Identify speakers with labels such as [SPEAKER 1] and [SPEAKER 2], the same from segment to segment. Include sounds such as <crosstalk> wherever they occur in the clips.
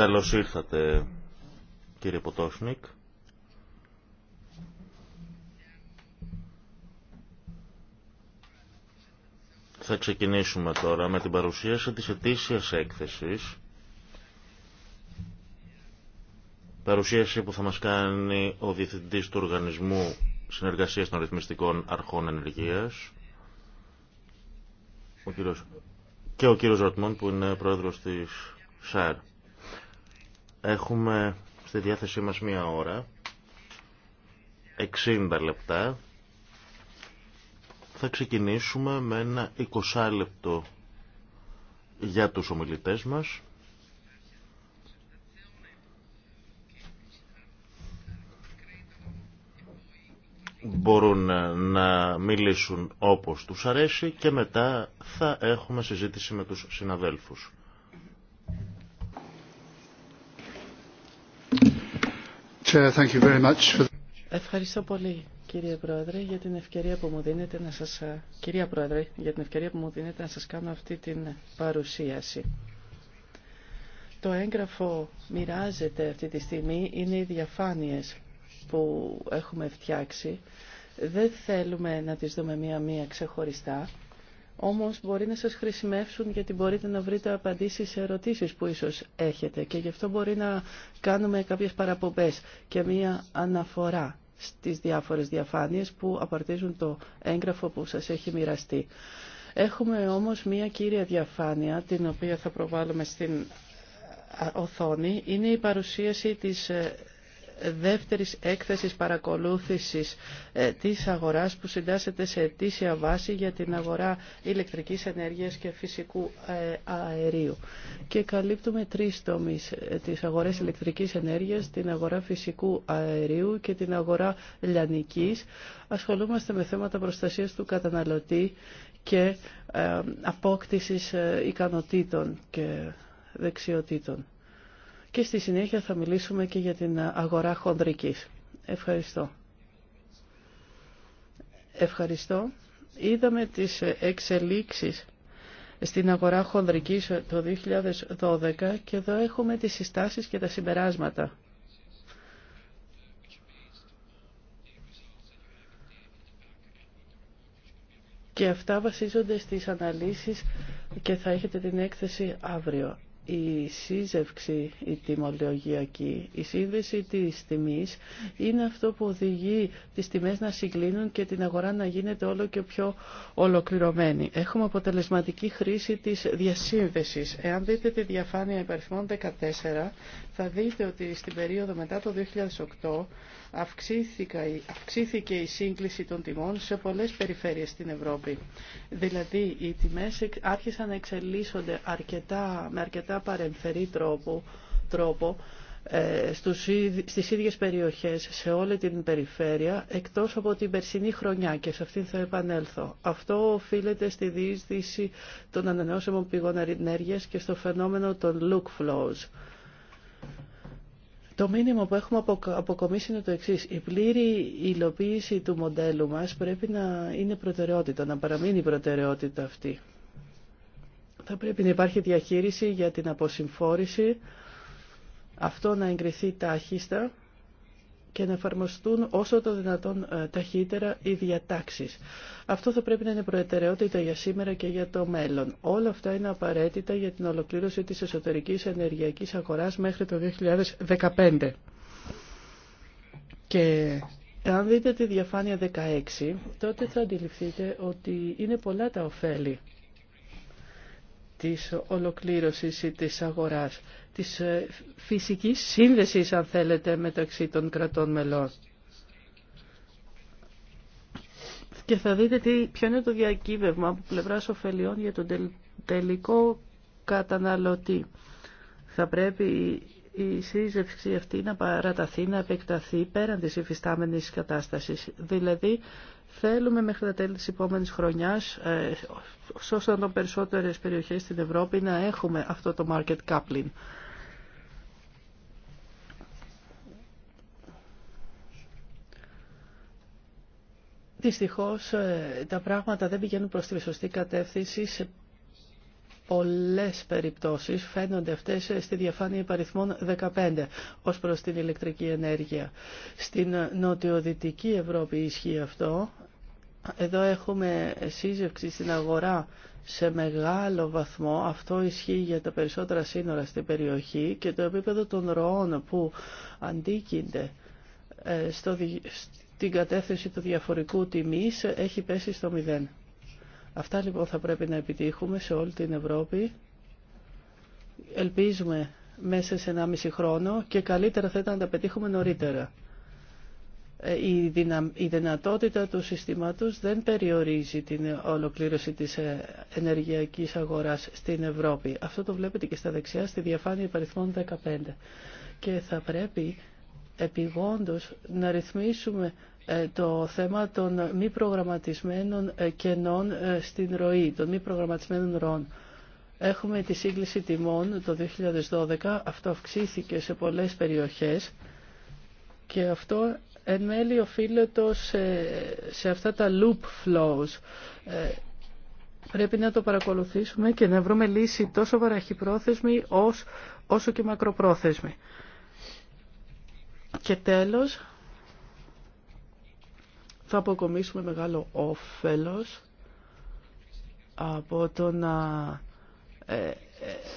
[SPEAKER 1] Καλώς ήρθατε κύριε Ποτόσνικ. Θα ξεκινήσουμε τώρα με την παρουσίαση της ετήσιας έκθεσης. Παρουσίαση που θα μας κάνει ο Διευθυντής του Οργανισμού Συνεργασίας των Ρυθμιστικών Αρχών Ενεργείας, ο κύριος και ο κύριος Ροτμόν που είναι πρόεδρος της ΣΑΡ. Έχουμε στη διάθεσή μας μία ώρα, 60 λεπτά. Θα ξεκινήσουμε με ένα 20 λεπτό για τους ομιλητές μας. μπορούν να μιλήσουν όπως τους αρέσει και μετά θα έχουμε συζήτηση με τους συναδέλφους.
[SPEAKER 2] Ευχαριστώ πολύ κύριε Πρόεδρε για την ευκαιρία που μου δίνετε να σας, ε, κυρία Πρόεδρε, για την ευκαιρία που μου δίνετε να σας κάνω αυτή την παρουσίαση. Το έγγραφο μοιράζεται αυτή τη στιγμή, είναι οι διαφάνειες που έχουμε φτιάξει. Δεν θέλουμε να τις δούμε μία-μία ξεχωριστά όμως μπορεί να σας χρησιμεύσουν γιατί μπορείτε να βρείτε απαντήσεις σε ερωτήσεις που ίσως έχετε και γι' αυτό μπορεί να κάνουμε κάποιες παραπομπές και μία αναφορά στις διάφορες διαφάνειες που απαρτίζουν το έγγραφο που σας έχει μοιραστεί. Έχουμε όμως μία κύρια διαφάνεια την οποία θα προβάλλουμε στην οθόνη. Είναι η παρουσίαση της ε, δεύτερης έκθεσης παρακολούθησης ε, της αγοράς που συντάσσεται σε αιτήσια βάση για την αγορά ηλεκτρικής ενέργειας και φυσικού ε, αερίου. Και καλύπτουμε τρεις τομείς, ε, τις αγορές ηλεκτρικής ενέργειας, την αγορά φυσικού αερίου και την αγορά λιανικής. Ασχολούμαστε με θέματα προστασίας του καταναλωτή και απόκτησης ικανοτήτων και δεξιοτήτων και στη συνέχεια θα μιλήσουμε και για την αγορά χονδρικής. Ευχαριστώ. Ευχαριστώ. Είδαμε τις εξελίξεις στην αγορά χονδρικής το 2012 και εδώ έχουμε τις συστάσεις και τα συμπεράσματα. Και αυτά βασίζονται στις αναλύσεις και θα έχετε την έκθεση αύριο η σύζευξη, η τιμολογιακή, η σύνδεση της τιμής είναι αυτό που οδηγεί τις τιμές να συγκλίνουν και την αγορά να γίνεται όλο και πιο ολοκληρωμένη. Έχουμε αποτελεσματική χρήση της διασύνδεσης. Εάν δείτε τη διαφάνεια υπαριθμών 14, θα δείτε ότι στην περίοδο μετά το 2008 αυξήθηκε η σύγκληση των τιμών σε πολλές περιφέρειες στην Ευρώπη. Δηλαδή οι τιμές άρχισαν να εξελίσσονται αρκετά, με αρκετά παρεμφερή τρόπο, τρόπο ε, στους, στις ίδιες περιοχές σε όλη την περιφέρεια εκτός από την περσινή χρονιά και σε αυτήν θα επανέλθω. Αυτό οφείλεται στη διείσδυση των ανανεώσιμων πηγών ενέργειας και στο φαινόμενο των look flows. Το μήνυμα που έχουμε αποκομίσει είναι το εξή. Η πλήρη υλοποίηση του μοντέλου μας πρέπει να είναι προτεραιότητα, να παραμείνει προτεραιότητα αυτή. Θα πρέπει να υπάρχει διαχείριση για την αποσυμφόρηση, αυτό να εγκριθεί τάχιστα και να εφαρμοστούν όσο το δυνατόν ε, ταχύτερα οι διατάξεις. Αυτό θα πρέπει να είναι προτεραιότητα για σήμερα και για το μέλλον. Όλα αυτά είναι απαραίτητα για την ολοκλήρωση της εσωτερικής ενεργειακής αγοράς μέχρι το 2015. Και αν δείτε τη διαφάνεια 16, τότε θα αντιληφθείτε ότι είναι πολλά τα ωφέλη της ολοκλήρωσης ή της αγοράς, της ε, φυσικής σύνδεσης αν θέλετε μεταξύ των κρατών μελών. Και θα δείτε τι, ποιο είναι το διακύβευμα από πλευρά ωφελιών για τον τελικό καταναλωτή. Θα πρέπει η σύζευξη αυτή να παραταθεί, να επεκταθεί πέραν της υφιστάμενης κατάστασης. Δηλαδή Θέλουμε μέχρι τα τέλη της επόμενης χρονιάς, ε, σε όσο περισσότερες περιοχές στην Ευρώπη, να έχουμε αυτό το market coupling. Δυστυχώς ε, τα πράγματα δεν πηγαίνουν προς τη σωστή κατεύθυνση σε πολλές περιπτώσεις φαίνονται αυτές στη διαφάνεια υπαριθμών 15 ως προς την ηλεκτρική ενέργεια. Στην νοτιοδυτική Ευρώπη ισχύει αυτό. Εδώ έχουμε σύζευξη στην αγορά σε μεγάλο βαθμό. Αυτό ισχύει για τα περισσότερα σύνορα στην περιοχή και το επίπεδο των ροών που αντίκεινται ε, στο, στην κατεύθυνση του διαφορικού τιμής έχει πέσει στο μηδέν. Αυτά λοιπόν θα πρέπει να επιτύχουμε σε όλη την Ευρώπη. Ελπίζουμε μέσα σε ένα μισή χρόνο και καλύτερα θα ήταν να τα πετύχουμε νωρίτερα. Ε, η, η δυνατότητα του συστήματος δεν περιορίζει την ολοκλήρωση της ε, ενεργειακής αγοράς στην Ευρώπη. Αυτό το βλέπετε και στα δεξιά στη διαφάνεια υπαριθμών 15. Και θα πρέπει επιγόντως να ρυθμίσουμε ε, το θέμα των μη προγραμματισμένων ε, κενών ε, στην ροή, των μη προγραμματισμένων ροών. Έχουμε τη σύγκληση τιμών το 2012, αυτό αυξήθηκε σε πολλές περιοχές και αυτό εν μέλει οφείλεται σε, σε αυτά τα loop flows. Πρέπει να το παρακολουθήσουμε και να βρούμε λύση τόσο βαραχυπρόθεσμη όσο και μακροπρόθεσμη. Και τέλος, θα αποκομίσουμε μεγάλο όφελος από το να ε, ε,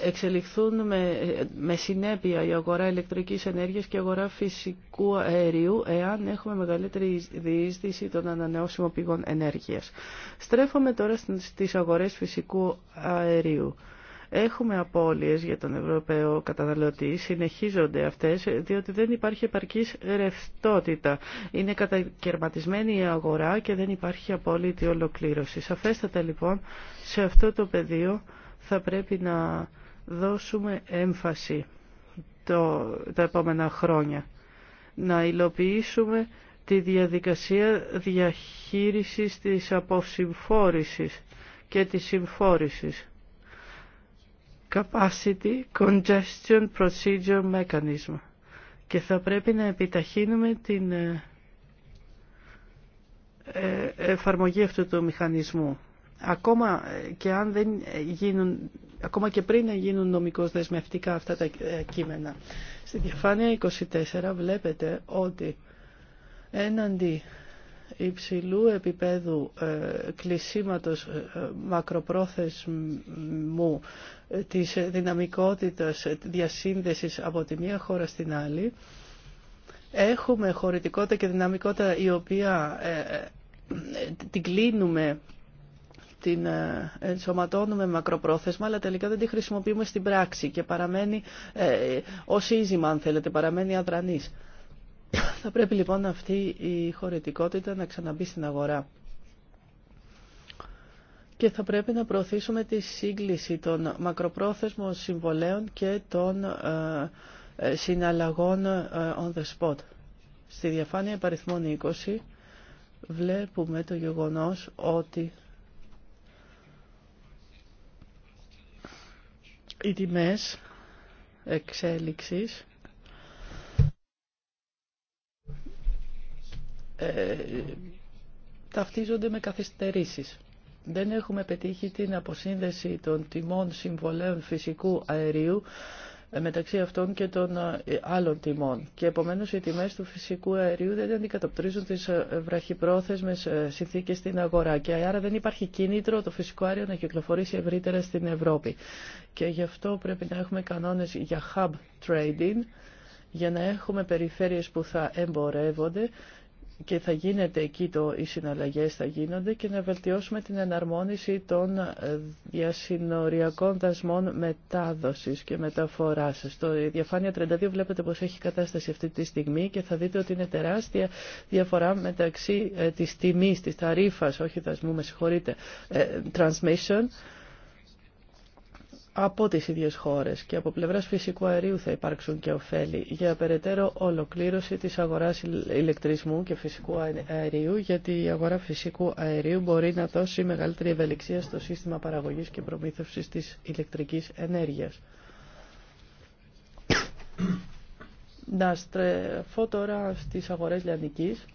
[SPEAKER 2] εξελιχθούν με, με συνέπεια η αγορά ηλεκτρικής ενέργειας και η αγορά φυσικού αερίου εάν έχουμε μεγαλύτερη διείσδυση των ανανεώσιμων πηγών ενέργειας. Στρέφομαι τώρα στις αγορές φυσικού αερίου. Έχουμε απώλειες για τον Ευρωπαίο καταναλωτή, συνεχίζονται αυτές, διότι δεν υπάρχει επαρκής ρευστότητα. Είναι κατακαιρματισμένη η αγορά και δεν υπάρχει απόλυτη ολοκλήρωση. Σαφέστατα λοιπόν σε αυτό το πεδίο θα πρέπει να δώσουμε έμφαση το, τα επόμενα χρόνια. Να υλοποιήσουμε τη διαδικασία διαχείρισης της αποσυμφόρησης και της συμφόρησης capacity congestion procedure mechanism και θα πρέπει να επιταχύνουμε την ε, ε, εφαρμογή αυτού του μηχανισμού. Ακόμα ε, και, αν δεν γίνουν, ακόμα και πριν να γίνουν νομικώς δεσμευτικά αυτά τα κείμενα. Στη διαφάνεια 24 βλέπετε ότι έναντι υψηλού επίπεδου ε, κλεισίματος ε, ε, μακροπρόθεσμου της δυναμικότητας διασύνδεσης από τη μία χώρα στην άλλη. Έχουμε χωρητικότητα και δυναμικότητα η οποία την κλείνουμε την ενσωματώνουμε μακροπρόθεσμα, αλλά τελικά δεν τη χρησιμοποιούμε στην πράξη και παραμένει ε, ως ίζημα, αν θέλετε, παραμένει αδρανής. Θα πρέπει λοιπόν αυτή η χωρητικότητα να ξαναμπεί στην αγορά. Και θα πρέπει να προωθήσουμε τη σύγκληση των μακροπρόθεσμων συμβολέων και των ε, ε, συναλλαγών ε, on the spot. Στη διαφάνεια επαριθμών 20 βλέπουμε το γεγονός ότι οι τιμές εξέλιξης Ε, ταυτίζονται με καθυστερήσεις. Δεν έχουμε πετύχει την αποσύνδεση των τιμών συμβολέων φυσικού αερίου ε, μεταξύ αυτών και των ε, άλλων τιμών. Και επομένως οι τιμές του φυσικού αερίου δεν αντικατοπτρίζουν τις βραχυπρόθεσμες συνθήκες στην αγορά και άρα δεν υπάρχει κίνητρο το φυσικό αέριο να κυκλοφορήσει ευρύτερα στην Ευρώπη. Και γι' αυτό πρέπει να έχουμε κανόνες για hub trading, για να έχουμε περιφέρειες που θα εμπορεύονται και θα γίνεται εκεί το, οι συναλλαγές θα γίνονται και να βελτιώσουμε την εναρμόνιση των ε, διασυνοριακών δασμών μετάδοσης και μεταφοράς. Στο διαφάνεια 32 βλέπετε πως έχει κατάσταση αυτή τη στιγμή και θα δείτε ότι είναι τεράστια διαφορά μεταξύ ε, της τιμής, της ταρίφας, όχι δασμού, με συγχωρείτε, ε, transmission, από τις ίδιες χώρες και από πλευράς φυσικού αερίου θα υπάρξουν και ωφέλη για περαιτέρω ολοκλήρωση της αγοράς ηλεκτρισμού και φυσικού αερίου γιατί η αγορά φυσικού αερίου μπορεί να δώσει μεγαλύτερη ευελιξία στο σύστημα παραγωγής και προμήθευσης της ηλεκτρικής ενέργειας. <coughs> να στρεφώ τώρα στις αγορές λιανικής.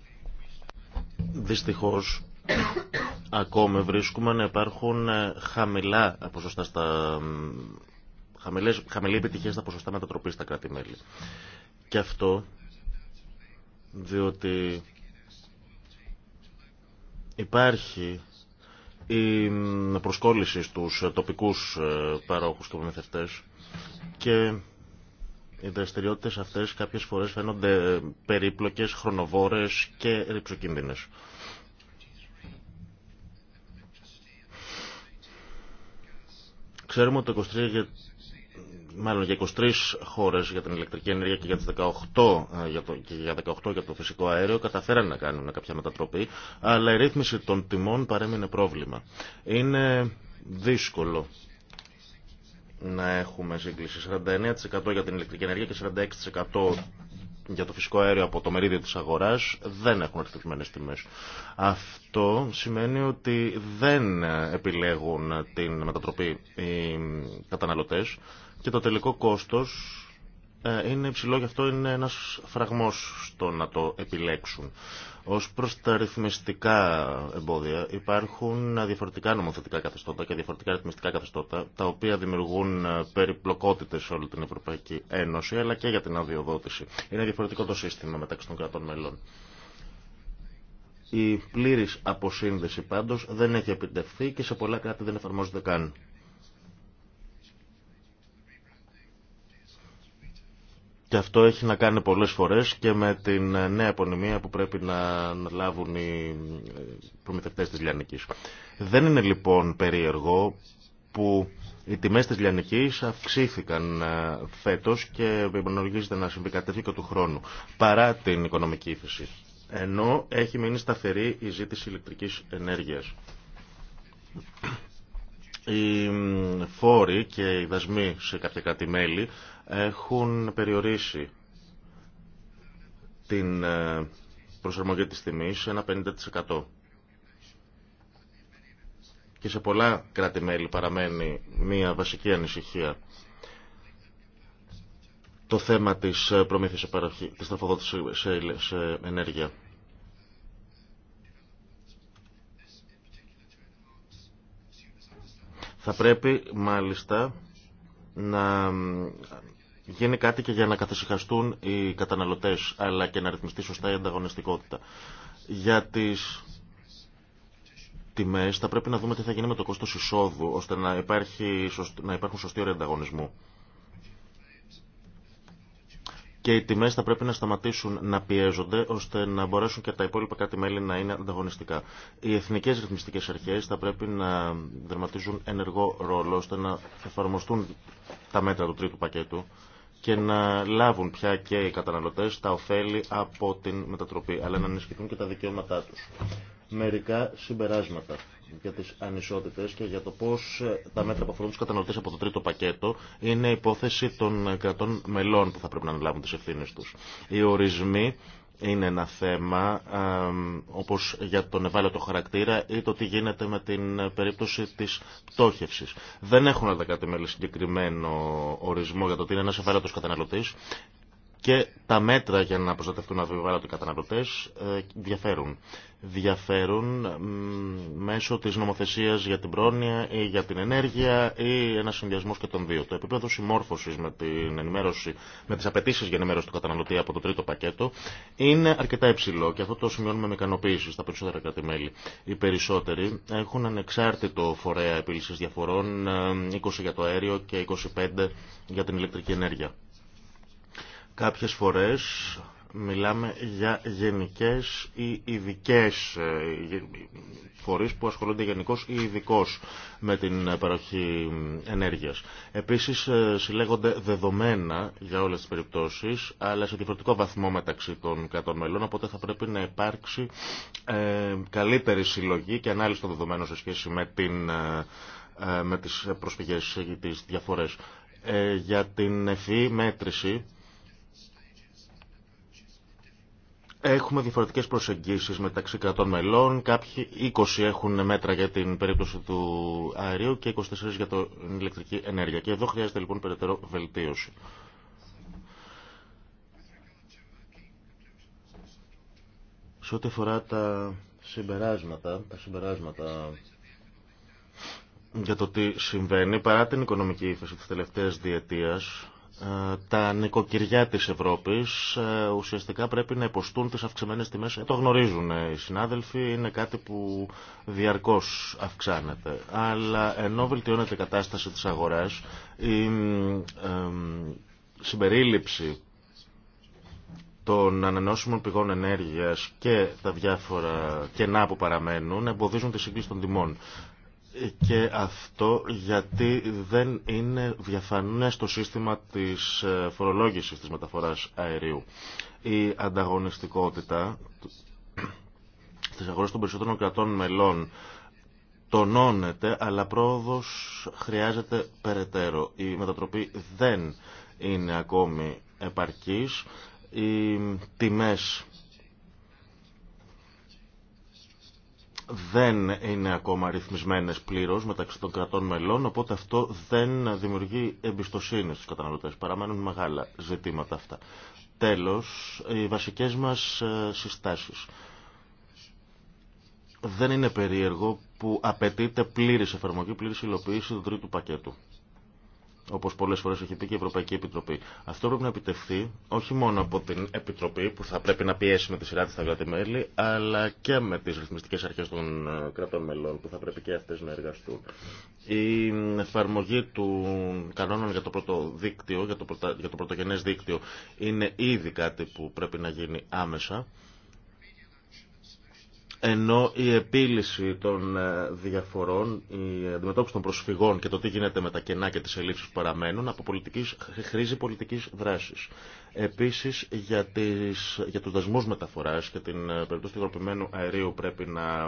[SPEAKER 1] Δυστυχώς Ακόμη βρίσκουμε να υπάρχουν ε, χαμηλά ποσοστά στα, χαμηλές, χαμηλή επιτυχία στα ποσοστά μετατροπής στα κράτη-μέλη. Και αυτό διότι υπάρχει η προσκόλληση στους ε, τοπικούς ε, παρόχους του μεθευτές και οι δραστηριότητε αυτές κάποιες φορές φαίνονται περίπλοκες, χρονοβόρες και ρηψοκίνδυνες. Ξέρουμε ότι 23 μάλλον για 23 χώρες για την ηλεκτρική ενέργεια και για, τις 18, ε, για το, και για 18 για το φυσικό αέριο καταφέραν να κάνουν κάποια μετατροπή, αλλά η ρύθμιση των τιμών παρέμεινε πρόβλημα. Είναι δύσκολο να έχουμε σύγκληση 49% για την ηλεκτρική ενέργεια και 46% για το φυσικό αέριο από το μερίδιο της αγοράς δεν έχουν ρυθμισμένες τιμές. Αυτό σημαίνει ότι δεν επιλέγουν την μετατροπή οι καταναλωτές και το τελικό κόστος ε, είναι υψηλό, γι' αυτό είναι ένας φραγμός στο να το επιλέξουν. Ως προς τα ρυθμιστικά εμπόδια υπάρχουν διαφορετικά νομοθετικά καθεστώτα και διαφορετικά ρυθμιστικά καθεστώτα τα οποία δημιουργούν ε, περιπλοκότητες σε όλη την Ευρωπαϊκή Ένωση αλλά και για την αδειοδότηση. Είναι διαφορετικό το σύστημα μεταξύ των κρατών μελών. Η πλήρης αποσύνδεση πάντως δεν έχει επιτευχθεί και σε πολλά κράτη δεν εφαρμόζεται καν. Και αυτό έχει να κάνει πολλές φορές και με την νέα επωνυμία που πρέπει να λάβουν οι προμηθευτές της Λιανικής. Δεν είναι λοιπόν περίεργο που οι τιμές της Λιανικής αυξήθηκαν ε, φέτος και υπονολογίζεται να συμβεί και του χρόνου, παρά την οικονομική ύφεση. Ενώ έχει μείνει σταθερή η ζήτηση ηλεκτρικής ενέργειας. Οι φόροι και οι δασμοί σε κάποια κράτη-μέλη έχουν περιορίσει την ε, προσαρμογή της τιμής σε ένα 50%. Και σε πολλά κράτη-μέλη παραμένει μια βασική ανησυχία το θέμα της προμήθειας της τροφοδότησης σε ενέργεια. Θα πρέπει μάλιστα να γίνει κάτι και για να καθησυχαστούν οι καταναλωτές αλλά και να ρυθμιστεί σωστά η ανταγωνιστικότητα. Για τις τιμές θα πρέπει να δούμε τι θα γίνει με το κόστος εισόδου ώστε να, υπάρχει, να υπάρχουν σωστή όροι ανταγωνισμού. Και οι τιμές θα πρέπει να σταματήσουν να πιέζονται ώστε να μπορέσουν και τα υπόλοιπα κάτι μέλη να είναι ανταγωνιστικά. Οι εθνικές ρυθμιστικές αρχές θα πρέπει να δερματίζουν ενεργό ρόλο ώστε να εφαρμοστούν τα μέτρα του τρίτου πακέτου και να λάβουν πια και οι καταναλωτές τα ωφέλη από την μετατροπή, αλλά να ενισχυθούν και τα δικαιώματά τους. Μερικά συμπεράσματα για τις ανισότητες και για το πώς ε, τα μέτρα που αφορούν τους καταναλωτές από το τρίτο πακέτο είναι υπόθεση των κρατών μελών που θα πρέπει να αναλάβουν τις ευθύνες τους. Οι ορισμοί είναι ένα θέμα, όπως για τον ευάλωτο χαρακτήρα ή το τι γίνεται με την περίπτωση της πτώχευσης. Δεν έχουν όλα συγκεκριμένο ορισμό για το τι είναι ένας ευάλωτος καταναλωτής και τα μέτρα για να προστατευτούν αυτοί οι καταναλωτέ ε, διαφέρουν. Διαφέρουν μέσω τη νομοθεσία για την πρόνοια ή για την ενέργεια ή ένα συνδυασμό και των δύο. Το επίπεδο συμμόρφωση με, την ενημέρωση, με τι απαιτήσει για ενημέρωση του καταναλωτή από το τρίτο πακέτο είναι αρκετά υψηλό και αυτό το σημειώνουμε με ικανοποίηση στα περισσότερα κράτη-μέλη. Οι περισσότεροι έχουν ανεξάρτητο φορέα επίλυση διαφορών 20 ε, για το αέριο και 25 για την ηλεκτρική ενέργεια. Κάποιες φορές μιλάμε για γενικές ή ειδικέ ε, φορείς που ασχολούνται γενικώ ή ειδικώ με την παροχή ενέργειας. Επίσης ε, συλλέγονται δεδομένα για όλες τις περιπτώσεις, αλλά σε διαφορετικό βαθμό μεταξύ των κατών μελών, οπότε θα πρέπει να υπάρξει ε, καλύτερη συλλογή και ανάλυση των δεδομένων σε σχέση με, την, με τις προσφυγές, τις διαφορές. για την ευφυή μέτρηση Έχουμε διαφορετικές προσεγγίσεις μεταξύ κρατών μελών. Κάποιοι 20 έχουν μέτρα για την περίπτωση του αερίου και 24 για την ηλεκτρική ενέργεια. Και εδώ χρειάζεται λοιπόν περαιτέρω βελτίωση. Σε ό,τι αφορά τα συμπεράσματα, τα συμπεράσματα για το τι συμβαίνει, παρά την οικονομική ύφεση της τελευταίας διετίας, ε, τα νοικοκυριά της Ευρώπης ε, ουσιαστικά πρέπει να υποστούν τις αυξημένες τιμές. Ε, το γνωρίζουν οι συνάδελφοι, είναι κάτι που διαρκώς αυξάνεται. Αλλά ενώ βελτιώνεται η κατάσταση της αγοράς, η συμπερίληψη των ανανεώσιμων πηγών ενέργειας και τα διάφορα κενά που παραμένουν εμποδίζουν τη σύγκληση των τιμών. Και αυτό γιατί δεν είναι διαφανές το σύστημα της ε, φορολόγησης της μεταφοράς αερίου. Η ανταγωνιστικότητα στις αγορές των περισσότερων κρατών μελών τονώνεται, αλλά πρόοδος χρειάζεται περαιτέρω. Η μετατροπή δεν είναι ακόμη επαρκής. Οι τιμές δεν είναι ακόμα ρυθμισμένες πλήρως μεταξύ των κρατών μελών, οπότε αυτό δεν δημιουργεί εμπιστοσύνη στους καταναλωτές. Παραμένουν μεγάλα ζητήματα αυτά. Τέλος, οι βασικές μας ε, συστάσεις. Δεν είναι περίεργο που απαιτείται πλήρης εφαρμογή, πλήρης υλοποίηση του τρίτου πακέτου όπως πολλές φορές έχει πει και η Ευρωπαϊκή Επιτροπή. Αυτό πρέπει να επιτευχθεί όχι μόνο από την Επιτροπή που θα πρέπει να πιέσει με τη σειρά της τα κράτη-μέλη, αλλά και με τις ρυθμιστικές αρχές των ε, κρατών μελών που θα πρέπει και αυτές να εργαστούν. Η εφαρμογή του κανόνων για το πρώτο δίκτυο, για το, για το πρωτογενές δίκτυο, είναι ήδη κάτι που πρέπει να γίνει άμεσα ενώ η επίλυση των ε, διαφορών, η αντιμετώπιση των προσφυγών και το τι γίνεται με τα κενά και τις ελλείψεις που παραμένουν από πολιτικής, χρήση πολιτικής δράσης. Επίσης για, τις, για τους δασμούς μεταφοράς και την ε, περίπτωση του υγροποιημένου αερίου πρέπει να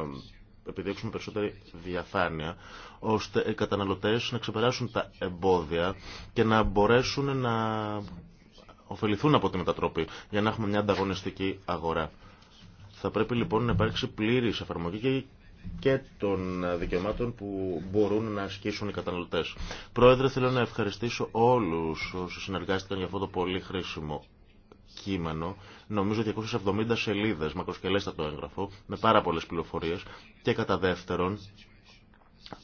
[SPEAKER 1] επιδείξουμε περισσότερη διαφάνεια, ώστε οι καταναλωτές να ξεπεράσουν τα εμπόδια και να μπορέσουν να ωφεληθούν από τη μετατροπή για να έχουμε μια ανταγωνιστική αγορά. Θα πρέπει λοιπόν να υπάρξει πλήρης εφαρμογή και των δικαιωμάτων που μπορούν να ασκήσουν οι καταναλωτές. Πρόεδρε, θέλω να ευχαριστήσω όλους όσους συνεργάστηκαν για αυτό το πολύ χρήσιμο κείμενο, νομίζω 270 σελίδες, μακροσκελέστατο έγγραφο, με πάρα πολλές πληροφορίες και κατά δεύτερον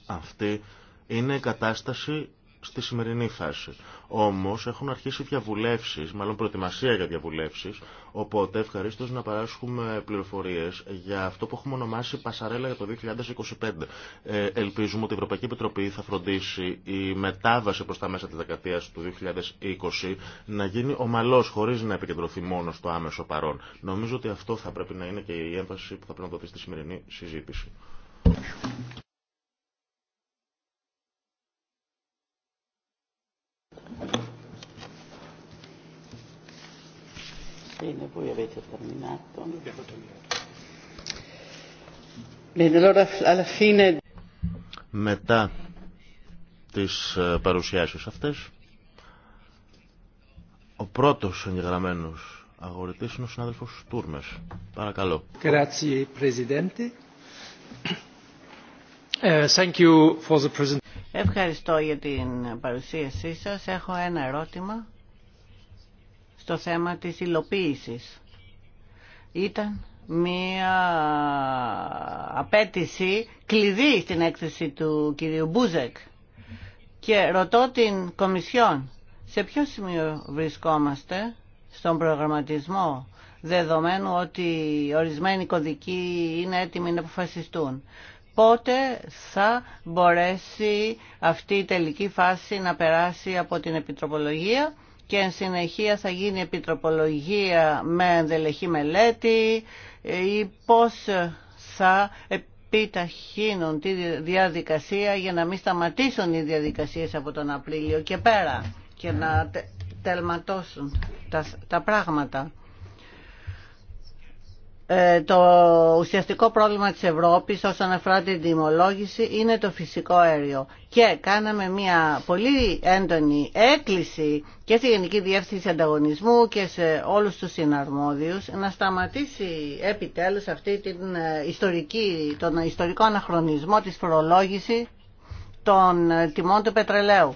[SPEAKER 1] αυτή είναι η κατάσταση στη σημερινή φάση. Όμως έχουν αρχίσει διαβουλεύσεις, μάλλον προετοιμασία για διαβουλεύσεις, οπότε ευχαρίστω να παράσχουμε πληροφορίες για αυτό που έχουμε ονομάσει Πασαρέλα για το 2025. Ε, ελπίζουμε ότι η Ευρωπαϊκή Επιτροπή θα φροντίσει η μετάβαση προς τα μέσα της δεκαετίας του 2020 να γίνει ομαλός, χωρίς να επικεντρωθεί μόνο στο άμεσο παρόν. Νομίζω ότι αυτό θα πρέπει να είναι και η έμφαση που θα πρέπει να δοθεί στη σημερινή συζήτηση.
[SPEAKER 2] Bene, voi avete terminato. Bene, allora alla fine...
[SPEAKER 1] Μετά τις ε, παρουσιάσεις αυτές, ο πρώτος εγγεγραμμένος αγορητής είναι ο συνάδελφος Τούρμες. Παρακαλώ.
[SPEAKER 2] Ε, Ευχαριστώ
[SPEAKER 3] για την παρουσίασή σας. Έχω ένα ερώτημα στο θέμα της υλοποίησης. Ήταν μία απέτηση κλειδί στην έκθεση του κυρίου Μπούζεκ και ρωτώ την Κομισιόν σε ποιο σημείο βρισκόμαστε στον προγραμματισμό δεδομένου ότι ορισμένοι κωδικοί είναι έτοιμοι να αποφασιστούν. Πότε θα μπορέσει αυτή η τελική φάση να περάσει από την επιτροπολογία και εν συνεχεία θα γίνει επιτροπολογία με ενδελεχή μελέτη ε, ή πώς θα επιταχύνουν τη διαδικασία για να μην σταματήσουν οι διαδικασίες από τον Απρίλιο και πέρα και να τελματώσουν τα, τα πράγματα. Ε, το ουσιαστικό πρόβλημα της Ευρώπης όσον αφορά την τιμολόγηση είναι το φυσικό αέριο. Και κάναμε μια πολύ έντονη έκκληση και στη Γενική Διεύθυνση Ανταγωνισμού και σε όλους τους συναρμόδιους να σταματήσει επιτέλους αυτή την ε, ιστορική, τον ιστορικό αναχρονισμό της φορολόγηση των ε, τιμών του πετρελαίου.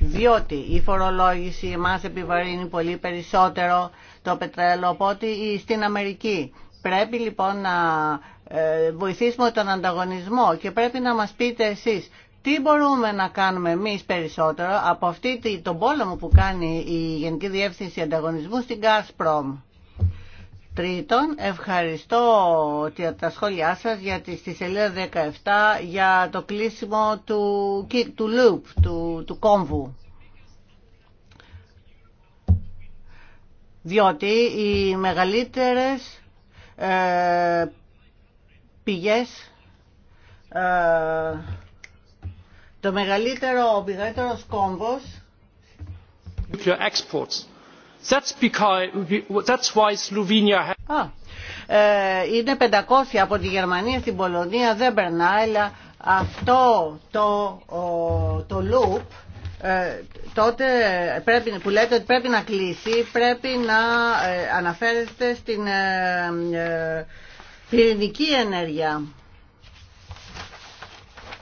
[SPEAKER 3] Διότι η φορολόγηση μας επιβαρύνει πολύ περισσότερο το πετρέλαιο από ό,τι στην Αμερική. Πρέπει λοιπόν να ε, βοηθήσουμε τον ανταγωνισμό και πρέπει να μας πείτε εσείς τι μπορούμε να κάνουμε εμείς περισσότερο από αυτή τον πόλεμο που κάνει η Γενική Διεύθυνση Ανταγωνισμού στην Gazprom. Τρίτον, ευχαριστώ τα σχόλιά σας για τη, στη σελίδα 17 για το κλείσιμο του, του loop, του, του κόμβου. Διότι οι μεγαλύτερες ε, πηγές ε, το μεγαλύτερο, ο μεγαλύτερος κόμβος
[SPEAKER 2] nuclear exports. That's because, that's why Slovenia...
[SPEAKER 3] Α, ε, είναι 500 από τη Γερμανία στην Πολωνία, δεν περνάει, αλλά αυτό το, το loop ε, τότε πρέπει, που λέτε ότι πρέπει να κλείσει πρέπει να ε, αναφέρεστε στην ε, πυρηνική ενέργεια.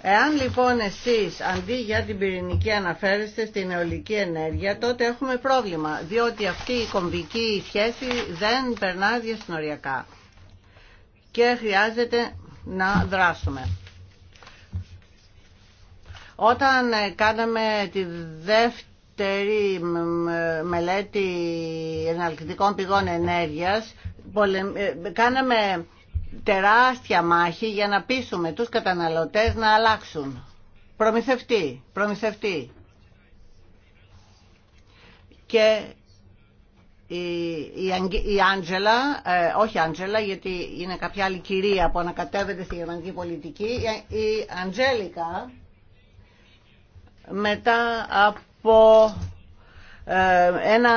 [SPEAKER 3] Εάν λοιπόν εσείς αντί για την πυρηνική αναφέρεστε στην αιωλική ενέργεια, τότε έχουμε πρόβλημα, διότι αυτή η κομβική σχέση δεν περνά διασυνοριακά και χρειάζεται να δράσουμε. Όταν ε, κάναμε τη δεύτερη μελέτη εναλλακτικών πηγών ενέργειας, ε, κάναμε τεράστια μάχη για να πείσουμε τους καταναλωτές να αλλάξουν. Προμηθευτή, προμηθευτή. Και η Άντζελα, ε, όχι Άντζελα γιατί είναι κάποια άλλη κυρία που ανακατεύεται στη γερμανική πολιτική, η Αντζέλικα μετά από ε, ένα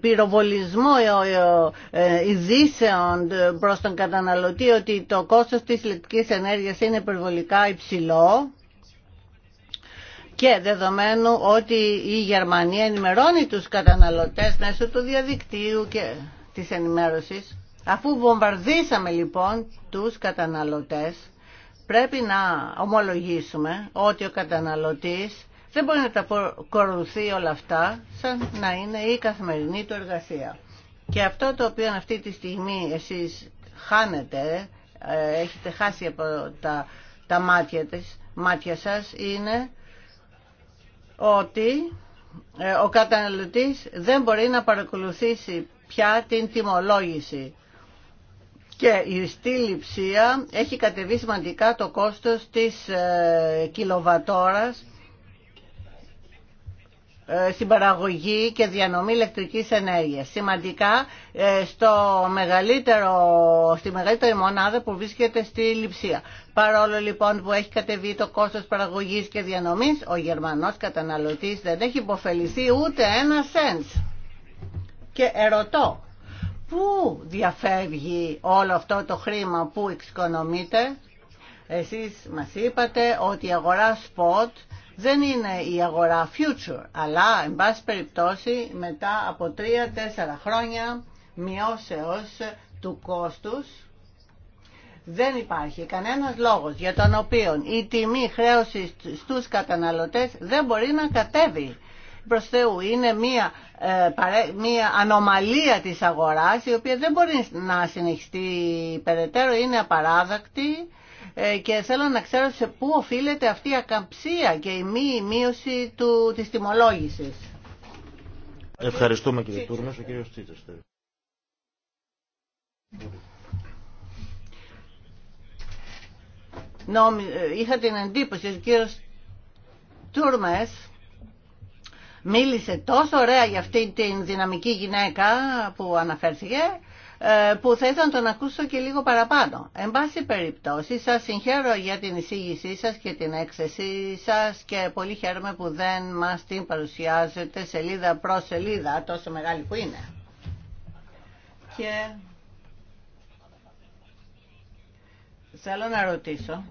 [SPEAKER 3] πυροβολισμό ε, ε, ειδήσεων προς τον καταναλωτή ότι το κόστος της ηλεκτρικής ενέργειας είναι υπερβολικά υψηλό και δεδομένου ότι η Γερμανία ενημερώνει τους καταναλωτές μέσω του διαδικτύου και της ενημέρωσης. Αφού βομβαρδίσαμε λοιπόν τους καταναλωτές πρέπει να ομολογήσουμε ότι ο καταναλωτής δεν μπορεί να τα κορουθεί όλα αυτά σαν να είναι η καθημερινή του εργασία. Και αυτό το οποίο αυτή τη στιγμή εσείς χάνετε, ε, έχετε χάσει από τα, μάτια, μάτια σας, είναι ότι ε, ο καταναλωτής δεν μπορεί να παρακολουθήσει πια την τιμολόγηση και στη Λιψία έχει κατεβεί σημαντικά το κόστος της ε, κιλοβατόρας ε, στην παραγωγή και διανομή ηλεκτρικής ενέργειας. Σημαντικά ε, στο μεγαλύτερο, στη μεγαλύτερη μονάδα που βρίσκεται στη Λιψία. Παρόλο λοιπόν που έχει κατεβεί το κόστος παραγωγής και διανομής, ο Γερμανός καταναλωτής δεν έχει υποφεληθεί ούτε ένα σέντς. Και ερωτώ, Πού διαφεύγει όλο αυτό το χρήμα που εξοικονομείται. χρημα που εξοικονομειτε εσεις μας είπατε ότι η αγορά spot δεν είναι η αγορά future, αλλά εν πάση περιπτώσει μετά από 3-4 χρόνια μειώσεως του κόστους δεν υπάρχει κανένας λόγος για τον οποίο η τιμή χρέωσης στους καταναλωτές δεν μπορεί να κατέβει. Είναι μια, ε, μια ανομαλία της αγοράς η οποία δεν μπορεί να συνεχιστεί περαιτέρω, είναι απαράδεκτη ε, και θέλω να ξέρω σε πού οφείλεται αυτή η ακαμψία και η μη μείωση του, της τιμολόγησης. Ευχαριστούμε κύριε Τούρμες,
[SPEAKER 1] ο κύριος ε,
[SPEAKER 3] Είχα την εντύπωση ο κύριος Τούρμες μίλησε τόσο ωραία για αυτή την δυναμική γυναίκα που αναφέρθηκε ε, που θα ήθελα να τον ακούσω και λίγο παραπάνω. Εν πάση περιπτώσει, σας συγχαίρω για την εισήγησή σας και την έξεση σας και πολύ χαίρομαι που δεν μας την παρουσιάζετε σελίδα προς σελίδα, τόσο μεγάλη που είναι. Και θέλω να ρωτήσω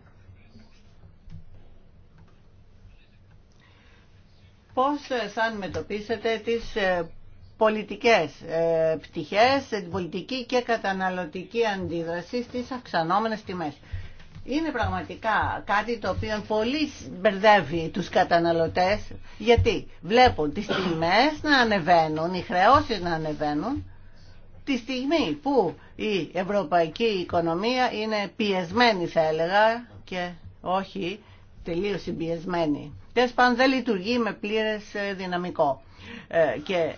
[SPEAKER 3] πώς θα αντιμετωπίσετε τις ε, πολιτικές ε, πτυχές, την πολιτική και καταναλωτική αντίδραση στις αυξανόμενες τιμές. Είναι πραγματικά κάτι το οποίο πολύ μπερδεύει τους καταναλωτές γιατί βλέπουν τις τιμές να ανεβαίνουν, οι χρεώσεις να ανεβαίνουν τη στιγμή που η ευρωπαϊκή οικονομία είναι πιεσμένη θα έλεγα και όχι τελείως συμπιεσμένη. Τέλο πάντων δεν λειτουργεί με πλήρες ε, δυναμικό. Ε, και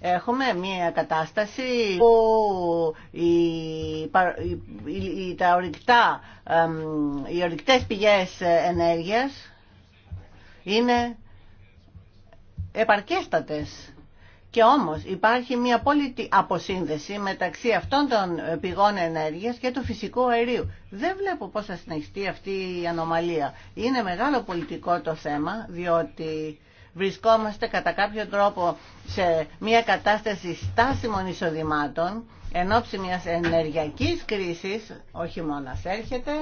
[SPEAKER 3] Έχουμε μια κατάσταση που οι, τα ορυκτά, οι πηγές ε, ενέργειας είναι επαρκέστατες και όμως υπάρχει μια απόλυτη αποσύνδεση μεταξύ αυτών των πηγών ενέργειας και του φυσικού αερίου. Δεν βλέπω πώς θα συνεχιστεί αυτή η ανομαλία. Είναι μεγάλο πολιτικό το θέμα, διότι βρισκόμαστε κατά κάποιο τρόπο σε μια κατάσταση στάσιμων εισοδημάτων, εν ώψη μιας ενεργειακής κρίσης, όχι μόνο έρχεται,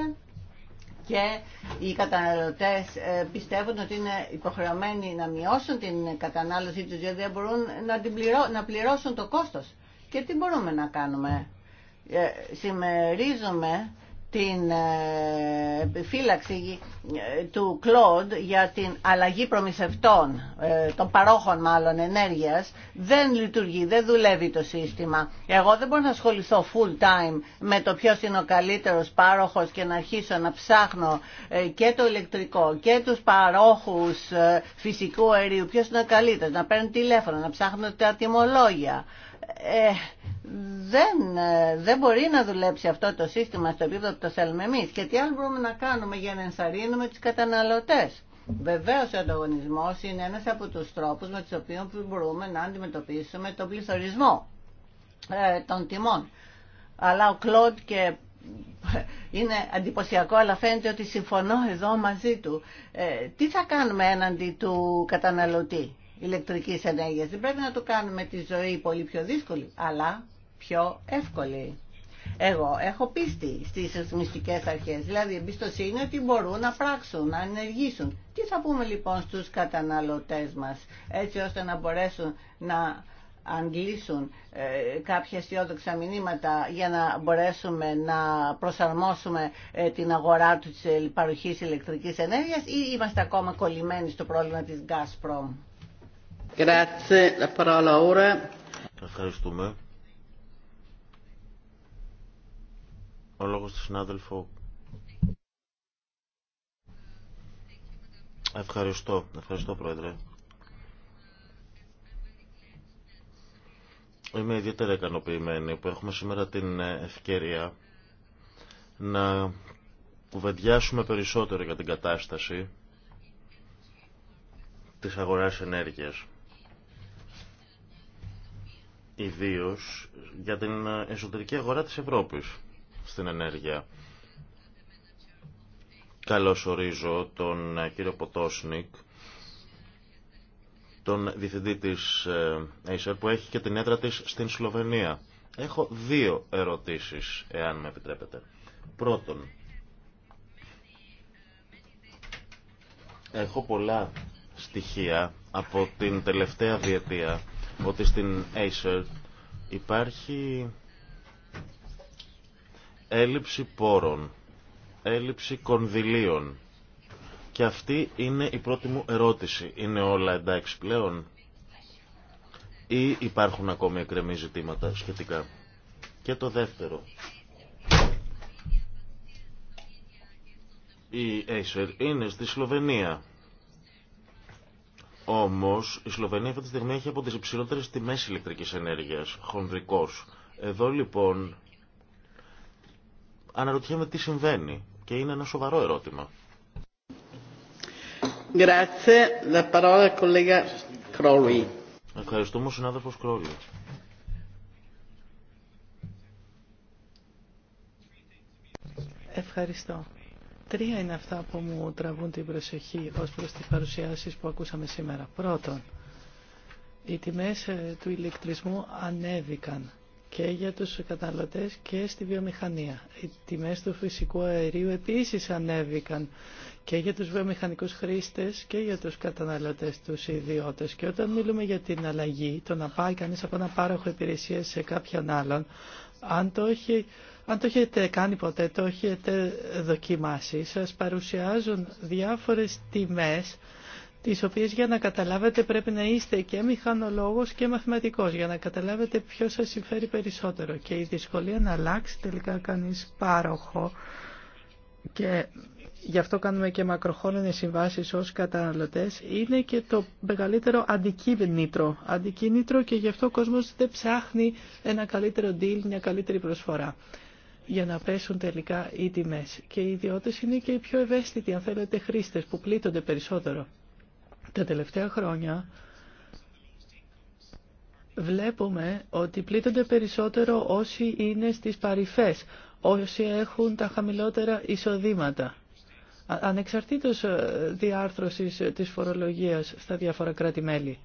[SPEAKER 3] και οι καταναλωτέ ε, πιστεύουν ότι είναι υποχρεωμένοι να μειώσουν την κατανάλωσή τους γιατί δεν μπορούν να, την να πληρώσουν το κόστος. Και τι μπορούμε να κάνουμε. Ε, την ε, φύλαξη ε, του Κλόντ για την αλλαγή προμηθευτών, ε, των παρόχων μάλλον ενέργειας, δεν λειτουργεί, δεν δουλεύει το σύστημα. Εγώ δεν μπορώ να ασχοληθώ full time με το ποιος είναι ο καλύτερος πάροχος και να αρχίσω να ψάχνω και το ηλεκτρικό και τους παρόχους φυσικού αερίου, ποιος είναι ο καλύτερος, να παίρνω τηλέφωνο, να ψάχνω τα τιμολόγια ε, δεν, ε, δεν μπορεί να δουλέψει αυτό το σύστημα στο επίπεδο που το θέλουμε εμείς και τι άλλο μπορούμε να κάνουμε για να ενσαρρύνουμε τους καταναλωτές. Βεβαίω ο ανταγωνισμό είναι ένα από του τρόπου με του οποίου μπορούμε να αντιμετωπίσουμε τον πληθωρισμό ε, των τιμών. Αλλά ο Κλοντ και <laughs> είναι αντιπωσιακό αλλά φαίνεται ότι συμφωνώ εδώ μαζί του. Ε, τι θα κάνουμε έναντι του καταναλωτή ηλεκτρικής ενέργειας. Δεν πρέπει να το κάνουμε τη ζωή πολύ πιο δύσκολη, αλλά πιο εύκολη. Εγώ έχω πίστη στις ρυθμιστικές αρχές, δηλαδή η εμπιστοσύνη ότι μπορούν να πράξουν, να ενεργήσουν. Τι θα πούμε λοιπόν στους καταναλωτές μας, έτσι ώστε να μπορέσουν να αντλήσουν ε, κάποια αισιόδοξα μηνύματα για να μπορέσουμε να προσαρμόσουμε ε, την αγορά του της ε, παροχής ηλεκτρικής ενέργειας ή είμαστε ακόμα κολλημένοι στο πρόβλημα της Gazprom.
[SPEAKER 1] Ευχαριστούμε. Ο λόγος του συνάδελφου. Ευχαριστώ. Ευχαριστώ, Πρόεδρε. Είμαι ιδιαίτερα ικανοποιημένη που έχουμε σήμερα την ε, ευκαιρία να κουβεντιάσουμε περισσότερο για την κατάσταση της αγοράς ενέργειας ιδίω για την εσωτερική αγορά της Ευρώπης στην ενέργεια. Καλώς ορίζω τον κύριο Ποτόσνικ, τον διευθυντή της ε, Acer που έχει και την έδρα της στην Σλοβενία. Έχω δύο ερωτήσεις, εάν με επιτρέπετε. Πρώτον, έχω πολλά στοιχεία από την τελευταία διετία ότι στην Acer υπάρχει έλλειψη πόρων, έλλειψη κονδυλίων. Και αυτή είναι η πρώτη μου ερώτηση. Είναι όλα εντάξει πλέον ή υπάρχουν ακόμη εκκρεμή ζητήματα σχετικά. Και το δεύτερο. Η Acer είναι στη Σλοβενία όμως η Σλοβενία αυτή τη στιγμή έχει από τις υψηλότερες τιμές ηλεκτρικής ενέργειας, χονδρικός. Εδώ λοιπόν αναρωτιέμαι τι συμβαίνει και είναι ένα σοβαρό ερώτημα. Ευχαριστούμε ο συνάδελφος Κρόλη.
[SPEAKER 2] Ευχαριστώ. Τρία είναι αυτά που μου τραβούν την προσοχή ως προς τις παρουσιάσεις που ακούσαμε σήμερα. Πρώτον, οι τιμές ε, του ηλεκτρισμού ανέβηκαν και για τους καταναλωτές και στη βιομηχανία. Οι τιμές του φυσικού αερίου επίσης ανέβηκαν και για τους βιομηχανικούς χρήστες και για τους καταναλωτές, τους ιδιώτες. Και όταν μιλούμε για την αλλαγή, το να πάει κανείς από ένα πάροχο υπηρεσία σε κάποιον άλλον, αν το έχει αν το έχετε κάνει ποτέ, το έχετε δοκιμάσει, σας παρουσιάζουν διάφορες τιμές τις οποίες για να καταλάβετε πρέπει να είστε και μηχανολόγος και μαθηματικός, για να καταλάβετε ποιο σας συμφέρει περισσότερο. Και η δυσκολία να αλλάξει τελικά κανείς πάροχο και γι' αυτό κάνουμε και μακροχρόνιες συμβάσεις ω καταναλωτές, είναι και το μεγαλύτερο αντικίνητρο. Αντικίνητρο και γι' αυτό ο κόσμος δεν ψάχνει ένα καλύτερο deal, μια καλύτερη προσφορά για να πέσουν τελικά οι τιμές. Και οι ιδιώτες είναι και οι πιο ευαίσθητοι, αν θέλετε, χρήστες που πλήττονται περισσότερο. Τα τελευταία χρόνια βλέπουμε ότι πλήττονται περισσότερο όσοι είναι στις παρυφές, όσοι έχουν τα χαμηλότερα εισοδήματα ανεξαρτήτως ε, διάρθρωσης ε, της φορολογίας στα διάφορα κράτη-μέλη.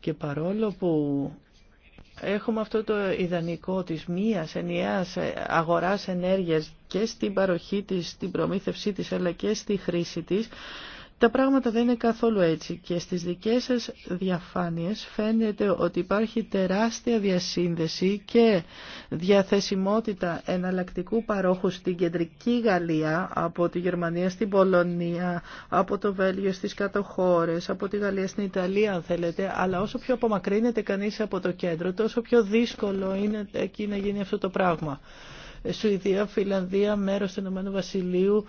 [SPEAKER 2] Και παρόλο που Έχουμε αυτό το ιδανικό της μίας ενιαίας αγοράς ενέργειας και στην παροχή της, στην προμήθευσή της αλλά και στη χρήση της τα πράγματα δεν είναι καθόλου έτσι και στις δικές σας διαφάνειες φαίνεται ότι υπάρχει τεράστια διασύνδεση και διαθεσιμότητα εναλλακτικού παρόχου στην κεντρική Γαλλία, από τη Γερμανία στην Πολωνία, από το Βέλγιο στις κατοχώρες, από τη Γαλλία στην Ιταλία αν θέλετε, αλλά όσο πιο απομακρύνεται κανείς από το κέντρο, τόσο πιο δύσκολο είναι εκεί να γίνει αυτό το πράγμα. Σουηδία, Φιλανδία, μέρος του Ηνωμένου Βασιλείου,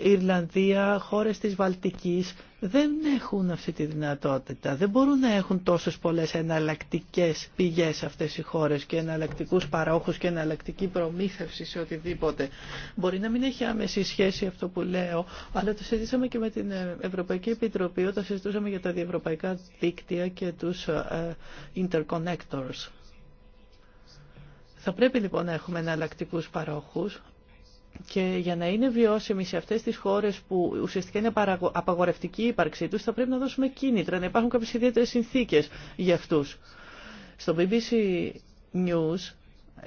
[SPEAKER 2] ε, Ιρλανδία, χώρες της Βαλτικής δεν έχουν αυτή τη δυνατότητα. Δεν μπορούν να έχουν τόσες πολλές εναλλακτικέ πηγές αυτές οι χώρες και εναλλακτικού παρόχους και εναλλακτική προμήθευση σε οτιδήποτε. Μπορεί να μην έχει άμεση σχέση αυτό που λέω, αλλά το συζητήσαμε και με την ε, Ευρωπαϊκή Επιτροπή όταν συζητούσαμε για τα διευρωπαϊκά δίκτυα και τους ε, interconnectors. Θα πρέπει λοιπόν να έχουμε εναλλακτικού παρόχους, και για να είναι βιώσιμοι σε αυτές τις χώρες που ουσιαστικά είναι απαγορευτική η ύπαρξή τους, θα πρέπει να δώσουμε κίνητρα, να υπάρχουν κάποιες ιδιαίτερες συνθήκες για αυτούς. Στο BBC News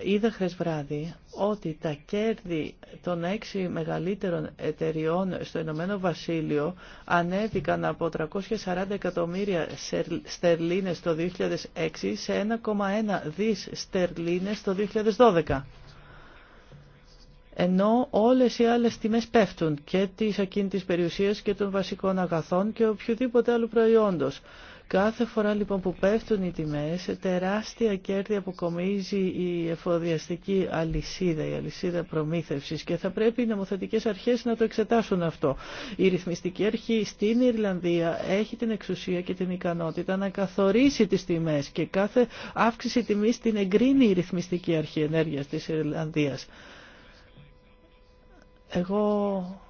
[SPEAKER 2] είδα χθε βράδυ ότι τα κέρδη των έξι μεγαλύτερων εταιριών στο Ηνωμένο Βασίλειο ανέβηκαν από 340 εκατομμύρια στερλίνες το 2006 σε 1,1 δις στερλίνες το 2012 ενώ όλες οι άλλες τιμές πέφτουν και της ακίνητης περιουσίας και των βασικών αγαθών και οποιοδήποτε άλλου προϊόντος. Κάθε φορά λοιπόν που πέφτουν οι τιμές, τεράστια κέρδη αποκομίζει η εφοδιαστική αλυσίδα, η αλυσίδα προμήθευσης και θα πρέπει οι νομοθετικές αρχές να το εξετάσουν αυτό. Η ρυθμιστική αρχή στην Ιρλανδία έχει την εξουσία και την ικανότητα να καθορίσει τις τιμές και κάθε αύξηση τιμής την εγκρίνει η ρυθμιστική αρχή ενέργειας της Ιρλανδίας. Εγώ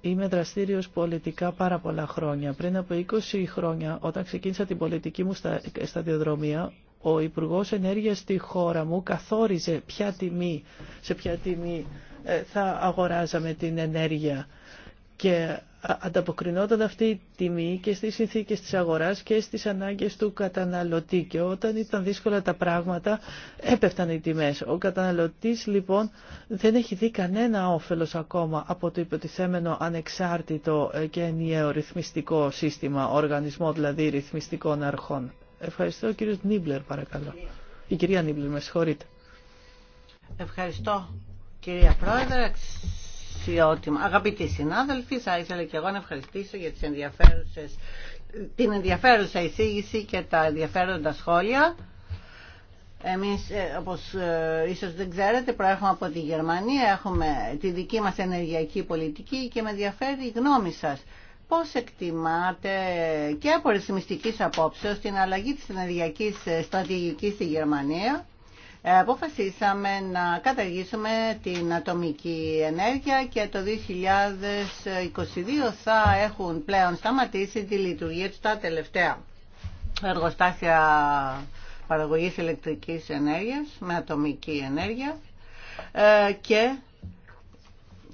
[SPEAKER 2] είμαι δραστήριος πολιτικά πάρα πολλά χρόνια. Πριν από 20 χρόνια, όταν ξεκίνησα την πολιτική μου στα, σταδιοδρομία, ο υπουργό Ενέργειας στη χώρα μου καθόριζε ποια τιμή, σε ποια τιμή ε, θα αγοράζαμε την ενέργεια και ανταποκρινόταν αυτή η τιμή και στις συνθήκες της αγοράς και στις ανάγκες του καταναλωτή και όταν ήταν δύσκολα τα πράγματα έπεφταν οι τιμές. Ο καταναλωτής λοιπόν δεν έχει δει κανένα όφελος ακόμα από το υποτιθέμενο ανεξάρτητο ε, και ενιαίο ρυθμιστικό σύστημα, οργανισμό δηλαδή ρυθμιστικών αρχών. Ευχαριστώ κύριο Νίμπλερ παρακαλώ. Η κυρία Νίμπλερ με συγχωρείτε.
[SPEAKER 3] Ευχαριστώ κυρία Πρόεδρε, Αγαπητοί συνάδελφοι, θα ήθελα και εγώ να ευχαριστήσω για τις ενδιαφέρουσες, την ενδιαφέρουσα εισήγηση και τα ενδιαφέροντα σχόλια. Εμείς, ε, όπως ε, ίσως δεν ξέρετε, προέρχομαι από τη Γερμανία, έχουμε τη δική μας ενεργειακή πολιτική και με ενδιαφέρει η γνώμη σας. Πώς εκτιμάτε και από ρυθμιστικής απόψεως την αλλαγή της ενεργειακής ε, στρατηγικής στη Γερμανία ε, αποφασίσαμε να καταργήσουμε την ατομική ενέργεια και το 2022 θα έχουν πλέον σταματήσει τη λειτουργία του τα τελευταία εργοστάσια παραγωγής ηλεκτρικής ενέργειας με ατομική ενέργεια ε, και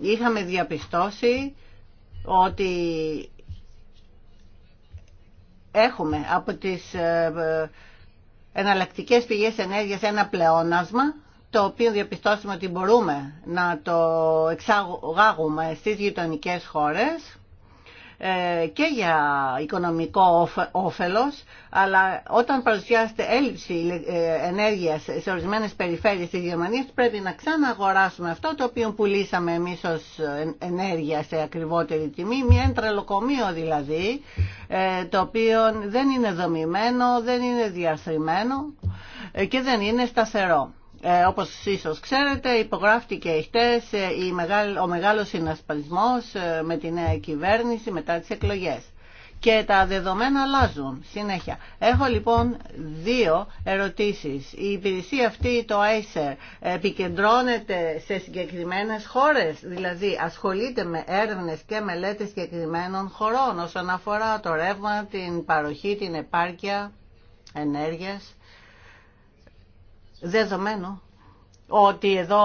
[SPEAKER 3] είχαμε διαπιστώσει ότι έχουμε από τις ε, Εναλλακτικέ πηγές ενέργειας ένα πλεόνασμα το οποίο διαπιστώσαμε ότι μπορούμε να το εξαγάγουμε στις γειτονικέ χώρες ε, και για οικονομικό όφελος, αλλά όταν παρουσιάζεται έλλειψη ε, ενέργειας σε ορισμένες περιφέρειες της Γερμανίας πρέπει να ξαναγοράσουμε αυτό το οποίο πουλήσαμε εμείς ως ε, ενέργεια σε ακριβότερη τιμή, μια εντρελοκομείο δηλαδή, το οποίο δεν είναι δομημένο, δεν είναι διαρθρημένο και δεν είναι σταθερό. Ε, όπως ίσως ξέρετε, υπογράφτηκε χτες ε, ο μεγάλος συνασπαλισμός ε, με την νέα κυβέρνηση μετά τις εκλογές. Και τα δεδομένα αλλάζουν συνέχεια. Έχω λοιπόν δύο ερωτήσεις. Η υπηρεσία αυτή, το ICER, επικεντρώνεται σε συγκεκριμένες χώρες, δηλαδή ασχολείται με έρευνες και μελέτες συγκεκριμένων χωρών όσον αφορά το ρεύμα, την παροχή, την επάρκεια ενέργειας δεδομένου ότι εδώ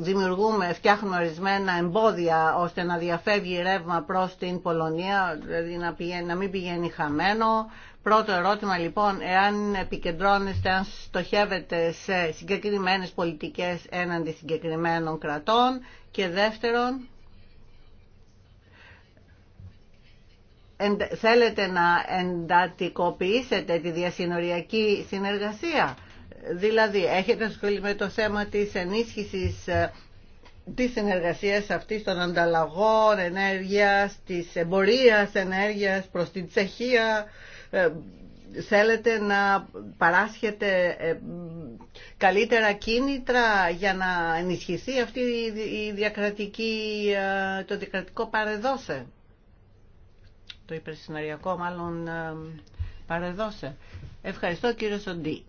[SPEAKER 3] δημιουργούμε, φτιάχνουμε ορισμένα εμπόδια ώστε να διαφεύγει ρεύμα προς την Πολωνία, δηλαδή να, πηγαίνει, μην πηγαίνει χαμένο. Πρώτο ερώτημα λοιπόν, εάν επικεντρώνεστε, αν στοχεύετε σε συγκεκριμένες πολιτικές έναντι συγκεκριμένων κρατών και δεύτερον, θέλετε να εντατικοποιήσετε τη διασυνοριακή συνεργασία Δηλαδή, έχετε ασχοληθεί με το θέμα της ενίσχυσης ε, τη συνεργασία αυτή των ανταλλαγών ενέργειας, τη εμπορίας ενέργεια προς την Τσεχία. Ε, θέλετε να παράσχετε ε, καλύτερα κίνητρα για να ενισχυθεί αυτή η διακρατική, το διακρατικό παρεδόσε. Το υπερσυναριακό μάλλον παρεδόσε. Ευχαριστώ κύριε Σοντή.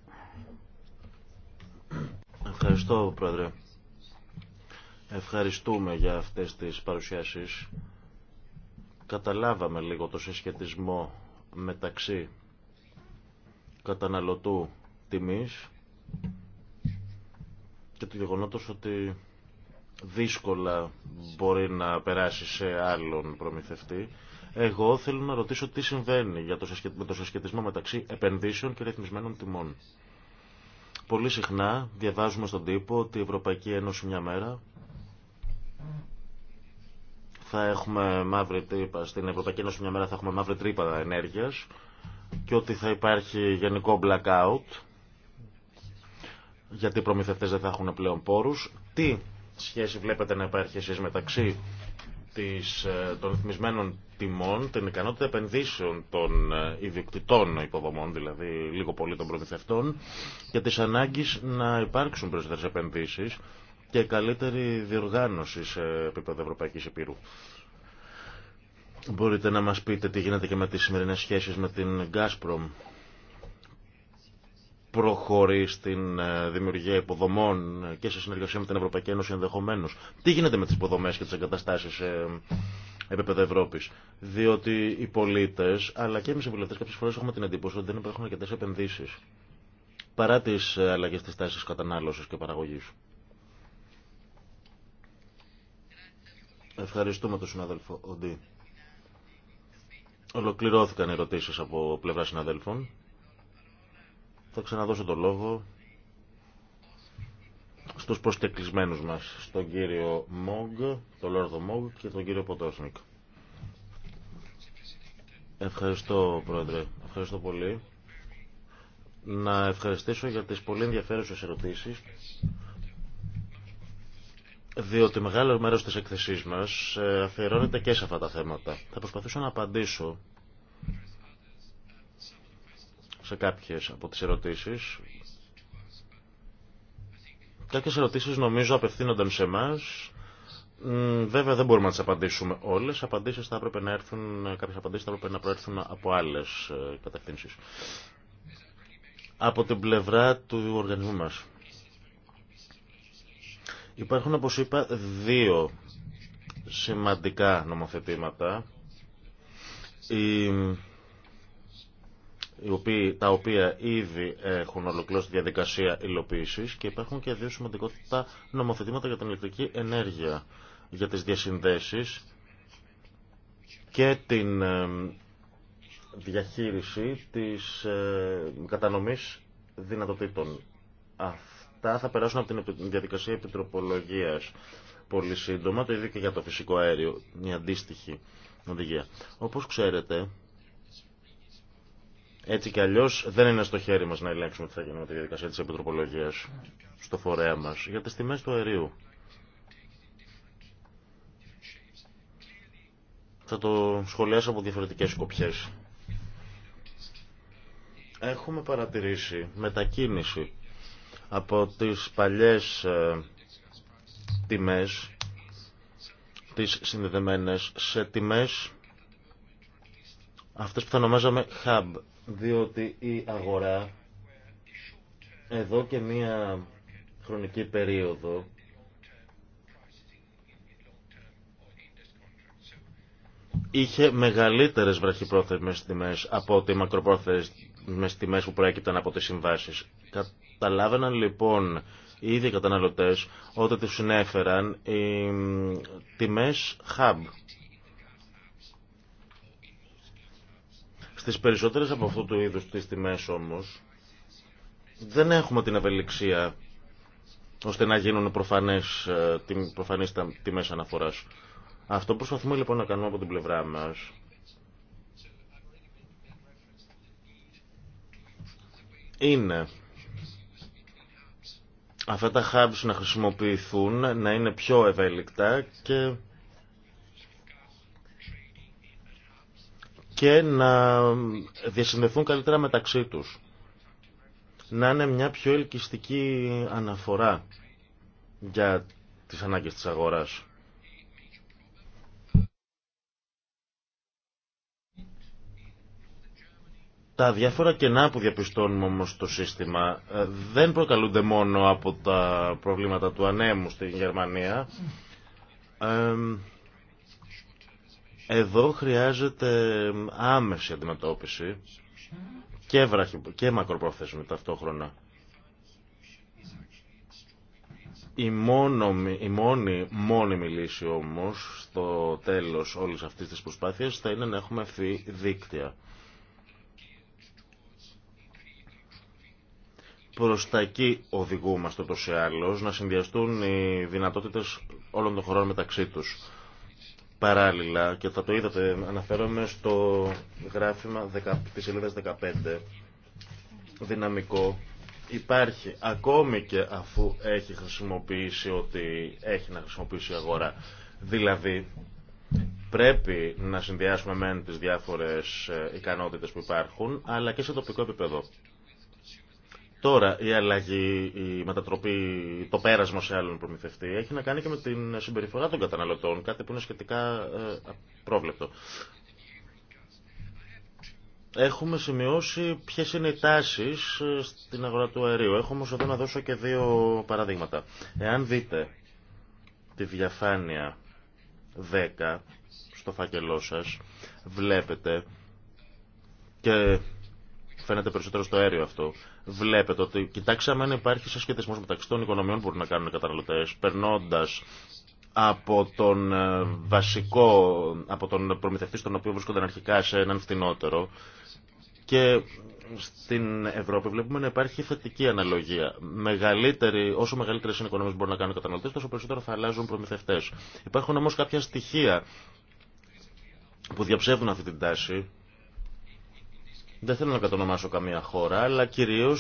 [SPEAKER 1] Ευχαριστώ, Πρόεδρε. Ευχαριστούμε για αυτές τις παρουσιάσεις. Καταλάβαμε λίγο το συσχετισμό μεταξύ καταναλωτού τιμής και του γεγονότος ότι δύσκολα μπορεί να περάσει σε άλλον προμηθευτή. Εγώ θέλω να ρωτήσω τι συμβαίνει για το, με το συσχετισμό μεταξύ επενδύσεων και ρυθμισμένων τιμών. Πολύ συχνά διαβάζουμε στον τύπο ότι η Ευρωπαϊκή Ένωση μια μέρα θα έχουμε μαύρη τρύπα, στην Ευρωπαϊκή Ένωση μια μέρα θα έχουμε μαύρη τρύπα ενέργειας και ότι θα υπάρχει γενικό blackout γιατί οι προμηθευτές δεν θα έχουν πλέον πόρους. Τι σχέση βλέπετε να υπάρχει εσείς μεταξύ της, ε, των ρυθμισμένων τιμών, την ικανότητα επενδύσεων των ε, ιδιοκτητών υποδομών, δηλαδή λίγο πολύ των προμηθευτών, και τις ανάγκες να υπάρξουν περισσότερες επενδύσεις και καλύτερη διοργάνωση σε επίπεδο Ευρωπαϊκής Επίρου. Μπορείτε να μας πείτε τι γίνεται και με τις σημερινές σχέσεις με την Gazprom προχωρεί στην ε, δημιουργία υποδομών και σε συνεργασία με την Ευρωπαϊκή Ένωση ενδεχομένω. Τι γίνεται με τι υποδομέ και τι εγκαταστάσει σε ε, επίπεδο Ευρώπη. Διότι οι πολίτε, αλλά και εμεί οι βουλευτέ, κάποιε φορέ έχουμε την εντύπωση ότι δεν υπάρχουν αρκετέ επενδύσει. Παρά τι ε, αλλαγέ τη τάση κατανάλωση και παραγωγή. Ευχαριστούμε τον συνάδελφο Οντί. Ολοκληρώθηκαν οι ερωτήσεις από πλευρά συναδέλφων. Θα ξαναδώσω το λόγο στους προσκεκλισμένους μας, στον κύριο Μόγκ, τον Λόρδο Μόγκ και τον κύριο Ποτόσνικ. Ευχαριστώ, Πρόεδρε. Ευχαριστώ πολύ. Να ευχαριστήσω για τις πολύ ενδιαφέρουσες ερωτήσεις διότι μεγάλο μέρος της εκθεσής μας ε, αφιερώνεται και σε αυτά τα θέματα. Θα προσπαθήσω να απαντήσω σε κάποιες από τις ερωτήσεις. Κάποιες ερωτήσεις νομίζω απευθύνονταν σε εμά. Βέβαια δεν μπορούμε να τι απαντήσουμε όλες. Απαντήσεις θα έπρεπε να έρθουν, κάποιες απαντήσεις θα έπρεπε να προέρθουν από άλλες ε, κατευθύνσει. Από την πλευρά του οργανισμού μας. Υπάρχουν, όπως είπα, δύο σημαντικά νομοθετήματα. Η τα οποία ήδη έχουν ολοκληρώσει τη διαδικασία υλοποίηση και υπάρχουν και δύο σημαντικότητα νομοθετήματα για την ηλεκτρική ενέργεια, για τις διασυνδέσει και την ε, διαχείριση της ε, κατανομής δυνατοτήτων. Αυτά θα περάσουν από την διαδικασία επιτροπολογίας πολύ σύντομα, το ίδιο και για το φυσικό αέριο, μια αντίστοιχη οδηγία. Όπως ξέρετε, έτσι κι αλλιώ δεν είναι στο χέρι μα να ελέγξουμε τι θα γίνει με τη διαδικασία τη επιτροπολογία στο φορέα μα για τι τιμέ του αερίου. Θα το σχολιάσω από διαφορετικέ σκοπιέ. Έχουμε παρατηρήσει μετακίνηση από τις παλιές ε, τιμές, τις συνδεδεμένε, σε τιμές αυτές που θα ονομάζαμε hub διότι η αγορά εδώ και μία χρονική περίοδο είχε μεγαλύτερες βραχυπρόθεσμες τιμές από ότι μακροπρόθεσμες τιμές που προέκυπταν από τις συμβάσεις. Καταλάβαιναν λοιπόν οι ίδιοι καταναλωτές όταν τους συνέφεραν οι τιμές hub, Στις περισσότερες από αυτού του είδους τις τιμές όμως δεν έχουμε την ευελιξία ώστε να γίνουν προφανές, ε, προφανές τιμές αναφοράς. Αυτό που προσπαθούμε λοιπόν να κάνουμε από την πλευρά μας είναι αυτά τα hubs να χρησιμοποιηθούν, να είναι πιο ευέλικτα και και να διασυνδεθούν καλύτερα μεταξύ τους. Να είναι μια πιο ελκυστική αναφορά για τις ανάγκες της αγοράς. Τα διάφορα κενά που διαπιστώνουμε όμω στο σύστημα ε, δεν προκαλούνται μόνο από τα προβλήματα του ανέμου στην Γερμανία. Ε, εδώ χρειάζεται άμεση αντιμετώπιση και, βραχυ, και μακροπρόθεσμη ταυτόχρονα. Η, η μόνη μόνιμη λύση όμως στο τέλος όλης αυτής της προσπάθειας θα είναι να έχουμε ευθύ δίκτυα. Προς τα εκεί οδηγούμαστε τόσο ή να συνδυαστούν οι δυνατότητες όλων των χωρών μεταξύ τους παράλληλα και θα το είδατε, αναφέρομαι στο γράφημα της σελίδας 15, δυναμικό, υπάρχει ακόμη και αφού έχει χρησιμοποιήσει ότι έχει να χρησιμοποιήσει η αγορά. Δηλαδή, πρέπει να συνδυάσουμε μεν τις διάφορες ε, ικανότητες που υπάρχουν, αλλά και σε τοπικό επίπεδο. Τώρα η αλλαγή, η μετατροπή, το πέρασμα σε άλλον προμηθευτή έχει να κάνει και με την συμπεριφορά των καταναλωτών, κάτι που είναι σχετικά ε, πρόβλεπτο. Έχουμε σημειώσει ποιε είναι οι τάσει ε, στην αγορά του αερίου. Έχω όμω εδώ να δώσω και δύο παραδείγματα. Εάν δείτε τη διαφάνεια 10 στο φάκελό σα, βλέπετε και φαίνεται περισσότερο στο αέριο αυτό βλέπετε ότι κοιτάξαμε αν υπάρχει σχετισμός μεταξύ των οικονομιών που μπορούν να κάνουν οι καταναλωτέ, περνώντα από τον ε, βασικό, από τον προμηθευτή στον οποίο βρίσκονταν αρχικά σε έναν φθηνότερο και στην Ευρώπη βλέπουμε να υπάρχει θετική αναλογία. Μεγαλύτερη, όσο μεγαλύτερε είναι οι οικονομίε που μπορούν να κάνουν οι καταναλωτέ, τόσο περισσότερο θα αλλάζουν προμηθευτέ. Υπάρχουν όμω κάποια στοιχεία που διαψεύδουν αυτή την τάση δεν θέλω να κατονομάσω καμία χώρα, αλλά κυρίω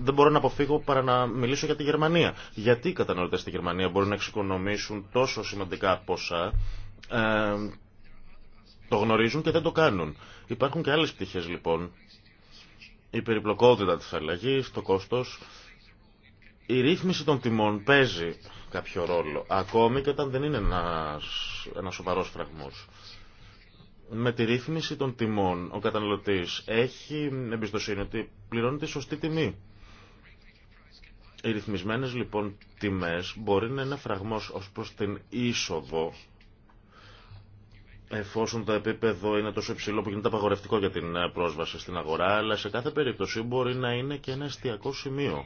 [SPEAKER 1] δεν μπορώ να αποφύγω παρά να μιλήσω για τη Γερμανία. Γιατί οι καταναλωτέ στη Γερμανία μπορούν να εξοικονομήσουν τόσο σημαντικά ποσά. Ε, το γνωρίζουν και δεν το κάνουν. Υπάρχουν και άλλες πτυχές λοιπόν. Η περιπλοκότητα της αλλαγή, το κόστος. Η ρύθμιση των τιμών παίζει κάποιο ρόλο, ακόμη και όταν δεν είναι ένα σοβαρό φραγμό με τη ρύθμιση των τιμών ο καταναλωτής έχει εμπιστοσύνη ότι πληρώνει τη σωστή τιμή. Οι ρυθμισμένες λοιπόν τιμές μπορεί να είναι φραγμός ως προς την είσοδο εφόσον το επίπεδο είναι τόσο υψηλό που γίνεται απαγορευτικό για την πρόσβαση στην αγορά αλλά σε κάθε περίπτωση μπορεί να είναι και ένα εστιακό σημείο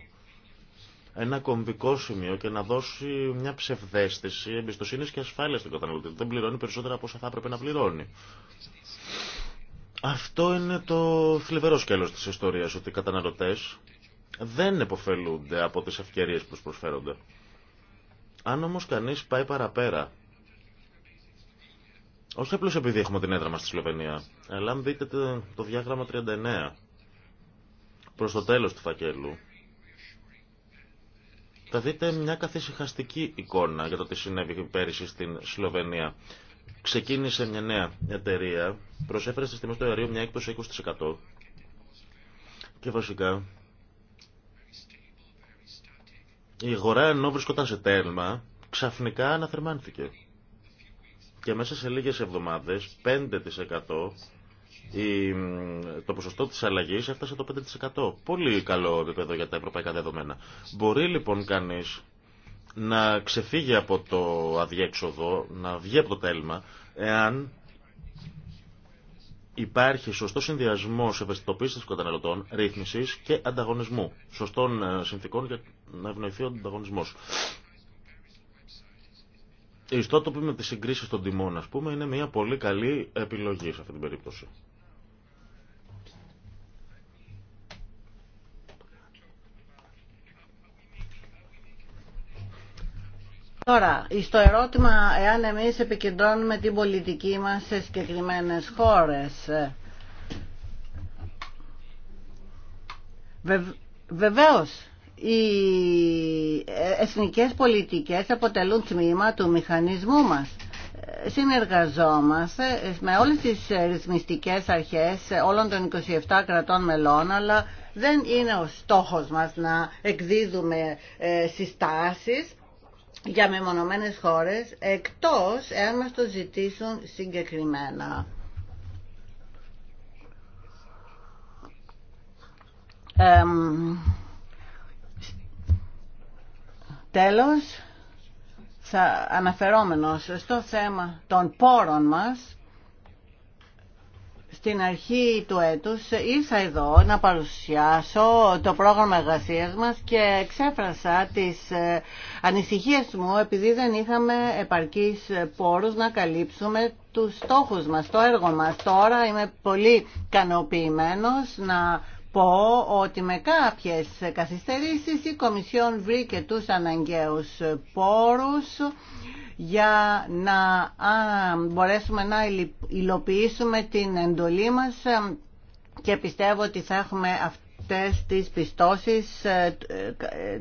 [SPEAKER 1] ένα κομβικό σημείο και να δώσει μια ψευδέστηση εμπιστοσύνη και ασφάλεια στον καταναλωτή. Δεν πληρώνει περισσότερα από όσα θα έπρεπε να πληρώνει. Αυτό είναι το θλιβερό σκέλος της ιστορίας, ότι οι καταναλωτές δεν επωφελούνται από τις ευκαιρίες που τους προσφέρονται. Αν όμως κανείς πάει παραπέρα, όχι απλώς επειδή έχουμε την έδρα μας στη Σλοβενία, αλλά αν δείτε το διάγραμμα 39, προς το τέλος του φακέλου, θα δείτε μια καθησυχαστική εικόνα για το τι συνέβη πέρυσι στην Σλοβενία. Ξεκίνησε μια νέα εταιρεία, προσέφερε στις τιμές του αερίου μια έκπτωση 20% και βασικά η αγορά ενώ βρισκόταν σε τέλμα ξαφνικά αναθερμάνθηκε. Και μέσα σε λίγες εβδομάδες 5% η, το ποσοστό της αλλαγής έφτασε το 5%. Πολύ καλό επίπεδο για τα ευρωπαϊκά δεδομένα. Μπορεί λοιπόν κανείς να ξεφύγει από το αδιέξοδο, να βγει από το τέλμα, εάν υπάρχει σωστό συνδυασμό ευαισθητοποίηση των καταναλωτών, ρύθμιση και ανταγωνισμού. Σωστών ε, συνθήκων για να ευνοηθεί ο ανταγωνισμό. Η ιστότοπη με τι συγκρίσει των τιμών, α πούμε, είναι μια πολύ καλή επιλογή σε αυτή την περίπτωση.
[SPEAKER 3] Τώρα, στο ερώτημα εάν εμείς επικεντρώνουμε την πολιτική μας σε συγκεκριμένε χώρες. Βεβαίως, οι εθνικές πολιτικές αποτελούν τμήμα του μηχανισμού μας. Συνεργαζόμαστε με όλες τις ρυθμιστικές αρχές όλων των 27 κρατών μελών, αλλά δεν είναι ο στόχος μας να εκδίδουμε ε, συστάσεις για μεμονωμένες χώρες εκτός εάν μας το ζητήσουν συγκεκριμένα. Ε, τέλος, αναφερόμενος στο θέμα των πόρων μας, στην αρχή του έτους ήρθα εδώ να παρουσιάσω το πρόγραμμα εργασία μας και ξέφρασα τις ε, ανησυχίες μου επειδή δεν είχαμε επαρκείς πόρους να καλύψουμε τους στόχους μας, το έργο μας. Τώρα είμαι πολύ ικανοποιημένος να πω ότι με κάποιες καθυστερήσεις η Κομισιόν βρήκε τους αναγκαίους πόρους για να μπορέσουμε να υλοποιήσουμε την εντολή μας και πιστεύω ότι θα έχουμε αυτές τις πιστώσεις ε, ε,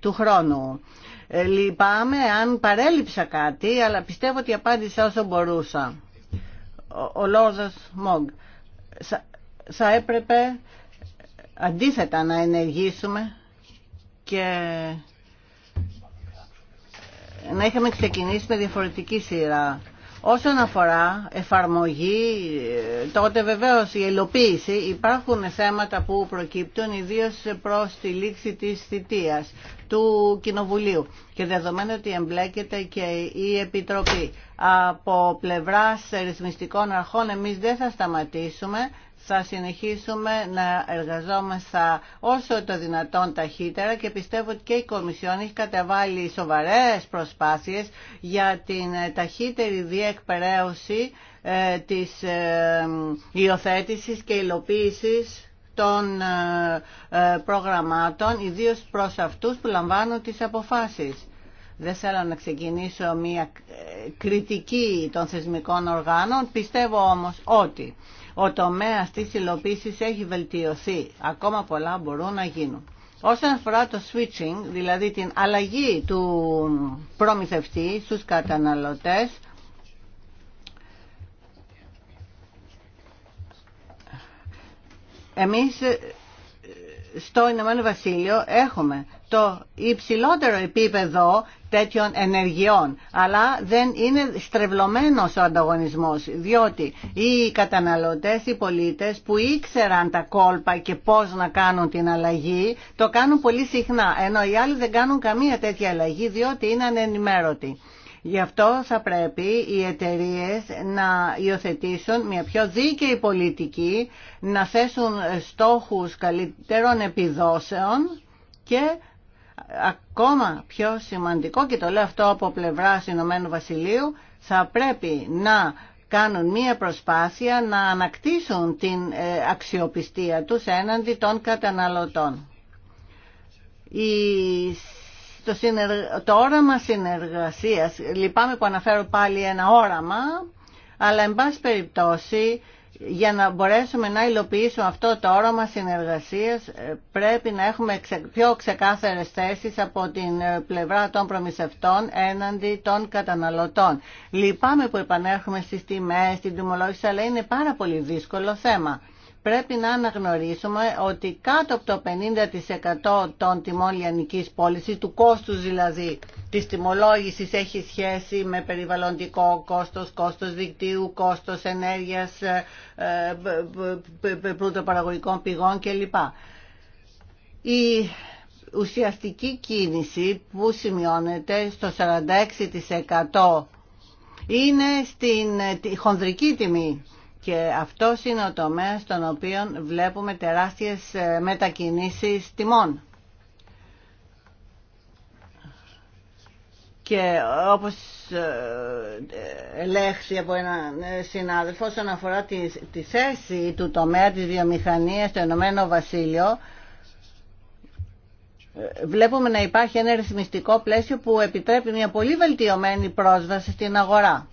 [SPEAKER 3] του χρόνου. Ε, λυπάμαι αν παρέλειψα κάτι, αλλά πιστεύω ότι απάντησα όσο μπορούσα. Ο, ο Λόρδος Μόγκ. Θα έπρεπε αντίθετα να ενεργήσουμε και να είχαμε ξεκινήσει με διαφορετική σειρά. Όσον αφορά εφαρμογή, ε, τότε βεβαίως η ελοποίηση υπάρχουν θέματα που προκύπτουν ιδίως προς τη λήξη της θητείας του Κοινοβουλίου και δεδομένου ότι εμπλέκεται και η Επιτροπή. Από πλευράς ρυθμιστικών αρχών εμείς δεν θα σταματήσουμε θα συνεχίσουμε να εργαζόμαστε όσο το δυνατόν ταχύτερα και πιστεύω ότι και η Κομισιόν έχει καταβάλει σοβαρές προσπάθειες για την ταχύτερη διεκπαιρέωση ε, της ε, υιοθέτηση και υλοποίησης των ε, προγραμμάτων, ιδίως προς αυτούς που λαμβάνουν τις αποφάσεις. Δεν θέλω να ξεκινήσω μια κριτική των θεσμικών οργάνων, πιστεύω όμως ότι ο τομέα τη υλοποίηση έχει βελτιωθεί. Ακόμα πολλά μπορούν να γίνουν. Όσον αφορά το switching, δηλαδή την αλλαγή του προμηθευτή στους καταναλωτές, εμείς στο Ηνωμένο Βασίλειο έχουμε το υψηλότερο επίπεδο τέτοιων ενεργειών. Αλλά δεν είναι στρεβλωμένος ο ανταγωνισμός, διότι οι καταναλωτές, οι πολίτες που ήξεραν τα κόλπα και πώς να κάνουν την αλλαγή, το κάνουν πολύ συχνά, ενώ οι άλλοι δεν κάνουν καμία τέτοια αλλαγή, διότι είναι ανενημέρωτοι. Γι' αυτό θα πρέπει οι εταιρείε να υιοθετήσουν μια πιο δίκαιη πολιτική, να θέσουν στόχους καλύτερων επιδόσεων και ακόμα πιο σημαντικό και το λέω αυτό από πλευρά Ηνωμένου Βασιλείου θα πρέπει να κάνουν μία προσπάθεια να ανακτήσουν την ε, αξιοπιστία τους έναντι των καταναλωτών. Η... Το, συνεργ... το όραμα συνεργασίας, λυπάμαι που αναφέρω πάλι ένα όραμα, αλλά εν πάση περιπτώσει για να μπορέσουμε να υλοποιήσουμε αυτό το όραμα συνεργασίας ε, πρέπει να έχουμε πιο ξεκάθαρες θέσεις από την ε, πλευρά των προμηθευτών έναντι των καταναλωτών. Λυπάμαι που επανέρχομαι στις τιμές, στην τιμολόγηση, αλλά είναι πάρα πολύ δύσκολο θέμα πρέπει να αναγνωρίσουμε ότι κάτω από το 50% των τιμών λιανικής πώληση, του κόστους δηλαδή της τιμολόγησης έχει σχέση με περιβαλλοντικό κόστος, κόστος δικτύου, κόστος ενέργειας, ε, ε, ε, πρωτοπαραγωγικών πηγών κλπ. Η ουσιαστική κίνηση που σημειώνεται στο 46% είναι στην χονδρική τιμή και αυτό είναι ο τομέας στον οποίο βλέπουμε τεράστιες ε, μετακινήσεις τιμών. Και όπως ε, ε, ελέγχθη από έναν συνάδελφο όσον αφορά τη, τη θέση του τομέα της βιομηχανίας στο Ηνωμένο Βασίλειο, βλέπουμε να υπάρχει ένα ρυθμιστικό πλαίσιο που επιτρέπει μια πολύ βελτιωμένη πρόσβαση στην αγορά.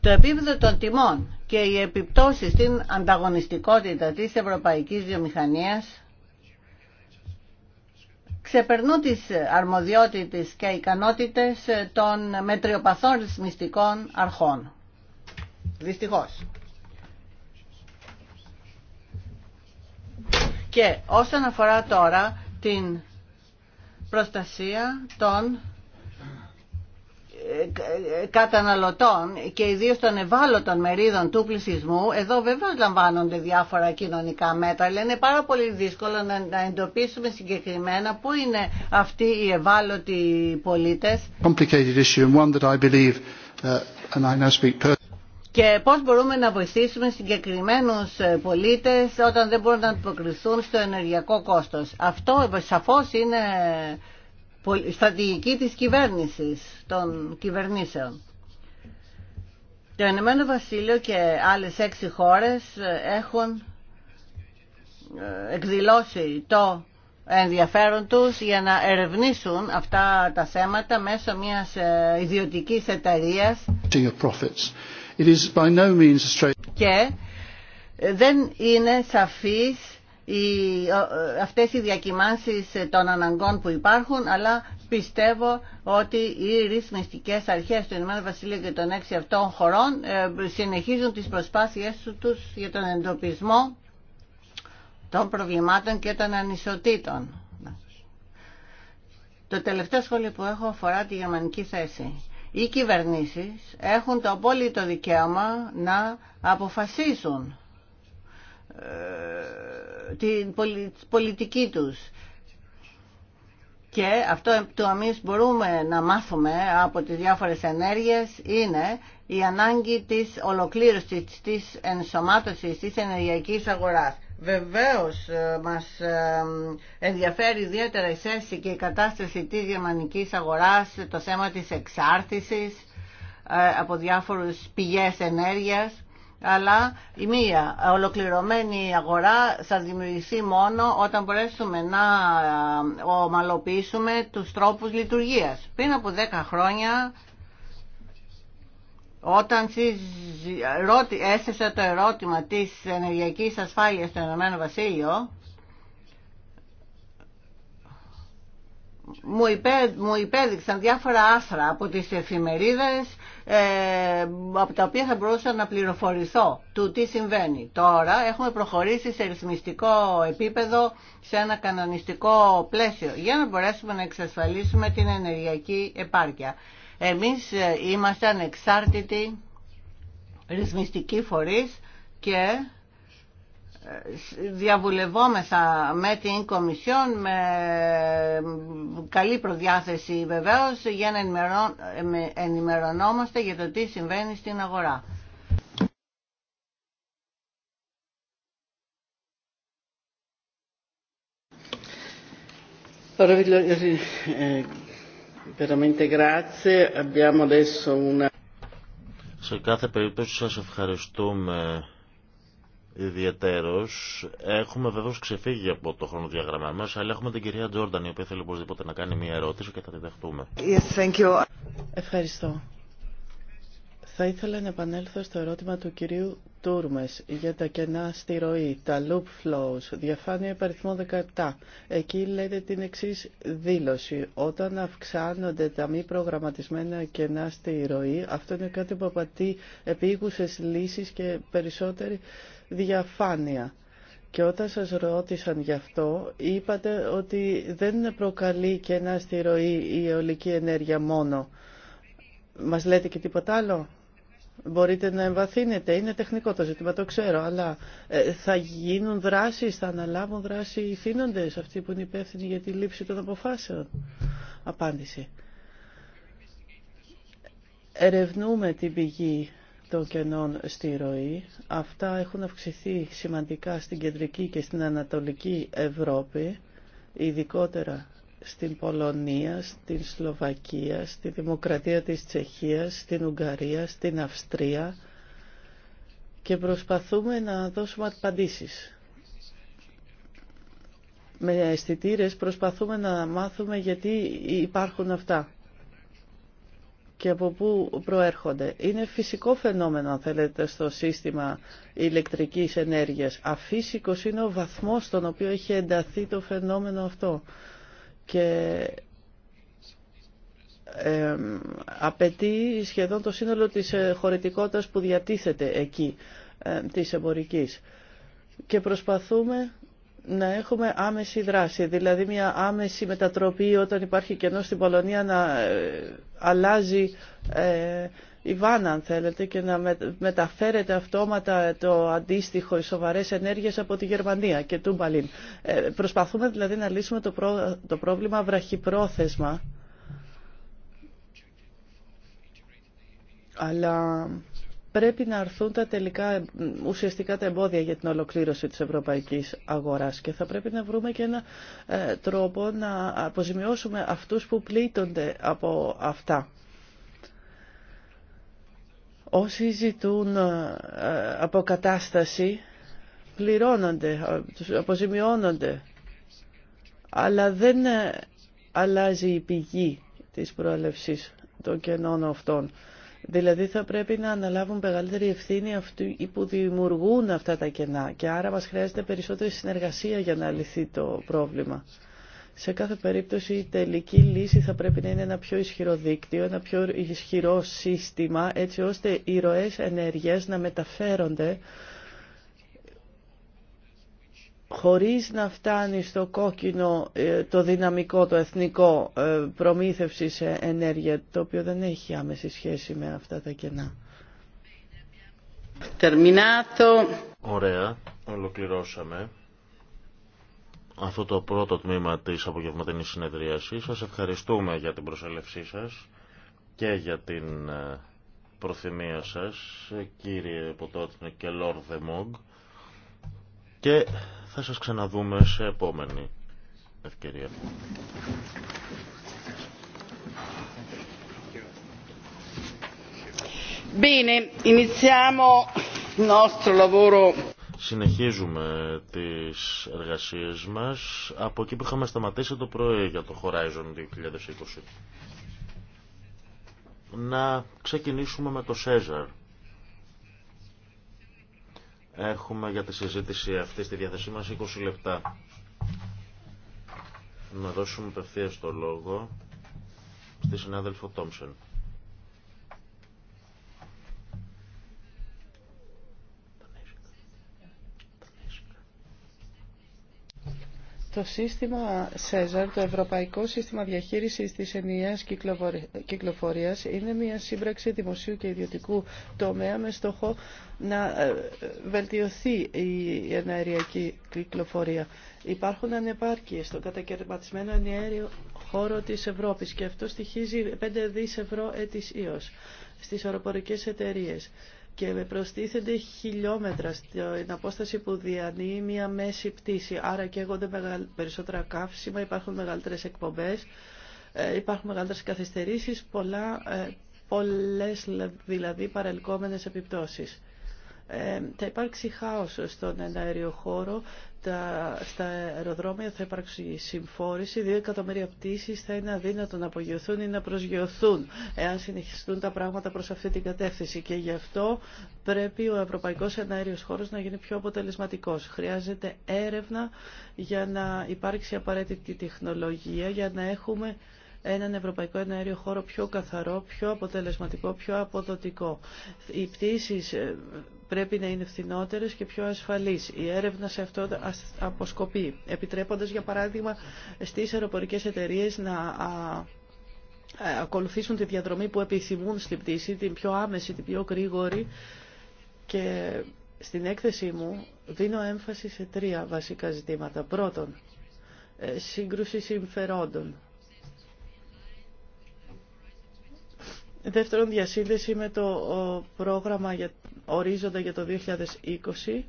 [SPEAKER 3] Το επίπεδο των τιμών και οι επιπτώσεις στην ανταγωνιστικότητα της ευρωπαϊκής βιομηχανίας ξεπερνούν τις αρμοδιότητες και ικανότητες των μετριοπαθών ρυθμιστικών αρχών. Δυστυχώς. Και όσον αφορά τώρα την προστασία των καταναλωτών και ιδίως των ευάλωτων μερίδων του πληθυσμού, εδώ βέβαια λαμβάνονται διάφορα κοινωνικά μέτρα, αλλά είναι πάρα πολύ δύσκολο να, εντοπίσουμε συγκεκριμένα πού είναι αυτοί οι ευάλωτοι πολίτες. Και πώς μπορούμε να βοηθήσουμε συγκεκριμένους ε, πολίτες όταν δεν μπορούν να αντιποκριθούν στο ενεργειακό κόστος. Αυτό ε, σαφώς είναι στρατηγική της κυβέρνησης, των κυβερνήσεων. Το Ενωμένο Βασίλειο και άλλες έξι χώρες έχουν ε, εκδηλώσει το ενδιαφέρον τους για να ερευνήσουν αυτά τα θέματα μέσω μιας ε, ιδιωτικής εταιρείας και δεν είναι σαφής ε, αυτές οι διακοιμάνσεις των αναγκών που υπάρχουν, αλλά πιστεύω ότι οι ρυθμιστικές αρχές του Ηνωμένου Βασιλείου και των έξι αυτών χωρών ε, συνεχίζουν τις προσπάθειές τους για τον εντοπισμό των προβλημάτων και των ανισοτήτων. Το τελευταίο σχόλιο που έχω αφορά τη γερμανική θέση. Οι κυβερνήσεις έχουν το απόλυτο δικαίωμα να αποφασίσουν ε, την πολιτική τους. Και αυτό που εμείς μπορούμε να μάθουμε από τις διάφορες ενέργειες είναι η ανάγκη της ολοκλήρωσης, της ενσωμάτωσης της ενεργειακής αγοράς. Βεβαίως ε, μας ε, ενδιαφέρει ιδιαίτερα η θέση και η κατάσταση της γερμανικής αγοράς, το θέμα της εξάρτησης ε, από διάφορους πηγές ενέργειας αλλά η μία ολοκληρωμένη αγορά θα δημιουργηθεί μόνο όταν μπορέσουμε να ε, ομαλοποιήσουμε τους τρόπους λειτουργίας. Πριν από 10 χρόνια όταν έθεσα το ερώτημα της ενεργειακής ασφάλειας στο Ηνωμένο Βασίλειο, μου, υπέδειξαν διάφορα άθρα από τις εφημερίδες ε, από τα οποία θα μπορούσα να πληροφορηθώ του τι συμβαίνει. Τώρα έχουμε προχωρήσει σε ρυθμιστικό επίπεδο, σε ένα κανονιστικό πλαίσιο, για να μπορέσουμε να εξασφαλίσουμε την ενεργειακή επάρκεια. Εμείς ε, είμαστε ανεξάρτητοι ρυθμιστικοί φορείς και διαβουλευόμεθα με την Κομισιόν με καλή προδιάθεση βεβαίως για να ενημερωνόμαστε για το τι συμβαίνει στην αγορά.
[SPEAKER 1] Σε κάθε περίπτωση σας ευχαριστούμε ιδιαιτέρως. Έχουμε βεβαίως ξεφύγει από το χρονοδιαγραμμά μας, αλλά έχουμε την κυρία Τζόρνταν, η οποία θέλει οπωσδήποτε να κάνει μία ερώτηση και θα τη δεχτούμε.
[SPEAKER 2] Yes, thank you. Ευχαριστώ. Θα ήθελα να επανέλθω στο ερώτημα του κυρίου Τούρμες για τα κενά στη ροή, τα loop flows, διαφάνεια υπαριθμό 17. Εκεί λέτε την εξή δήλωση. Όταν αυξάνονται τα μη προγραμματισμένα κενά στη ροή, αυτό είναι κάτι που απαιτεί επίγουσες λύσεις και περισσότερη διαφάνεια. Και όταν σας ρώτησαν γι' αυτό, είπατε ότι δεν προκαλεί και ένα στη η αιωλική ενέργεια μόνο. Μας λέτε και τίποτα άλλο. Μπορείτε να εμβαθύνετε. Είναι τεχνικό το ζήτημα, το ξέρω. Αλλά ε, θα γίνουν δράσεις, θα αναλάβουν δράση οι θύνοντες, αυτοί που είναι υπεύθυνοι για τη λήψη των αποφάσεων. Απάντηση ερευνούμε την πηγή των κενών στη ροή. Αυτά έχουν αυξηθεί σημαντικά στην κεντρική και στην ανατολική Ευρώπη, ειδικότερα στην Πολωνία, στην Σλοβακία, στη Δημοκρατία της Τσεχίας, στην Ουγγαρία, στην Αυστρία και προσπαθούμε να δώσουμε απαντήσεις. Με αισθητήρε προσπαθούμε να μάθουμε γιατί υπάρχουν αυτά και από πού προέρχονται. Είναι φυσικό φαινόμενο, αν θέλετε, στο σύστημα ηλεκτρικής ενέργειας. Αφύσικος είναι ο βαθμός στον οποίο έχει ενταθεί το φαινόμενο αυτό. Και απαιτεί σχεδόν το σύνολο της ε, χωρητικότητας που διατίθεται εκεί, ε, της εμπορικής. Και προσπαθούμε να έχουμε άμεση δράση, δηλαδή μια άμεση μετατροπή όταν υπάρχει κενό στην Πολωνία να ε, αλλάζει ε, η βάνα αν θέλετε και να μεταφέρεται αυτόματα το αντίστοιχο οι σοβαρές ενέργειες από τη Γερμανία και του Μπαλίν. Ε, προσπαθούμε δηλαδή να λύσουμε το πρόβλημα βραχυπρόθεσμα αλλά πρέπει να αρθούν τα τελικά ουσιαστικά τα εμπόδια για την ολοκλήρωση της ευρωπαϊκής αγοράς και θα πρέπει να βρούμε και ένα ε, τρόπο να αποζημιώσουμε αυτούς που πλήττονται από αυτά. Όσοι ζητούν ε, ε, αποκατάσταση πληρώνονται, αποζημιώνονται, αλλά δεν αλλάζει η πηγή της προέλευσης των κενών αυτών. Δηλαδή θα πρέπει να αναλάβουν μεγαλύτερη ευθύνη αυτοί που δημιουργούν αυτά τα κενά και άρα μας χρειάζεται περισσότερη συνεργασία για να λυθεί το πρόβλημα. Σε κάθε περίπτωση η τελική λύση θα πρέπει να είναι ένα πιο ισχυρό δίκτυο, ένα πιο ισχυρό σύστημα, έτσι ώστε οι ροές ενέργειας να μεταφέρονται χωρίς να φτάνει στο κόκκινο ε, το δυναμικό, το εθνικό ε, προμήθευσης ενέργεια, το οποίο δεν έχει άμεση σχέση με αυτά τα κενά.
[SPEAKER 1] Ωραία, ολοκληρώσαμε αυτό το πρώτο τμήμα της απογευματινής συνεδρίασης. Σας ευχαριστούμε για την προσέλευσή σας και για την ε, προθυμία σας, κύριε Ποτότνε και Λόρδε Μόγκ. Και θα σας ξαναδούμε σε επόμενη ευκαιρία.
[SPEAKER 4] Bene, iniziamo il nostro lavoro.
[SPEAKER 1] Συνεχίζουμε τις εργασίες μας από εκεί που είχαμε σταματήσει το πρωί για το Horizon 2020. Να ξεκινήσουμε με το Cesar. Έχουμε για τη συζήτηση αυτή στη διάθεσή μας 20 λεπτά. Να δώσουμε απευθεία το λόγο στη συνάδελφο Τόμσεν.
[SPEAKER 2] Το σύστημα ΣΕΖΑΡ, το Ευρωπαϊκό Σύστημα Διαχείρισης της Ενιαίας Κυκλοφορίας, είναι μια σύμπραξη δημοσίου και ιδιωτικού τομέα με στόχο να ε, βελτιωθεί η εναεριακή κυκλοφορία. Υπάρχουν ανεπάρκειες στον κατακαιρματισμένο ενιαίο χώρο της Ευρώπης και αυτό στοιχίζει 5 δις ευρώ ετησίως στις αεροπορικές εταιρείες και προστίθενται χιλιόμετρα στην απόσταση που διανύει μια μέση πτήση. Άρα και καίγονται περισσότερα καύσιμα, υπάρχουν μεγαλύτερες εκπομπές, ε, υπάρχουν μεγαλύτερες καθυστερήσεις, πολλά, ε, πολλές δηλαδή παρελκόμενες επιπτώσεις. Ε, θα υπάρξει χάος στον χώρο τα, στα αεροδρόμια θα υπάρξει συμφόρηση, δύο εκατομμύρια πτήσει θα είναι αδύνατο να απογειωθούν ή να προσγειωθούν εάν συνεχιστούν τα πράγματα προ αυτή την κατεύθυνση. Και γι' αυτό πρέπει ο ευρωπαϊκό εναέριο χώρο να γίνει πιο αποτελεσματικό. Χρειάζεται έρευνα για να υπάρξει απαραίτητη τεχνολογία, για να έχουμε έναν ευρωπαϊκό εναέριο χώρο πιο καθαρό, πιο αποτελεσματικό, πιο αποδοτικό. Οι πτήσει ε, πρέπει να είναι φθηνότερε και πιο ασφαλεί. Η έρευνα σε αυτό αποσκοπεί, επιτρέποντα για παράδειγμα στι αεροπορικέ εταιρείε να ε, ακολουθήσουν τη διαδρομή που επιθυμούν στην πτήση, την πιο άμεση, την πιο γρήγορη και στην έκθεσή μου δίνω έμφαση σε τρία βασικά ζητήματα. Πρώτον, ε, σύγκρουση συμφερόντων Δεύτερον, διασύνδεση με το πρόγραμμα για, ορίζοντα για το 2020.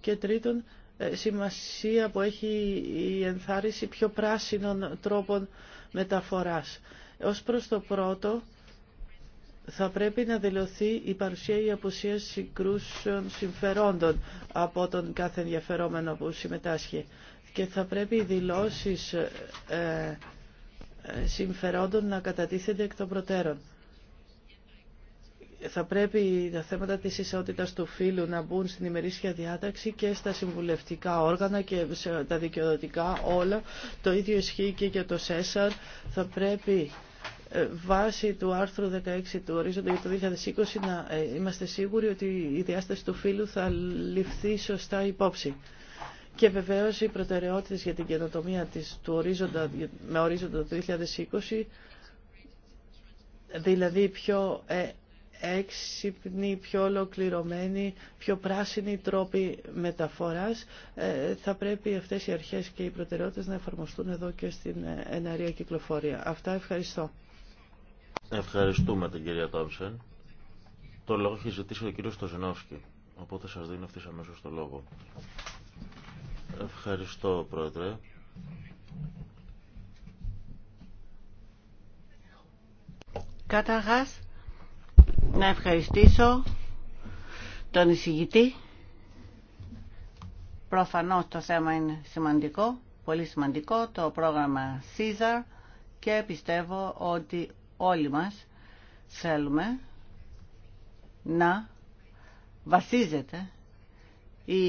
[SPEAKER 2] Και τρίτον, ε, σημασία που έχει η ενθάρρυνση πιο πράσινων τρόπων μεταφοράς. Ως προς το πρώτο, θα πρέπει να δηλωθεί η παρουσία ή η απουσία συγκρούσεων συμφερόντων από τον κάθε ενδιαφερόμενο που συμμετάσχει. Και θα πρέπει οι δηλώσεις ε, ε, συμφερόντων να κατατίθενται εκ των προτέρων θα πρέπει τα θέματα της ισότητας του φύλου να μπουν στην ημερήσια διάταξη και στα συμβουλευτικά όργανα και σε τα δικαιοδοτικά όλα. Το ίδιο ισχύει και για το ΣΕΣΑΡ. Θα πρέπει ε, βάσει του άρθρου 16 του ορίζοντα για το 2020 να ε, είμαστε σίγουροι ότι η διάσταση του φύλου θα ληφθεί σωστά υπόψη. Και βεβαίως οι προτεραιότητες για την καινοτομία της, του ορίζοντα, με ορίζοντα το 2020 δηλαδή πιο ε, έξυπνοι, πιο ολοκληρωμένοι, πιο πράσινοι τρόποι μεταφοράς. Ε, θα πρέπει αυτές οι αρχές και οι προτεραιότητες να εφαρμοστούν εδώ και στην ε, εναρία κυκλοφορία. Αυτά ευχαριστώ.
[SPEAKER 1] Ευχαριστούμε την κυρία Τόμψεν. Το λόγο έχει ζητήσει ο κύριος Στοζινόφσκι, οπότε σας δίνω ευθύς αμέσως το λόγο. Ευχαριστώ, Πρόεδρε.
[SPEAKER 3] Καταρχάς, να ευχαριστήσω τον εισηγητή. Προφανώς το θέμα είναι σημαντικό, πολύ σημαντικό, το πρόγραμμα CESAR και πιστεύω ότι όλοι μας θέλουμε να βασίζεται η,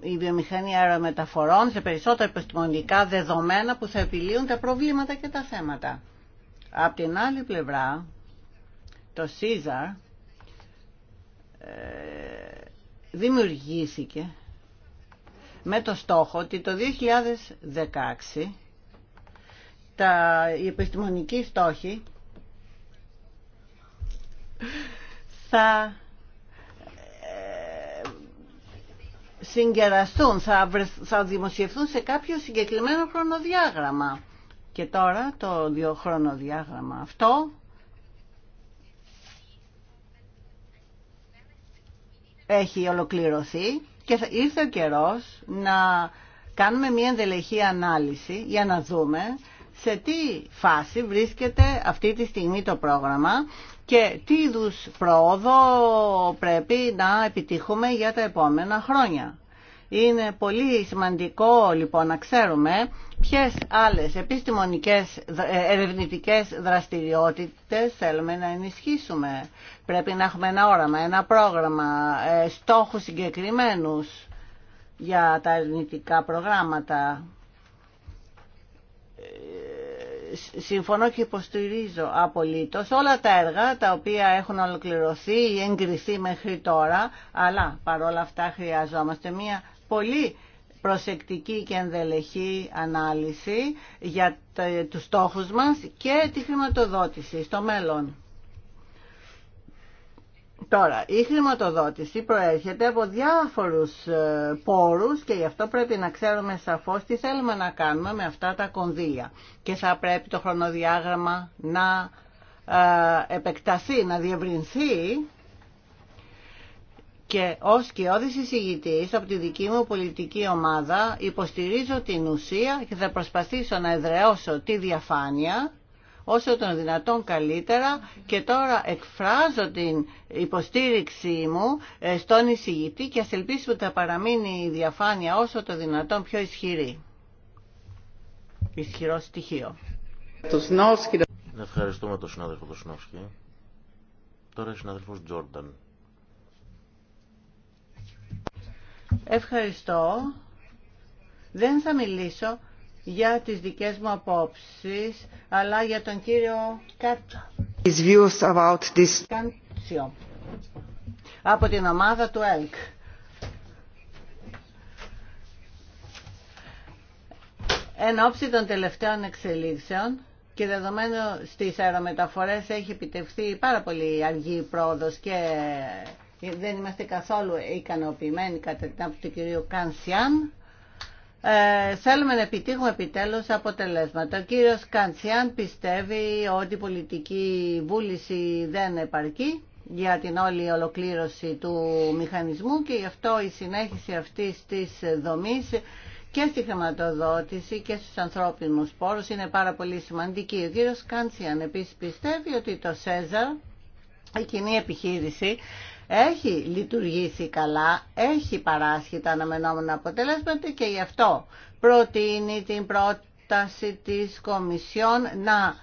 [SPEAKER 3] η βιομηχανία αερομεταφορών σε περισσότερα επιστημονικά δεδομένα που θα επιλύουν τα προβλήματα και τα θέματα. Απ' την άλλη πλευρά το ΣΥΖΑ ε, δημιουργήθηκε με το στόχο ότι το 2016 τα, οι επιστημονικοί στόχοι θα ε, συγκεραστούν, θα, θα δημοσιευθούν σε κάποιο συγκεκριμένο χρονοδιάγραμμα. Και τώρα το χρονοδιάγραμμα αυτό έχει ολοκληρωθεί και θα ήρθε ο καιρός να κάνουμε μια ενδελεχή ανάλυση για να δούμε σε τι φάση βρίσκεται αυτή τη στιγμή το πρόγραμμα και τι είδους πρόοδο πρέπει να επιτύχουμε για τα επόμενα χρόνια. Είναι πολύ σημαντικό λοιπόν να ξέρουμε ποιες άλλες επιστημονικές ε, ερευνητικές δραστηριότητες θέλουμε να ενισχύσουμε. Πρέπει να έχουμε ένα όραμα, ένα πρόγραμμα, ε, στόχους συγκεκριμένους για τα ερευνητικά προγράμματα ε, συμφωνώ και υποστηρίζω απολύτως όλα τα έργα τα οποία έχουν ολοκληρωθεί ή εγκριθεί μέχρι τώρα, αλλά παρόλα αυτά χρειαζόμαστε μια πολύ προσεκτική και ενδελεχή ανάλυση για τους στόχους μας και τη χρηματοδότηση στο μέλλον. Τώρα, η χρηματοδότηση προέρχεται από διάφορους ε, πόρους και γι' αυτό πρέπει να ξέρουμε σαφώς τι θέλουμε να κάνουμε με αυτά τα κονδύλια. Και θα πρέπει το χρονοδιάγραμμα να ε, επεκταθεί, να διευρυνθεί και ως όδηση συγητής από τη δική μου πολιτική ομάδα υποστηρίζω την ουσία και θα προσπαθήσω να εδραιώσω τη διαφάνεια όσο τον δυνατόν καλύτερα και τώρα εκφράζω την υποστήριξή μου ε, στον εισηγητή και ας ελπίσουμε ότι θα παραμείνει η διαφάνεια όσο το δυνατόν πιο ισχυρή. Ισχυρό στοιχείο.
[SPEAKER 1] Ευχαριστούμε τον συνάδελφο του Σνόφσκι. Τώρα ο συνάδελφος Τζόρνταν.
[SPEAKER 3] Ευχαριστώ. Δεν θα μιλήσω για τις δικές μου απόψεις, αλλά για τον κύριο Κάτσα.
[SPEAKER 4] His views about this... Κάντσιο,
[SPEAKER 3] από την ομάδα του ΕΛΚ. Εν όψη των τελευταίων εξελίξεων και δεδομένου στις αερομεταφορές έχει επιτευχθεί πάρα πολύ αργή πρόοδος και δεν είμαστε καθόλου ικανοποιημένοι κατά την άποψη του κυρίου Κάνσιαν. Ε, θέλουμε να επιτύχουμε επιτέλους αποτελέσματα. Ο κύριος Καντσιάν πιστεύει ότι η πολιτική βούληση δεν επαρκεί για την όλη ολοκλήρωση του μηχανισμού και γι' αυτό η συνέχιση αυτής της δομής και στη χρηματοδότηση και στους ανθρώπινους πόρους είναι πάρα πολύ σημαντική. Ο κύριος Κάντσιαν επίσης πιστεύει ότι το ΣΕΖΑ, η κοινή επιχείρηση, έχει λειτουργήσει καλά, έχει παράσχει τα αναμενόμενα αποτελέσματα και γι' αυτό προτείνει την πρόταση της Κομισιόν να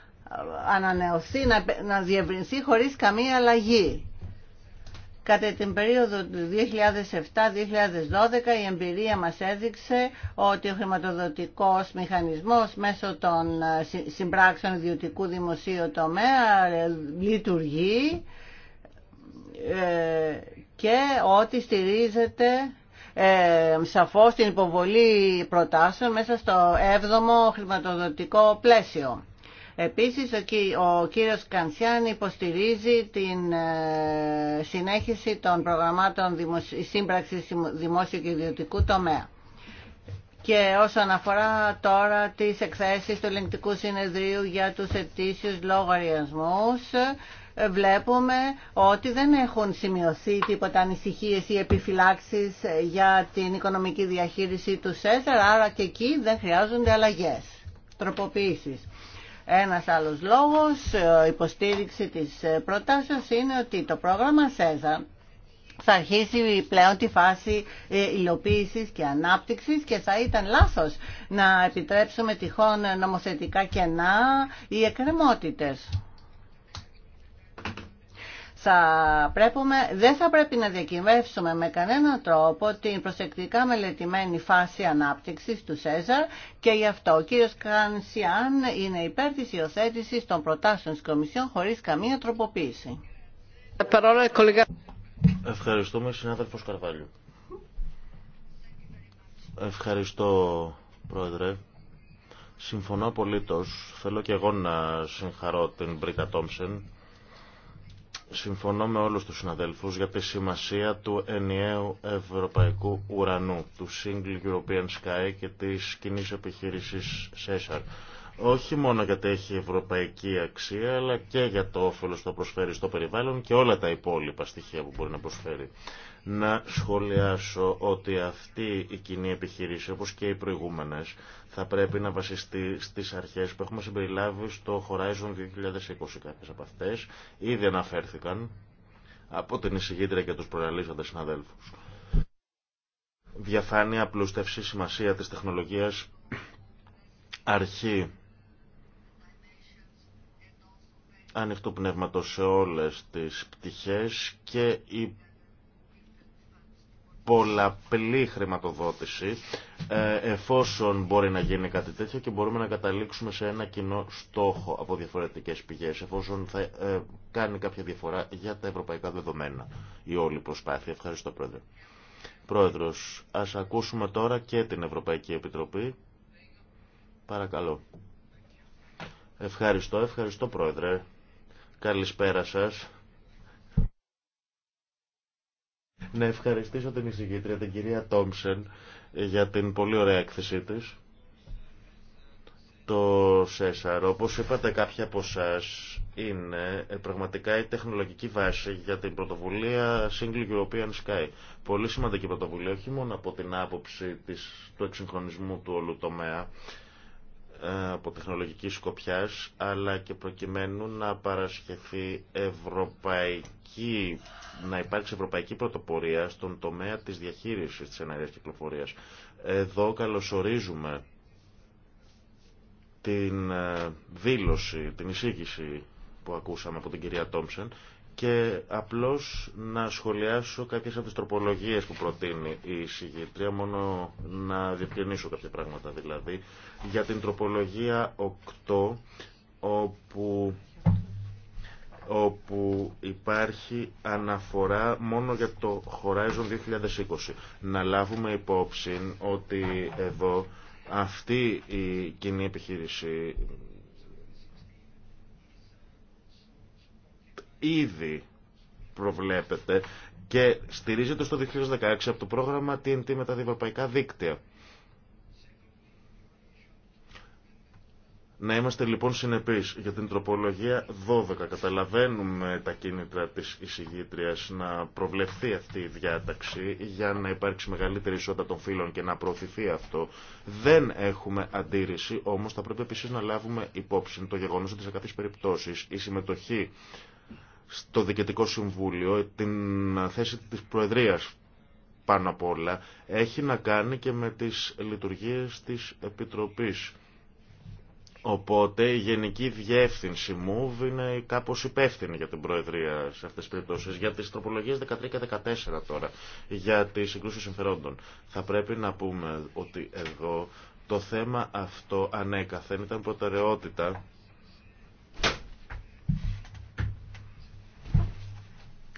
[SPEAKER 3] ανανεωθεί, να, να διευρυνθεί χωρίς καμία αλλαγή. Κατά την περίοδο του 2007-2012 η εμπειρία μας έδειξε ότι ο χρηματοδοτικός μηχανισμός μέσω των συμπράξεων ιδιωτικού δημοσίου τομέα ε, λειτουργεί και ότι στηρίζεται ε, σαφώς την υποβολή προτάσεων μέσα στο 7ο χρηματοδοτικό πλαίσιο. Επίσης, ο κύριος Κανσιάν υποστηρίζει την ε, συνέχιση των προγραμμάτων σύμπραξης δημόσιου και ιδιωτικού τομέα. Και όσον αφορά τώρα τις εκθέσεις του ελεγκτικού συνεδρίου για τους ετήσιους λογαριασμούς, βλέπουμε ότι δεν έχουν σημειωθεί τίποτα ανησυχίε ή επιφυλάξεις για την οικονομική διαχείριση του ΣΕΣΕΡ, άρα και εκεί δεν χρειάζονται αλλαγές, τροποποιήσεις. Ένας άλλος λόγος ε, υποστήριξη της ε, προτάσεως είναι ότι το πρόγραμμα ΣΕΖΑ θα αρχίσει πλέον τη φάση ε, υλοποίησης και ανάπτυξης και θα ήταν λάθο να επιτρέψουμε τυχόν νομοθετικά κενά ή εκκρεμότητε θα πρέπει, δεν θα πρέπει να διακυβεύσουμε με κανέναν τρόπο την προσεκτικά μελετημένη φάση ανάπτυξης του ΣΕΖΑΡ και γι' αυτό ο κύριος Κανσιάν είναι υπέρ της υιοθέτησης των προτάσεων της Κομισιόν χωρίς καμία τροποποίηση.
[SPEAKER 1] Ευχαριστούμε, συνάδελφο Καρβάλιου. Ευχαριστώ, Πρόεδρε. Συμφωνώ απολύτως. Θέλω και εγώ να συγχαρώ την Μπρίτα Τόμψεν Συμφωνώ με όλους τους συναδέλφους για τη σημασία του ενιαίου ευρωπαϊκού ουρανού, του Single European Sky και της κοινή επιχείρησης CESAR. Όχι μόνο γιατί έχει ευρωπαϊκή αξία, αλλά και για το όφελος που προσφέρει στο περιβάλλον και όλα τα υπόλοιπα στοιχεία που μπορεί να προσφέρει να σχολιάσω ότι αυτή η κοινή επιχειρήση, όπως και οι προηγούμενες, θα πρέπει να βασιστεί στις αρχές που έχουμε συμπεριλάβει στο Horizon 2020. Κάποιες από αυτές ήδη αναφέρθηκαν από την εισηγήτρια και τους προαλήσαντες συναδέλφους. Διαφάνεια, απλούστευση, σημασία της τεχνολογίας, αρχή ανοιχτού πνεύματος σε όλες τις πτυχές και η πολλαπλή χρηματοδότηση ε, εφόσον μπορεί να γίνει κάτι τέτοιο και μπορούμε να καταλήξουμε σε ένα κοινό στόχο από διαφορετικές πηγές εφόσον θα ε, κάνει κάποια διαφορά για τα ευρωπαϊκά δεδομένα η όλη προσπάθεια. Ευχαριστώ Πρόεδρε. Πρόεδρος, ας ακούσουμε τώρα και την Ευρωπαϊκή Επιτροπή. Παρακαλώ. Ευχαριστώ, ευχαριστώ Πρόεδρε. Καλησπέρα σας. Να ευχαριστήσω την εισηγήτρια, την κυρία Τόμψεν, για την πολύ ωραία έκθεσή της. Το ΣΕΣΑΡ, όπως είπατε κάποια από εσά, είναι πραγματικά η τεχνολογική βάση για την πρωτοβουλία Single European Sky. Πολύ σημαντική πρωτοβουλία, όχι μόνο από την άποψη της, του εξυγχρονισμού του όλου τομέα, από τεχνολογική σκοπιά, αλλά και προκειμένου να παρασχεθεί ευρωπαϊκή να υπάρξει ευρωπαϊκή πρωτοπορία στον τομέα της διαχείρισης της εναρίας κυκλοφορίας. Εδώ καλωσορίζουμε την ε, δήλωση, την εισήγηση που ακούσαμε από την κυρία Τόμψεν και απλώς να σχολιάσω κάποιες από τις τροπολογίες που προτείνει η συγγετρία, μόνο να διευκρινίσω κάποια πράγματα δηλαδή, για την τροπολογία 8, όπου, όπου υπάρχει αναφορά μόνο για το Horizon 2020. Να λάβουμε υπόψη ότι εδώ αυτή η κοινή επιχείρηση ήδη προβλέπεται και στηρίζεται στο 2016 από το πρόγραμμα TNT με τα διευρωπαϊκά δίκτυα. Να είμαστε λοιπόν συνεπείς για την τροπολογία 12. Καταλαβαίνουμε τα κίνητρα της εισηγήτριας να προβλεφθεί αυτή η διάταξη για να υπάρξει μεγαλύτερη ισότητα των φύλων και να προωθηθεί αυτό. Δεν έχουμε αντίρρηση, όμως θα πρέπει επίσης να λάβουμε υπόψη το γεγονός ότι σε κάποιες περιπτώσεις η συμμετοχή στο Διοικητικό Συμβούλιο, την θέση της Προεδρίας πάνω απ' όλα, έχει να κάνει και με τις λειτουργίες της Επιτροπής. Οπότε η γενική διεύθυνση μου είναι κάπως υπεύθυνη για την Προεδρία σε αυτές τις περιπτώσεις. Για τις τροπολογίες 13 και 14 τώρα, για τις συγκρούσεις συμφερόντων. Θα πρέπει να πούμε ότι εδώ το θέμα αυτό ανέκαθεν ήταν προτεραιότητα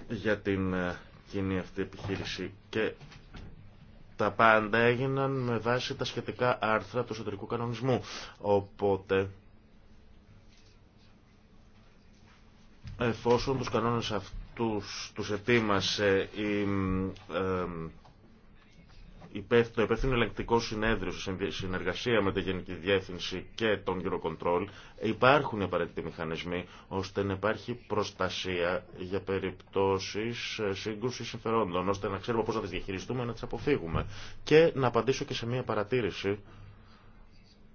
[SPEAKER 1] για την ε, κοινή αυτή επιχείρηση και τα πάντα έγιναν με βάση τα σχετικά άρθρα του εσωτερικού κανονισμού. Οπότε, εφόσον τους κανόνες αυτούς τους ετοίμασε η ε, το υπεύθυνο ελεγκτικό συνέδριο σε συνεργασία με τη Γενική Διεύθυνση και τον Eurocontrol υπάρχουν οι απαραίτητοι μηχανισμοί ώστε να υπάρχει προστασία για περιπτώσεις ε, σύγκρουση συμφερόντων ώστε να ξέρουμε πώς να τις διαχειριστούμε να τις αποφύγουμε και να απαντήσω και σε μια παρατήρηση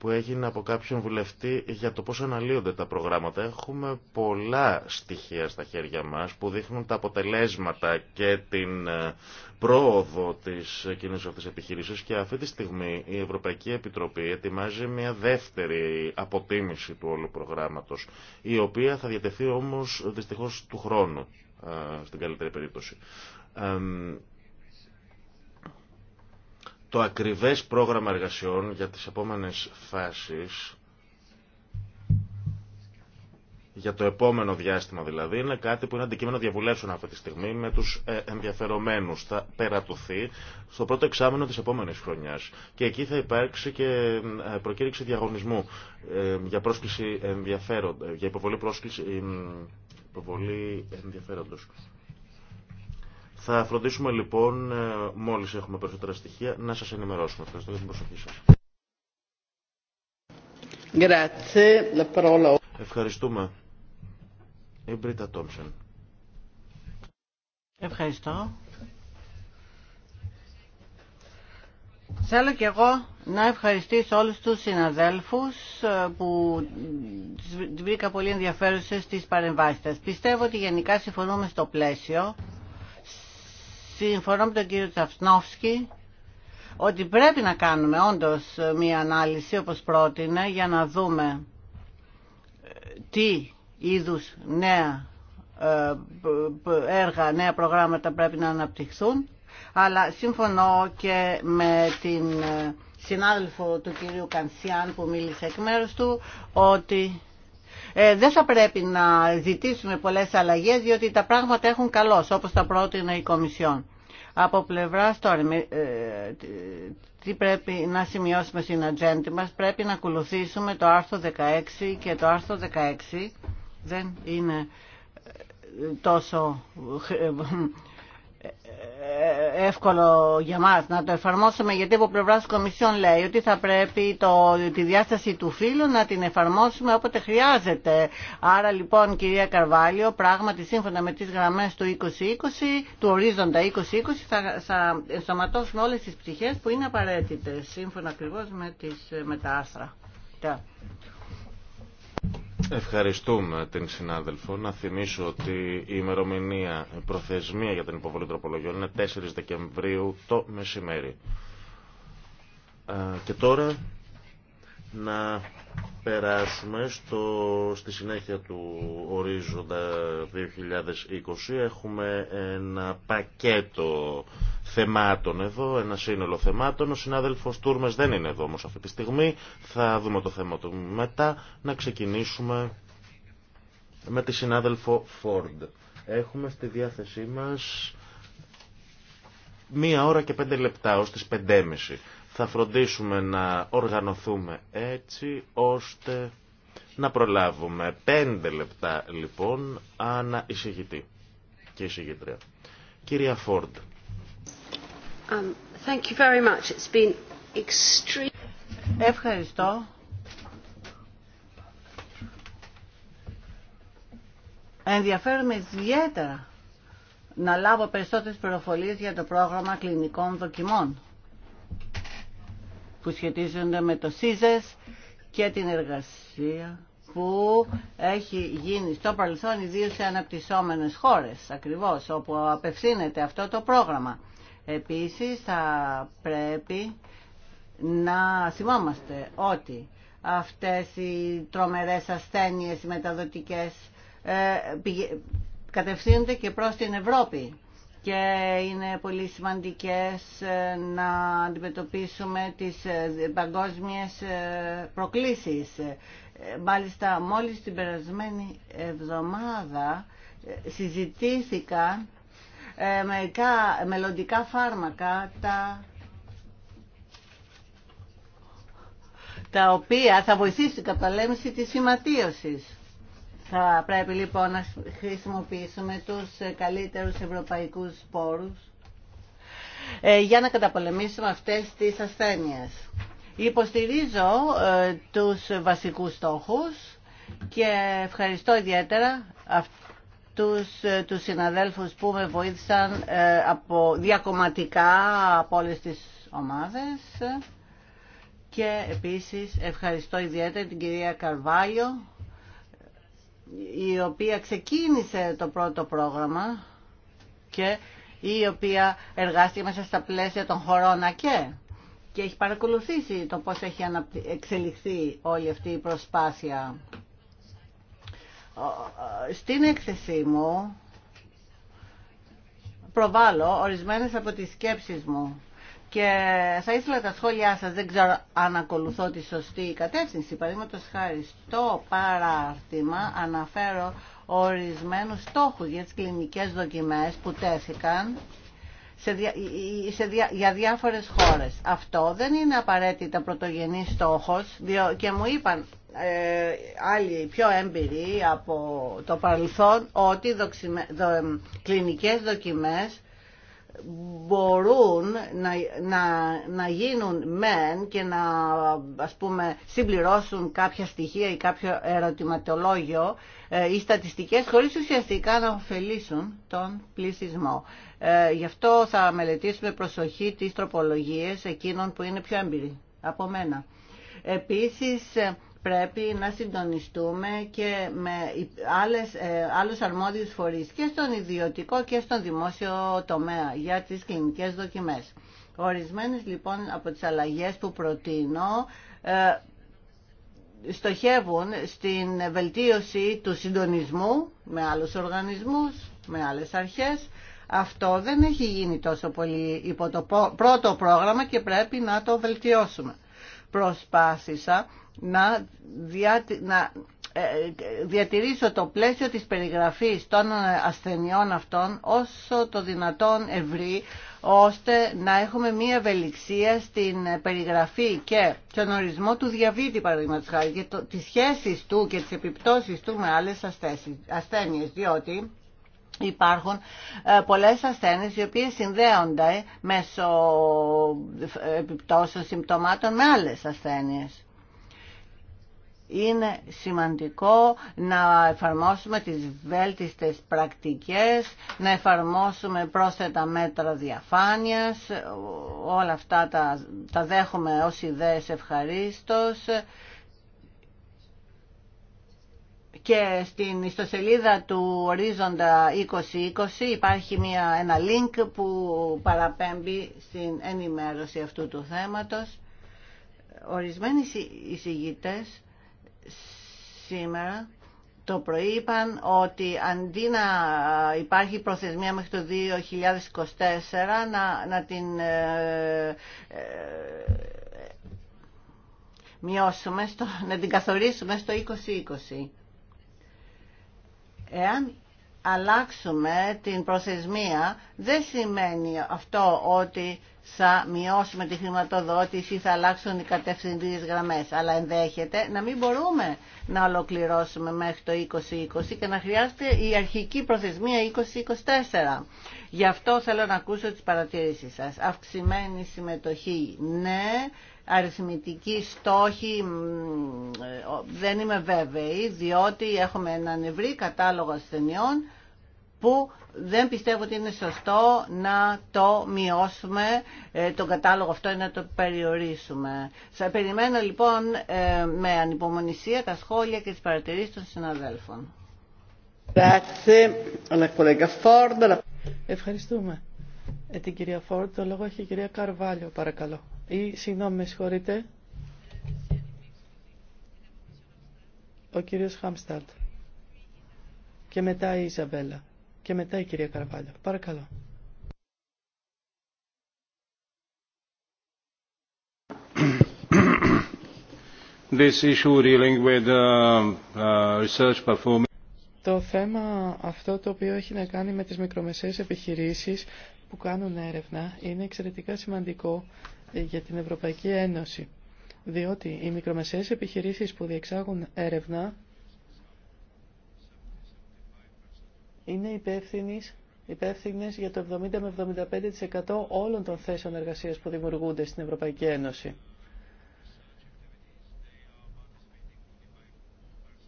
[SPEAKER 1] που έγινε από κάποιον βουλευτή για το πώς αναλύονται τα προγράμματα. Έχουμε πολλά στοιχεία στα χέρια μας που δείχνουν τα αποτελέσματα και την ε, πρόοδο της κοινή αυτής επιχείρησης και αυτή τη στιγμή η Ευρωπαϊκή Επιτροπή ετοιμάζει μια δεύτερη αποτίμηση του όλου προγράμματος η οποία θα διατεθεί όμως δυστυχώς του χρόνου ε, στην καλύτερη περίπτωση το ακριβές πρόγραμμα εργασιών για τις επόμενες φάσεις, για το επόμενο διάστημα δηλαδή, είναι κάτι που είναι αντικείμενο διαβουλεύσεων αυτή τη στιγμή με τους ε, ενδιαφερομένους. Θα περατωθεί στο πρώτο εξάμενο της επόμενης χρονιάς και εκεί θα υπάρξει και ε, προκήρυξη διαγωνισμού ε, για, πρόσκληση ενδιαφέρον, για υποβολή, πρόσκληση, υποβολή ενδιαφέροντος. Θα φροντίσουμε λοιπόν, ε, μόλις έχουμε περισσότερα στοιχεία, να σας ενημερώσουμε. Ευχαριστώ για την προσοχή
[SPEAKER 2] σας.
[SPEAKER 1] Ευχαριστούμε. Η Μπρίτα Τόμψεν.
[SPEAKER 3] Ευχαριστώ. Θέλω κι εγώ να ευχαριστήσω όλους τους συναδέλφους ε, που βρήκα πολύ ενδιαφέρουσες στις παρεμβάσεις Πιστεύω ότι γενικά συμφωνούμε στο πλαίσιο συμφωνώ με τον κύριο Τσαφνόφσκι ότι πρέπει να κάνουμε όντως μία ανάλυση όπως πρότεινε για να δούμε ε, τι είδους νέα ε, έργα, νέα προγράμματα πρέπει να αναπτυχθούν αλλά συμφωνώ και με την ε, συνάδελφο του κυρίου Κανσιάν που μίλησε εκ μέρους του ότι δεν θα πρέπει να ζητήσουμε πολλές αλλαγές διότι τα πράγματα έχουν καλώς όπως τα πρότεινε η Κομισιόν. Από πλευρά ε, τώρα, τι πρέπει να σημειώσουμε στην ατζέντη μας, πρέπει να ακολουθήσουμε το άρθρο 16 και το άρθρο 16 δεν είναι ε, τόσο ε, εύκολο για μας να το εφαρμόσουμε γιατί από πλευρά της Κομισιόν λέει ότι θα πρέπει το, τη διάσταση του φύλου να την εφαρμόσουμε όποτε χρειάζεται. Άρα λοιπόν κυρία Καρβάλιο πράγματι σύμφωνα με τις γραμμές του 2020, του ορίζοντα 2020 θα, θα ενσωματώσουμε όλες τις ψυχές που είναι απαραίτητες σύμφωνα ακριβώς με, τις, με τα άστρα.
[SPEAKER 1] Ευχαριστούμε την συνάδελφο. Να θυμίσω ότι η ημερομηνία προθεσμία για την υποβολή τροπολογιών είναι 4 Δεκεμβρίου το μεσημέρι. Και τώρα να περάσουμε στο, στη συνέχεια του ορίζοντα 2020. Έχουμε ένα πακέτο θεμάτων εδώ, ένα σύνολο θεμάτων. Ο συνάδελφος Τούρμες δεν είναι εδώ όμω αυτή τη στιγμή. Θα δούμε το θέμα του μετά. Να ξεκινήσουμε με τη συνάδελφο Φόρντ. Έχουμε στη διάθεσή μας μία ώρα και πέντε λεπτά ω τις πεντέμιση. Θα φροντίσουμε να οργανωθούμε έτσι ώστε να προλάβουμε πέντε λεπτά λοιπόν ανά εισηγητή και εισηγητρία. Κυρία Φόρντ,
[SPEAKER 3] Um, thank you very Ευχαριστώ. Ενδιαφέρομαι ιδιαίτερα να λάβω περισσότερες πληροφορίες για το πρόγραμμα κλινικών δοκιμών που σχετίζονται με το ΣΥΖΕΣ και την εργασία που έχει γίνει στο παρελθόν ιδίως σε αναπτυσσόμενες χώρες ακριβώς όπου απευθύνεται αυτό το πρόγραμμα. Επίσης θα πρέπει να θυμόμαστε ότι αυτές οι τρομερές ασθένειες, οι μεταδοτικές, ε, κατευθύνονται και προς την Ευρώπη και είναι πολύ σημαντικές ε, να αντιμετωπίσουμε τις ε, παγκόσμιες προκλήσεις. Μάλιστα, μόλις την περασμένη εβδομάδα συζητήθηκαν ε, μερικά μελλοντικά φάρμακα τα τα οποία θα βοηθήσουν την καταλέμηση της σηματίωσης. Θα πρέπει λοιπόν να χρησιμοποιήσουμε τους καλύτερους ευρωπαϊκούς πόρους ε, για να καταπολεμήσουμε αυτές τις ασθένειες. Υποστηρίζω ε, τους βασικούς στόχους και ευχαριστώ ιδιαίτερα τους, ε, τους συναδέλφους που με βοήθησαν ε, από, διακομματικά από όλες τις ομάδες και επίσης ευχαριστώ ιδιαίτερα την κυρία Καρβάλιο η οποία ξεκίνησε το πρώτο πρόγραμμα και η οποία εργάστηκε μέσα στα πλαίσια των χωρών ΑΚΕ και έχει παρακολουθήσει το πώς έχει εξελιχθεί όλη αυτή η προσπάθεια. Στην έκθεσή μου προβάλλω ορισμένες από τις σκέψεις μου και θα ήθελα τα σχόλιά σας, δεν ξέρω αν ακολουθώ τη σωστή κατεύθυνση. Παραδείγματο χάρη στο παράρτημα αναφέρω ορισμένους στόχους για τις κλινικές δοκιμές που τέθηκαν σε, σε, για διάφορες χώρες. Αυτό δεν είναι απαραίτητα πρωτογενής στόχος διό, και μου είπαν ε, άλλοι πιο έμπειροι από το παρελθόν ότι δοξιμε, δο, κλινικές δοκιμές μπορούν να, γίνουν μεν και να ας πούμε συμπληρώσουν κάποια στοιχεία ή κάποιο ερωτηματολόγιο ή ε, στατιστικές χωρίς ουσιαστικά να ωφελήσουν τον πλησισμό. Ε, γι' αυτό θα μελετήσουμε προσοχή τις τροπολογίες εκείνων που είναι πιο έμπειροι από μένα. Επίσης ε, πρέπει να συντονιστούμε και με άλλες, ε, άλλους αρμόδιους φορείς και στον ιδιωτικό και στον δημόσιο τομέα για τις κλινικές δοκιμές. Ορισμένες λοιπόν από τις αλλαγές που προτείνω ε, στοχεύουν στην βελτίωση του συντονισμού με άλλους οργανισμούς, με άλλες αρχές. Αυτό δεν έχει γίνει τόσο πολύ υπό το πρώτο πρόγραμμα και πρέπει να το βελτιώσουμε. Προσπάθησα να, ε, διατηρήσω το πλαίσιο της περιγραφής των ασθενειών αυτών όσο το δυνατόν ευρύ ώστε να έχουμε μία ευελιξία στην περιγραφή και τον ορισμό του διαβήτη παραδείγματος χάρη και το, τις σχέσεις του και τις επιπτώσεις του με άλλες ασθένειες διότι Υπάρχουν ε, πολλές ασθένειες οι οποίες συνδέονται μέσω ε, επιπτώσεων συμπτωμάτων με άλλες ασθένειες είναι σημαντικό να εφαρμόσουμε τις βέλτιστες πρακτικές, να εφαρμόσουμε πρόσθετα μέτρα διαφάνειας, όλα αυτά τα, τα δέχομαι ως ιδέες ευχαρίστως και στην ιστοσελίδα του Ορίζοντα 2020 υπάρχει μια, ένα link που παραπέμπει στην ενημέρωση αυτού του θέματος. Ορισμένοι εισηγητές σήμερα το προείπαν ότι αντί να υπάρχει προθεσμία μέχρι το 2024 να, να την ε, ε στο, να την καθορίσουμε στο 2020. Εάν αλλάξουμε την προθεσμία δεν σημαίνει αυτό ότι θα μειώσουμε τη χρηματοδότηση, θα αλλάξουν οι κατευθυντήριες γραμμές. Αλλά ενδέχεται να μην μπορούμε να ολοκληρώσουμε μέχρι το 2020 και να χρειάζεται η αρχική προθεσμία 2024. Γι' αυτό θέλω να ακούσω τις παρατηρήσεις σας. Αυξημένη συμμετοχή, ναι. Αριθμητική στόχη ε, δεν είμαι βέβαιη, διότι έχουμε έναν ευρύ κατάλογο ασθενειών που δεν πιστεύω ότι είναι σωστό να το μειώσουμε, ε, τον κατάλογο αυτό ή να το περιορίσουμε. Σα περιμένω λοιπόν ε, με ανυπομονησία τα σχόλια και τις παρατηρήσεις των συναδέλφων.
[SPEAKER 2] Ευχαριστούμε. Ε, την κυρία Φόρντ, το λόγο έχει η κυρία Καρβάλιο, παρακαλώ. Ή, συγγνώμη, με συγχωρείτε. Ο κύριος Χάμσταρτ. Και μετά η Ιζαμπέλα και μετά η κυρία Καραβάλιο. Παρακαλώ.
[SPEAKER 3] This uh, uh,
[SPEAKER 2] Το θέμα αυτό το οποίο έχει να κάνει με τις μικρομεσαίες επιχειρήσεις που κάνουν έρευνα είναι εξαιρετικά σημαντικό για την Ευρωπαϊκή Ένωση. Διότι οι μικρομεσαίες επιχειρήσεις που διεξάγουν έρευνα είναι υπεύθυνες υπεύθυνε για το 70 με 75% όλων των θέσεων εργασίας που δημιουργούνται στην Ευρωπαϊκή Ένωση.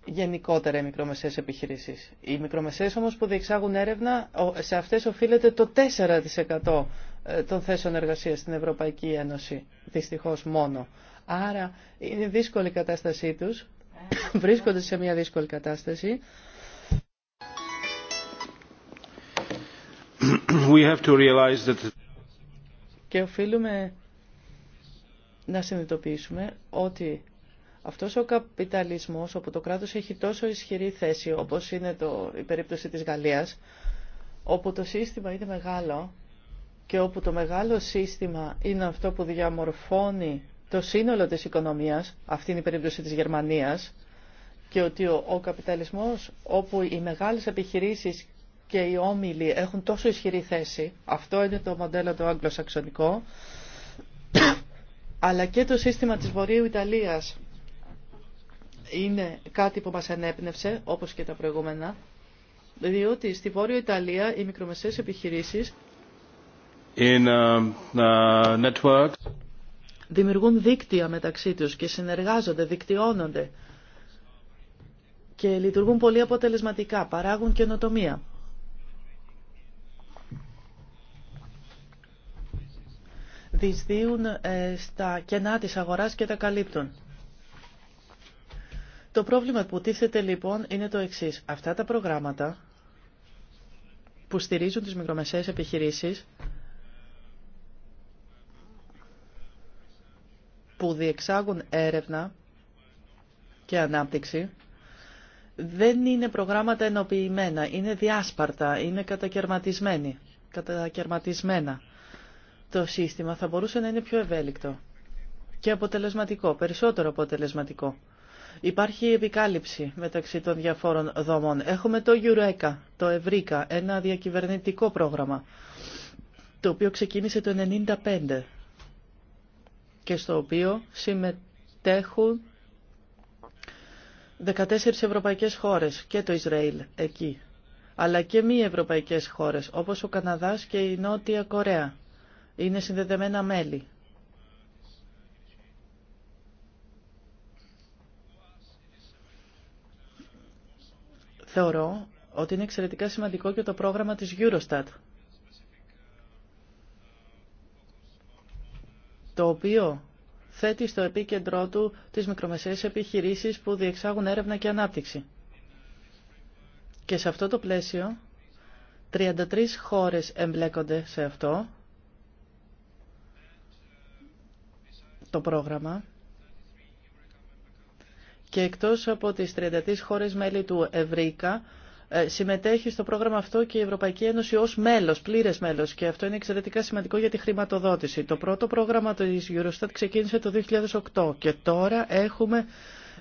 [SPEAKER 2] Γενικότερα οι μικρομεσαίες επιχειρήσεις. Οι μικρομεσαίες όμως που διεξάγουν έρευνα, σε αυτές οφείλεται το 4% ε, των θέσεων εργασίας στην Ευρωπαϊκή Ένωση, δυστυχώς μόνο. Άρα είναι δύσκολη η κατάστασή τους, ε, βρίσκονται σε μια δύσκολη κατάσταση. Και οφείλουμε να συνειδητοποιήσουμε ότι αυτός ο καπιταλισμός όπου το κράτος έχει τόσο ισχυρή θέση όπως είναι το, η περίπτωση της Γαλλίας όπου το σύστημα είναι μεγάλο και όπου το μεγάλο σύστημα είναι αυτό που διαμορφώνει το σύνολο της οικονομίας, αυτή είναι η περίπτωση της Γερμανίας, και ότι ο, ο καπιταλισμός όπου οι μεγάλες επιχειρήσεις και οι όμιλοι έχουν τόσο ισχυρή θέση, αυτό είναι το μοντέλο το αγγλοσαξονικό, <coughs> αλλά και το σύστημα της Βορείου Ιταλίας είναι κάτι που μας ενέπνευσε, όπως και τα προηγούμενα, διότι στη Βόρειο Ιταλία οι μικρομεσαίες επιχειρήσεις uh, uh, δημιουργούν δίκτυα μεταξύ τους και συνεργάζονται, δικτυώνονται και λειτουργούν πολύ αποτελεσματικά, παράγουν καινοτομία. δυσδύουν ε, στα κενά της αγοράς και τα καλύπτουν. Το πρόβλημα που τίθεται λοιπόν είναι το εξής. Αυτά τα προγράμματα που στηρίζουν τις μικρομεσαίες επιχειρήσεις που διεξάγουν έρευνα και ανάπτυξη δεν είναι προγράμματα ενοποιημένα, είναι διάσπαρτα, είναι κατακαιρματισμένα το σύστημα θα μπορούσε να είναι πιο ευέλικτο και αποτελεσματικό, περισσότερο αποτελεσματικό. Υπάρχει επικάλυψη μεταξύ των διαφόρων δομών. Έχουμε το Eureka, το Ευρίκα, ένα διακυβερνητικό πρόγραμμα, το οποίο ξεκίνησε το 1995 και στο οποίο συμμετέχουν 14 ευρωπαϊκές χώρες και το Ισραήλ εκεί, αλλά και μη ευρωπαϊκές χώρες όπως ο Καναδάς και η Νότια Κορέα είναι συνδεδεμένα μέλη. Θεωρώ ότι είναι εξαιρετικά σημαντικό και το πρόγραμμα της Eurostat, το οποίο θέτει στο επίκεντρό του τις μικρομεσαίες επιχειρήσεις που διεξάγουν έρευνα και ανάπτυξη. Και σε αυτό το πλαίσιο, 33 χώρες εμπλέκονται σε αυτό, το πρόγραμμα και εκτός από τις 33 χώρες μέλη του Ευρύκα ε, συμμετέχει στο πρόγραμμα αυτό και η Ευρωπαϊκή Ένωση ως μέλος, πλήρες μέλος και αυτό είναι εξαιρετικά σημαντικό για τη χρηματοδότηση. Το πρώτο πρόγραμμα της Eurostat ξεκίνησε το 2008 και τώρα έχουμε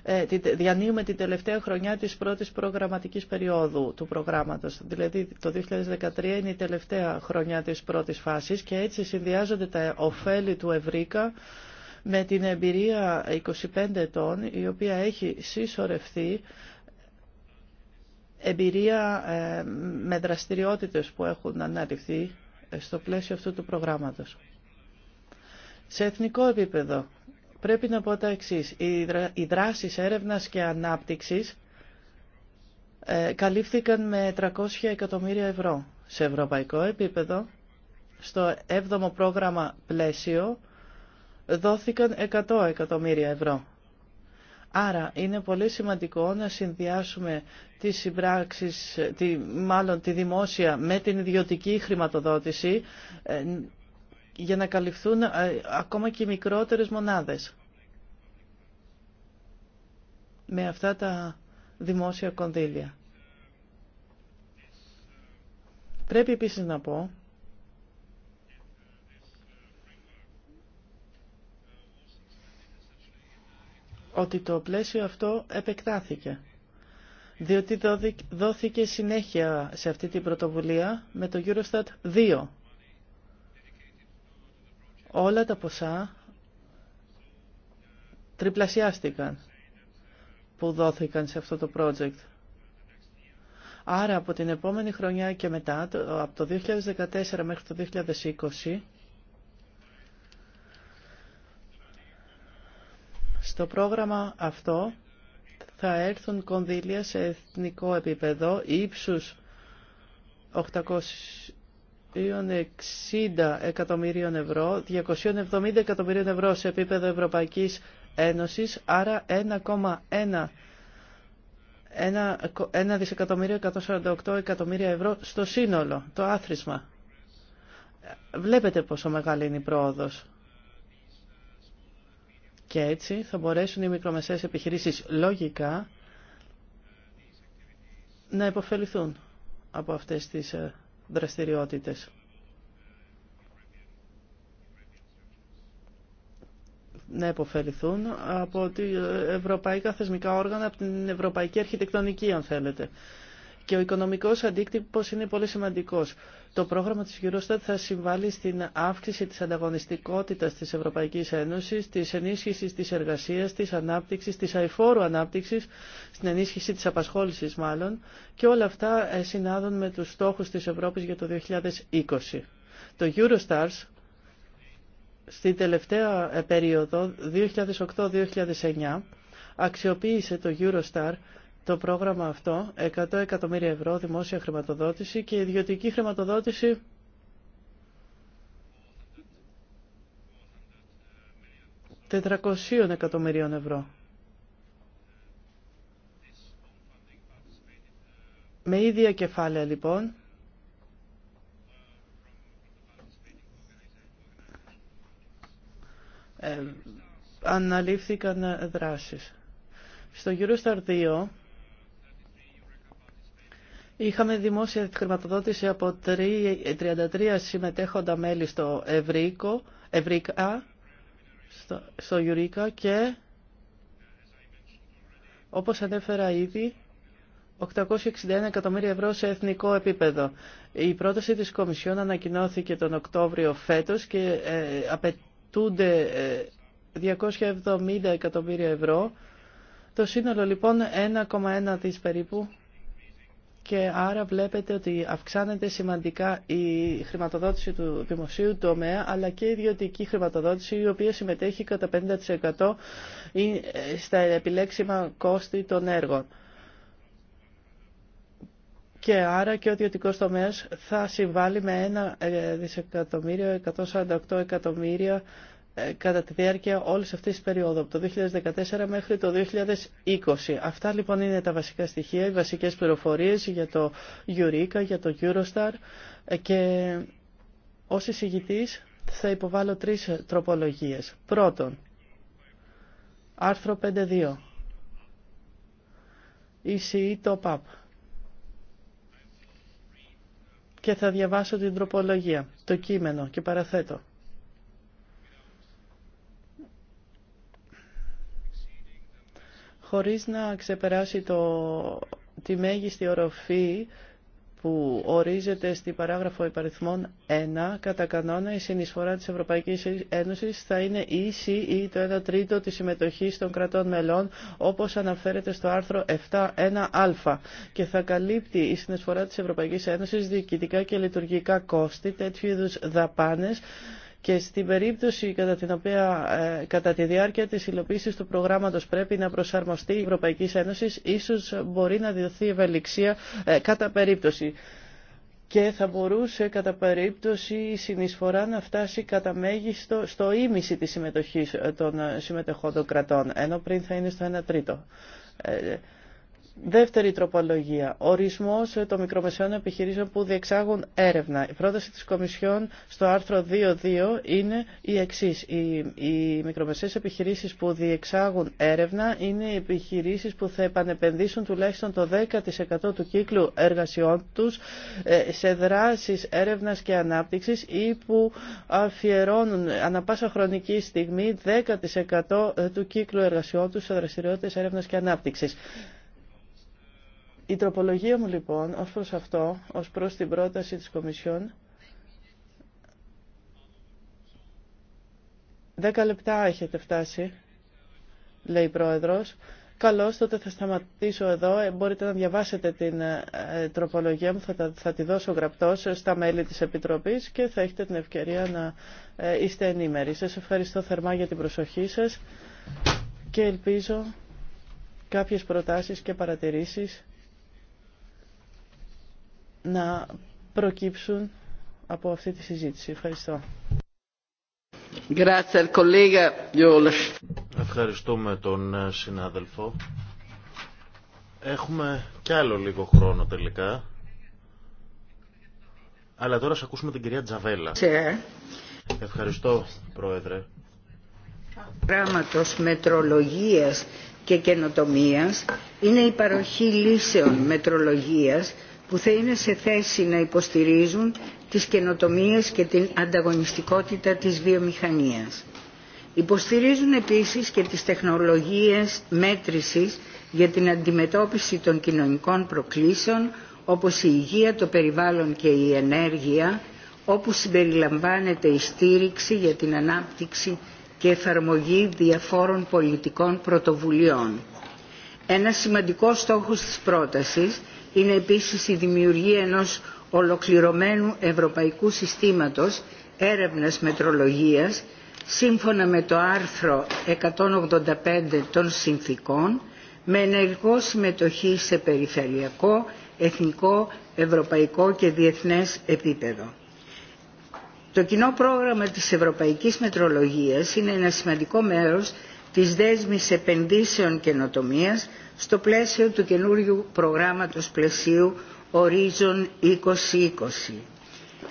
[SPEAKER 2] ε, διανύουμε την τελευταία χρονιά της πρώτης προγραμματικής περίοδου του προγράμματος. Δηλαδή το 2013 είναι η τελευταία χρονιά της πρώτης φάσης και έτσι συνδυάζονται τα ωφέλη του Ευρύκα με την εμπειρία 25 ετών η οποία έχει συσσωρευτεί εμπειρία ε, με δραστηριότητες που έχουν αναρριφθεί ε, στο πλαίσιο αυτού του προγράμματος. Σε εθνικό επίπεδο πρέπει να πω τα εξής. Οι δράσεις έρευνας και ανάπτυξης ε, καλύφθηκαν με 300 εκατομμύρια ευρώ. Σε ευρωπαϊκό επίπεδο, στο 7ο πρόγραμμα πλαίσιο, δόθηκαν 100 εκατομμύρια ευρώ. Άρα είναι πολύ σημαντικό να συνδυάσουμε τις συμπράξεις, τη, μάλλον τη δημόσια με την ιδιωτική χρηματοδότηση ε, για να καλυφθούν ε, ακόμα και μικρότερες μονάδες. Με αυτά τα δημόσια κονδύλια. Πρέπει επίσης να πω ότι το πλαίσιο αυτό επεκτάθηκε διότι δόθηκε συνέχεια σε αυτή την πρωτοβουλία με το Eurostat 2. Όλα τα ποσά τριπλασιάστηκαν που δόθηκαν σε αυτό το project. Άρα από την επόμενη χρονιά και μετά, από το 2014 μέχρι το 2020, Στο πρόγραμμα αυτό θα έρθουν κονδύλια σε εθνικό επίπεδο ύψους 860 εκατομμύριων ευρώ, 270 εκατομμύριων ευρώ σε επίπεδο Ευρωπαϊκής Ένωσης, άρα 1,1 1 δισεκατομμύριο 148 εκατομμύρια ευρώ στο σύνολο, το άθροισμα. Βλέπετε πόσο μεγάλη είναι η πρόοδος. Και έτσι θα μπορέσουν οι μικρομεσαίες επιχειρήσεις λογικά να υποφεληθούν από αυτές τις ε, δραστηριότητες. να υποφεληθούν από ε, ευρωπαϊκά θεσμικά όργανα, από την ευρωπαϊκή αρχιτεκτονική, αν θέλετε και ο οικονομικός αντίκτυπος είναι πολύ σημαντικός. Το πρόγραμμα της Eurostar θα συμβάλλει στην αύξηση της ανταγωνιστικότητας της Ευρωπαϊκής Ένωσης, της ενίσχυση της εργασίας, της ανάπτυξη, της αηφόρου ανάπτυξης, στην ενίσχυση της απασχόλησης μάλλον και όλα αυτά ε, συνάδουν με τους στόχους της Ευρώπης για το 2020. Το Eurostars στην τελευταία ε, περίοδο 2008-2009 αξιοποίησε το Eurostar το πρόγραμμα αυτό 100 εκατομμύρια ευρώ δημόσια χρηματοδότηση και ιδιωτική χρηματοδότηση 400 εκατομμυρίων ευρώ. Με ίδια κεφάλαια λοιπόν, ε, αναλήφθηκαν δράσεις. Στο Eurostar 2 Είχαμε δημόσια χρηματοδότηση από 33 συμμετέχοντα μέλη στο Ευρύκο, Ευρικά, στο, στο Ιουρίκα και όπως ανέφερα ήδη, 861 εκατομμύρια ευρώ σε εθνικό επίπεδο. Η πρόταση της Κομισιόν ανακοινώθηκε τον Οκτώβριο φέτος και ε, απαιτούνται 270 ε, εκατομμύρια ευρώ. Το σύνολο λοιπόν 1,1 της περίπου και άρα βλέπετε ότι αυξάνεται σημαντικά η χρηματοδότηση του δημοσίου τομέα αλλά και η ιδιωτική χρηματοδότηση η οποία συμμετέχει κατά 50% ε, στα επιλέξιμα κόστη των έργων. Και άρα και ο ιδιωτικό τομέα θα συμβάλλει με ένα ε, δισεκατομμύριο 148 εκατομμύρια ε, κατά τη διάρκεια όλης αυτής της περίοδου, από το 2014 μέχρι το 2020. Αυτά λοιπόν είναι τα βασικά στοιχεία, οι βασικές πληροφορίες για το Eureka, για το Eurostar ε, και ως εισηγητής θα υποβάλω τρεις τροπολογίες. Πρώτον, άρθρο 5.2, ECE Top-Up και θα διαβάσω την τροπολογία, το κείμενο και παραθέτω. χωρίς να ξεπεράσει το, τη μέγιστη οροφή που ορίζεται στη παράγραφο υπαριθμών 1, κατά κανόνα η συνεισφορά της Ευρωπαϊκής Ένωσης θα είναι ίση ή το 1 τρίτο της συμμετοχής των κρατών μελών, όπως αναφέρεται στο άρθρο 7.1α και θα καλύπτει η συνεισφορά της Ευρωπαϊκής Ένωσης διοικητικά και λειτουργικά κόστη τέτοιου είδου δαπάνες, και στην περίπτωση κατά, την οποία, ε, κατά τη διάρκεια της υλοποίησης του προγράμματος πρέπει να προσαρμοστεί η Ευρωπαϊκή Ένωση, ίσως μπορεί να διωθεί ευελιξία ε, κατά περίπτωση και θα μπορούσε κατά περίπτωση η συνεισφορά να φτάσει κατά μέγιστο στο ίμιση της συμμετοχής ε, των συμμετεχόντων κρατών, ενώ πριν θα είναι στο 1 τρίτο. Δεύτερη τροπολογία. Ορισμό των μικρομεσαίων επιχειρήσεων που διεξάγουν έρευνα. Η πρόταση τη Κομισιόν στο άρθρο 2.2 είναι η εξή. Οι, οι μικρομεσαίε επιχειρήσει που διεξάγουν έρευνα είναι οι επιχειρήσει που θα επανεπενδύσουν τουλάχιστον το 10% του κύκλου εργασιών του ε, σε δράσει έρευνα και ανάπτυξη ή που αφιερώνουν ανα πάσα χρονική στιγμή 10% ε, του κύκλου εργασιών του σε δραστηριότητε έρευνα και ανάπτυξη. Η τροπολογία μου λοιπόν ως προς αυτό, ως προς την πρόταση της Κομισιόν, Δέκα λεπτά έχετε φτάσει, λέει η Πρόεδρος. Καλώς, τότε θα σταματήσω εδώ. Ε, μπορείτε να διαβάσετε την ε, τροπολογία μου, θα, θα τη δώσω γραπτός στα μέλη της Επιτροπής και θα έχετε την ευκαιρία να ε, είστε ενήμεροι. Σας ευχαριστώ θερμά για την προσοχή σας και ελπίζω κάποιες προτάσεις και παρατηρήσεις να προκύψουν από αυτή τη συζήτηση. Ευχαριστώ.
[SPEAKER 1] Ευχαριστούμε τον ε, συνάδελφο.
[SPEAKER 2] Έχουμε
[SPEAKER 1] κι άλλο λίγο χρόνο τελικά. Αλλά τώρα σε ακούσουμε την κυρία Τζαβέλα. Ευχαριστώ, Πρόεδρε.
[SPEAKER 4] Πράγματος μετρολογίας και καινοτομίας είναι η παροχή λύσεων μετρολογίας που θα είναι σε θέση να υποστηρίζουν τις καινοτομίες και την ανταγωνιστικότητα της βιομηχανίας. Υποστηρίζουν επίσης και τις τεχνολογίες μέτρησης για την αντιμετώπιση των κοινωνικών προκλήσεων όπως η υγεία, το περιβάλλον και η ενέργεια, όπου συμπεριλαμβάνεται η στήριξη για την ανάπτυξη και εφαρμογή διαφόρων πολιτικών πρωτοβουλειών. Ένα σημαντικό στόχος της πρότασης είναι επίσης η δημιουργία ενός ολοκληρωμένου ευρωπαϊκού συστήματος έρευνας μετρολογίας σύμφωνα με το άρθρο 185 των συνθήκων με ενεργό συμμετοχή σε περιφερειακό, εθνικό, ευρωπαϊκό και διεθνές επίπεδο. Το κοινό πρόγραμμα της Ευρωπαϊκής Μετρολογίας είναι ένα σημαντικό μέρος της δέσμης επενδύσεων καινοτομίας στο πλαίσιο του καινούριου προγράμματος πλαισίου Horizon 2020.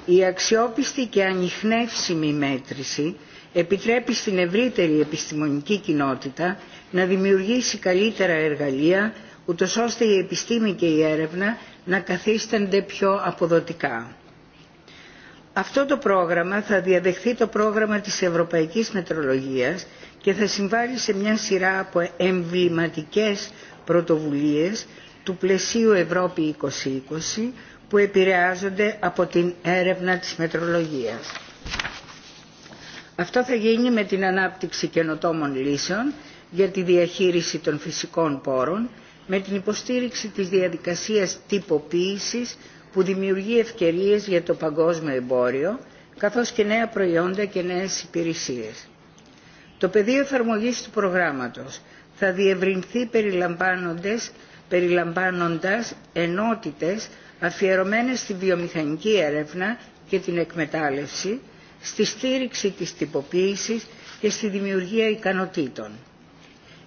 [SPEAKER 4] Η αξιόπιστη και ανιχνεύσιμη μέτρηση επιτρέπει στην ευρύτερη επιστημονική κοινότητα να δημιουργήσει καλύτερα εργαλεία ούτως ώστε η επιστήμη και η έρευνα να καθίστανται πιο αποδοτικά. Αυτό το πρόγραμμα θα διαδεχθεί το πρόγραμμα της Ευρωπαϊκής Μετρολογίας και θα συμβάλλει σε μια σειρά από εμβληματικές πρωτοβουλίες του πλαισίου Ευρώπη 2020 που επηρεάζονται από την έρευνα της μετρολογίας. Αυτό θα γίνει με την ανάπτυξη καινοτόμων λύσεων για τη διαχείριση των φυσικών πόρων, με την υποστήριξη της διαδικασίας τυποποίησης που δημιουργεί ευκαιρίες για το παγκόσμιο εμπόριο, καθώς και νέα προϊόντα και νέες υπηρεσίες. Το πεδίο εφαρμογής του προγράμματος θα διευρυνθεί περιλαμβάνοντας ενότητες αφιερωμένες στη βιομηχανική έρευνα και την εκμετάλλευση, στη στήριξη της τυποποίησης και στη δημιουργία ικανοτήτων.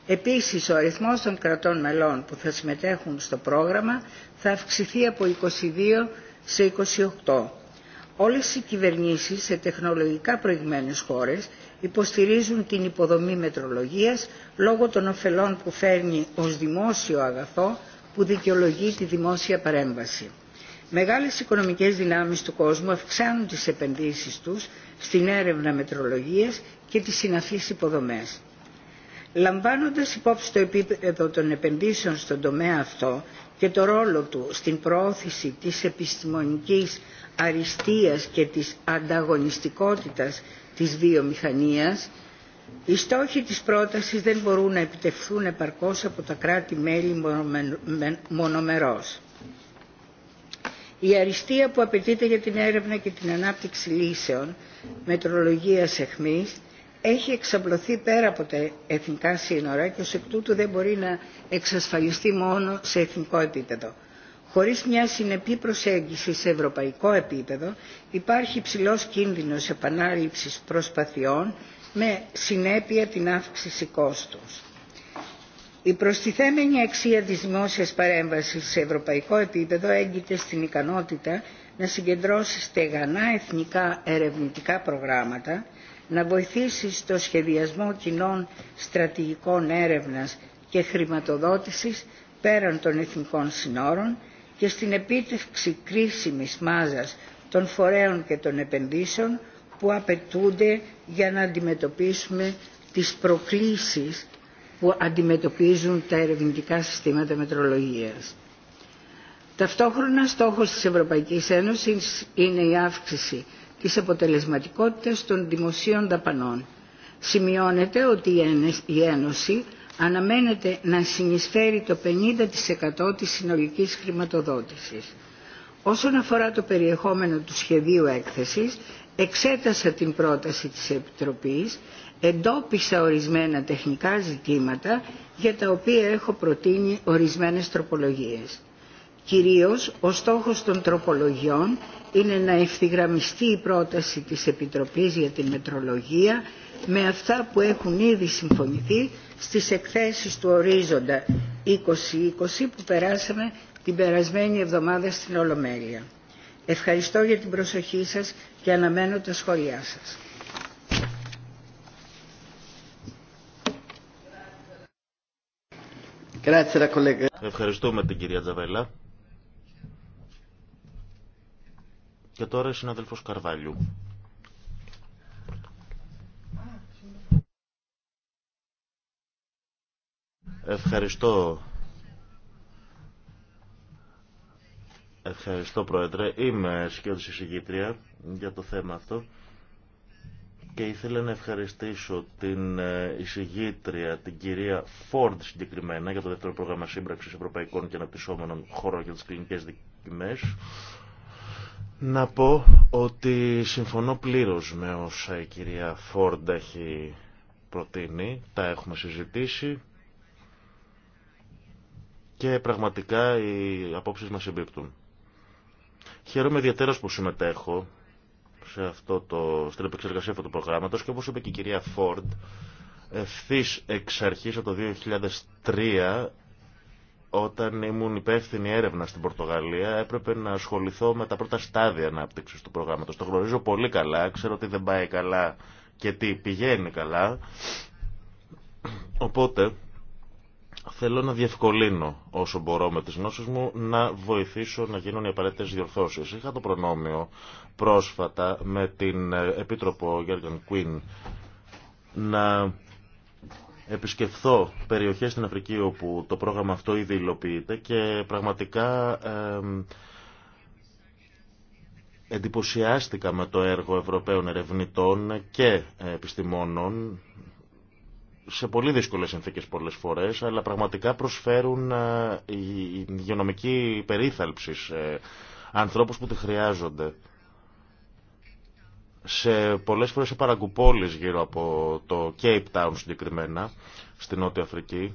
[SPEAKER 4] Επίσης, ο αριθμός των κρατών μελών που θα συμμετέχουν στο πρόγραμμα θα αυξηθεί από 22 σε 28. Όλες οι κυβερνήσεις σε τεχνολογικά προηγμένες χώρες υποστηρίζουν την υποδομή μετρολογίας λόγω των ωφελών που φέρνει ως δημόσιο αγαθό που δικαιολογεί τη δημόσια παρέμβαση. Μεγάλες οικονομικές δυνάμεις του κόσμου αυξάνουν τις επενδύσεις τους στην έρευνα μετρολογίας και τις συναφείς υποδομές. Λαμβάνοντας υπόψη το επίπεδο των επενδύσεων στον τομέα αυτό και το ρόλο του στην προώθηση της επιστημονικής αριστείας και της ανταγωνιστικότητας της βιομηχανίας, οι στόχοι της πρότασης δεν μπορούν να επιτευχθούν επαρκώς από τα κράτη-μέλη μονομερός. Η αριστεία που απαιτείται για την έρευνα και την ανάπτυξη λύσεων μετρολογίας εχμής έχει εξαπλωθεί πέρα από τα εθνικά σύνορα και ως εκ τούτου δεν μπορεί να εξασφαλιστεί μόνο σε εθνικό επίπεδο. Χωρίς μια συνεπή προσέγγιση σε ευρωπαϊκό επίπεδο υπάρχει ψηλός κίνδυνος επανάληψης προσπαθειών με συνέπεια την αύξηση κόστους. Η προστιθέμενη αξία της δημόσιας παρέμβασης σε ευρωπαϊκό επίπεδο έγκυται στην ικανότητα να συγκεντρώσει στεγανά εθνικά ερευνητικά προγράμματα, να βοηθήσει στο σχεδιασμό κοινών στρατηγικών έρευνας και χρηματοδότησης πέραν των εθνικών συνόρων, και στην επίτευξη κρίσιμης μάζας των φορέων και των επενδύσεων που απαιτούνται για να αντιμετωπίσουμε τις προκλήσεις που αντιμετωπίζουν τα ερευνητικά συστήματα μετρολογίας. Ταυτόχρονα στόχος της Ευρωπαϊκής Ένωσης είναι η αύξηση της αποτελεσματικότητας των δημοσίων δαπανών. Σημειώνεται ότι η Ένωση αναμένεται να συνεισφέρει το 50% της συνολικής χρηματοδότησης. Όσον αφορά το περιεχόμενο του σχεδίου έκθεσης, εξέτασα την πρόταση της Επιτροπής, εντόπισα ορισμένα τεχνικά ζητήματα για τα οποία έχω προτείνει ορισμένες τροπολογίες. Κυρίως, ο στόχος των τροπολογιών είναι να ευθυγραμμιστεί η πρόταση της Επιτροπής για τη Μετρολογία με αυτά που έχουν ήδη συμφωνηθεί στις εκθέσεις του ορίζοντα 2020 που περάσαμε την περασμένη εβδομάδα στην Ολομέλεια. Ευχαριστώ για την προσοχή σας και αναμένω τα σχόλιά σας.
[SPEAKER 1] Ευχαριστούμε την κυρία Τζαβέλα. Και τώρα η συνάδελφος Καρβάλιου. Ευχαριστώ. Ευχαριστώ Πρόεδρε. Είμαι σκιώδης εισηγήτρια για το θέμα αυτό και ήθελα να ευχαριστήσω την ε, εισηγήτρια, την κυρία Φόρντ συγκεκριμένα για το δεύτερο πρόγραμμα σύμπραξης ευρωπαϊκών και αναπτυσσόμενων χώρων για τις κλινικές Δικημέ. Να πω ότι συμφωνώ πλήρως με όσα η κυρία Φόρντ έχει προτείνει, τα έχουμε συζητήσει και πραγματικά οι απόψεις μας εμπίπτουν. Χαίρομαι ιδιαίτερα που συμμετέχω σε αυτό το, στην επεξεργασία αυτού του προγράμματος και όπως είπε και η κυρία Φόρντ, ευθύς εξ αρχής από το 2003 όταν ήμουν υπεύθυνη έρευνα στην Πορτογαλία έπρεπε να ασχοληθώ με τα πρώτα στάδια ανάπτυξης του προγράμματος. Το γνωρίζω πολύ καλά, ξέρω ότι δεν πάει καλά και τι πηγαίνει καλά. Οπότε Θέλω να διευκολύνω όσο μπορώ με τις γνώσεις μου να βοηθήσω να γίνουν οι απαραίτητες διορθώσεις. Είχα το προνόμιο πρόσφατα με την ε, Επίτροπο Γιώργαν Κουίν να επισκεφθώ περιοχές στην Αφρική όπου το πρόγραμμα αυτό ήδη υλοποιείται και πραγματικά εντυπωσιάστηκα με το έργο Ευρωπαίων ερευνητών και επιστημόνων σε πολύ δύσκολες συνθήκες πολλές φορές, αλλά πραγματικά προσφέρουν ε, υγειονομική περίθαλψη σε ανθρώπους που τη χρειάζονται. Σε πολλές φορές σε παραγκουπόλεις γύρω από το Cape Town συγκεκριμένα, στην Νότια Αφρική,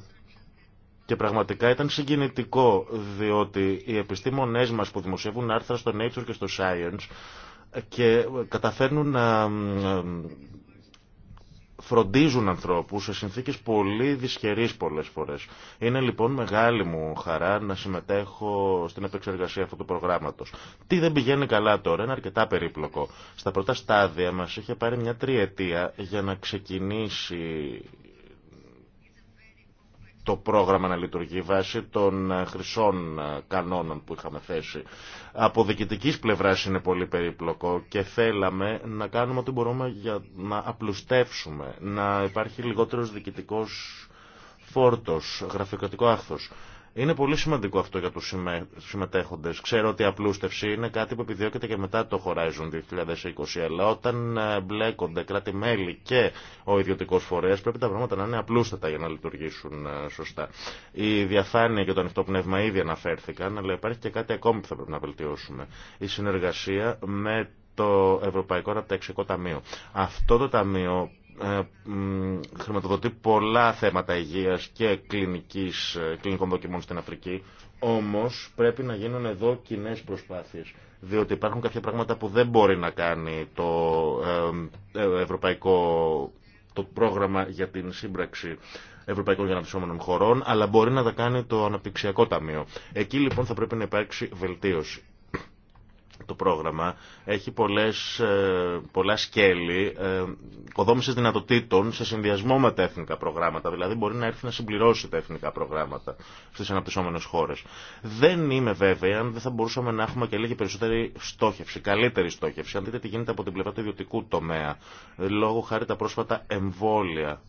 [SPEAKER 1] και πραγματικά ήταν συγκινητικό, διότι οι επιστήμονές μας που δημοσιεύουν άρθρα στο Nature και στο Science και καταφέρνουν να φροντίζουν ανθρώπους σε συνθήκες πολύ δυσχερείς πολλές φορές. Είναι λοιπόν μεγάλη μου χαρά να συμμετέχω στην επεξεργασία αυτού του προγράμματος. Τι δεν πηγαίνει καλά τώρα, είναι αρκετά περίπλοκο. Στα πρώτα στάδια μας είχε πάρει μια τριετία για να ξεκινήσει το πρόγραμμα να λειτουργεί βάσει των ε, χρυσών ε, κανόνων που είχαμε θέσει. Από διοικητικής πλευράς είναι πολύ περίπλοκο και θέλαμε να κάνουμε ό,τι μπορούμε για να απλουστεύσουμε, να υπάρχει λιγότερος διοικητικός φόρτος, γραφειοκρατικό άχθος. Είναι πολύ σημαντικό αυτό για τους συμμετέχοντες. Ξέρω ότι η απλούστευση είναι κάτι που επιδιώκεται και μετά το Horizon 2020, αλλά όταν ε, μπλέκονται κράτη-μέλη και ο ιδιωτικός φορέας πρέπει τα πράγματα να είναι απλούστατα για να λειτουργήσουν ε, σωστά. Η διαφάνεια και το ανοιχτό πνεύμα ήδη αναφέρθηκαν, αλλά υπάρχει και κάτι ακόμη που θα πρέπει να βελτιώσουμε. Η συνεργασία με το Ευρωπαϊκό Ραπτεξικό Ταμείο. Αυτό το ταμείο ε, χρηματοδοτεί πολλά θέματα υγείας και κλινικής, ε, κλινικών δοκιμών στην Αφρική. Όμως πρέπει να γίνουν εδώ κοινέ προσπάθειες. Διότι υπάρχουν κάποια πράγματα που δεν μπορεί να κάνει το ε, ευρωπαϊκό το πρόγραμμα για την σύμπραξη Ευρωπαϊκών για Αναπτυσσόμενων Χωρών, αλλά μπορεί να τα κάνει το Αναπτυξιακό Ταμείο. Εκεί λοιπόν θα πρέπει να υπάρξει βελτίωση το πρόγραμμα έχει πολλές, ε, πολλά σκέλη οικοδόμησης ε, δυνατοτήτων σε συνδυασμό με τα εθνικά προγράμματα. Δηλαδή μπορεί να έρθει να συμπληρώσει τα εθνικά προγράμματα στις αναπτυσσόμενες χώρες. Δεν είμαι βέβαια αν δεν θα μπορούσαμε να έχουμε και λίγη περισσότερη στόχευση, καλύτερη στόχευση. Αν δείτε τι γίνεται από την πλευρά του ιδιωτικού τομέα, λόγω χάρη τα πρόσφατα εμβόλια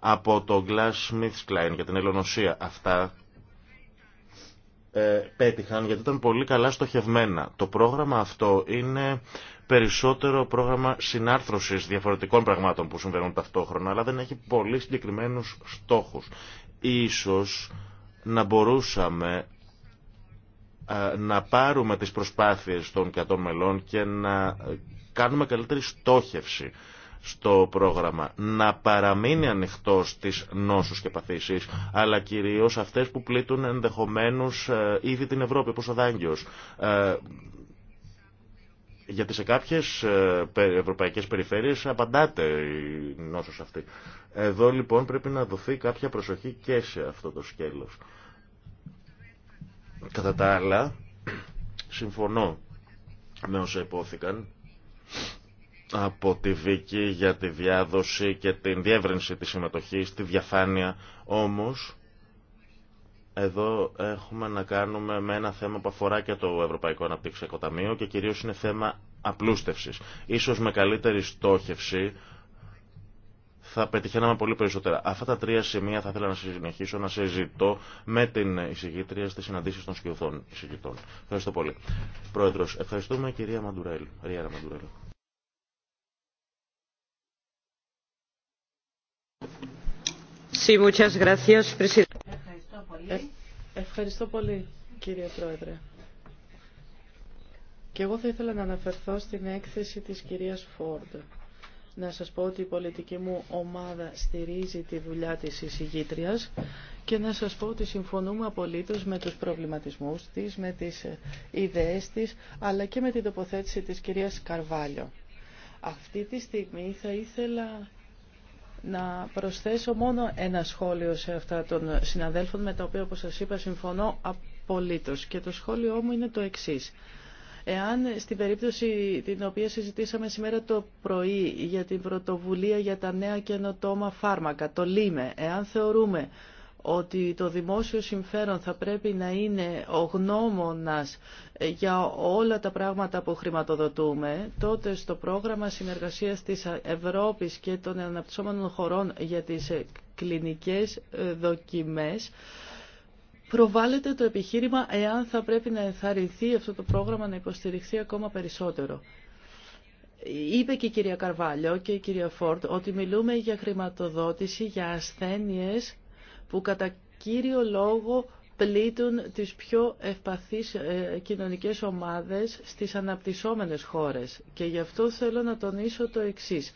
[SPEAKER 1] από το Glass Smith Klein για την ελονοσία. Αυτά ε, πέτυχαν γιατί ήταν πολύ καλά στοχευμένα. Το πρόγραμμα αυτό είναι περισσότερο πρόγραμμα συνάρθρωσης διαφορετικών πραγμάτων που συμβαίνουν ταυτόχρονα, αλλά δεν έχει πολύ συγκεκριμένους στόχους. Ίσως να μπορούσαμε ε, να πάρουμε τις προσπάθειες των 100 μελών και να ε, κάνουμε καλύτερη στόχευση στο πρόγραμμα. Να παραμείνει ανοιχτό στις νόσους και παθήσεις, αλλά κυρίως αυτές που πλήττουν ενδεχομένως ε, ήδη την Ευρώπη, όπως ο Δάγκιος. Ε, γιατί σε κάποιες ε, ευρωπαϊκές περιφέρειες απαντάτε η νόσος αυτή. Εδώ λοιπόν πρέπει να δοθεί κάποια προσοχή και σε αυτό το σκέλος. Κατά τα άλλα, συμφωνώ με όσα υπόθηκαν από τη δίκη για τη διάδοση και την διεύρυνση της συμμετοχής, τη διαφάνεια. Όμως, εδώ έχουμε να κάνουμε με ένα θέμα που αφορά και το Ευρωπαϊκό Αναπτύξιακο Ταμείο και κυρίως είναι θέμα απλούστευσης. Ίσως με καλύτερη στόχευση θα πετυχαίναμε πολύ περισσότερα. Αυτά τα τρία σημεία θα ήθελα να συνεχίσω να συζητώ με την εισηγήτρια στις συναντήσεις των σκιωθών εισηγητών. Ευχαριστώ πολύ. Πρόεδρος, ευχαριστούμε κυρία Μαντουρέλ. Μαντουρέλ.
[SPEAKER 4] Ευχαριστώ
[SPEAKER 2] πολύ. ευχαριστώ κύριε Πρόεδρε. Και εγώ θα ήθελα να αναφερθώ στην έκθεση της κυρίας Φόρντ. Να σας πω ότι η πολιτική μου ομάδα στηρίζει τη δουλειά της εισηγήτριας και να σας πω ότι συμφωνούμε απολύτως με τους προβληματισμούς της, με τις ιδέες της, αλλά και με την τοποθέτηση της κυρίας Καρβάλιο. Αυτή τη στιγμή θα ήθελα να προσθέσω μόνο ένα σχόλιο σε αυτά των συναδέλφων με τα οποία όπως σας είπα συμφωνώ απολύτως και το σχόλιο μου είναι το εξής. Εάν στην περίπτωση την οποία συζητήσαμε σήμερα το πρωί για την πρωτοβουλία για τα νέα καινοτόμα φάρμακα, το ΛΥΜΕ, εάν θεωρούμε ότι το δημόσιο συμφέρον θα πρέπει να είναι ο γνώμονας για όλα τα πράγματα που χρηματοδοτούμε, τότε στο πρόγραμμα συνεργασίας της Ευρώπης και των αναπτυσσόμενων χωρών για τις κλινικές δοκιμές, προβάλλεται το επιχείρημα εάν θα πρέπει να ενθαρρυνθεί αυτό το πρόγραμμα να υποστηριχθεί ακόμα περισσότερο. Είπε και η κυρία Καρβάλιο και η κυρία Φόρτ ότι μιλούμε για χρηματοδότηση για ασθένειες που κατά κύριο λόγο πλήττουν τις πιο ευπαθείς ε, κοινωνικές ομάδες στις αναπτυσσόμενες χώρες. Και γι' αυτό θέλω να τονίσω το εξής.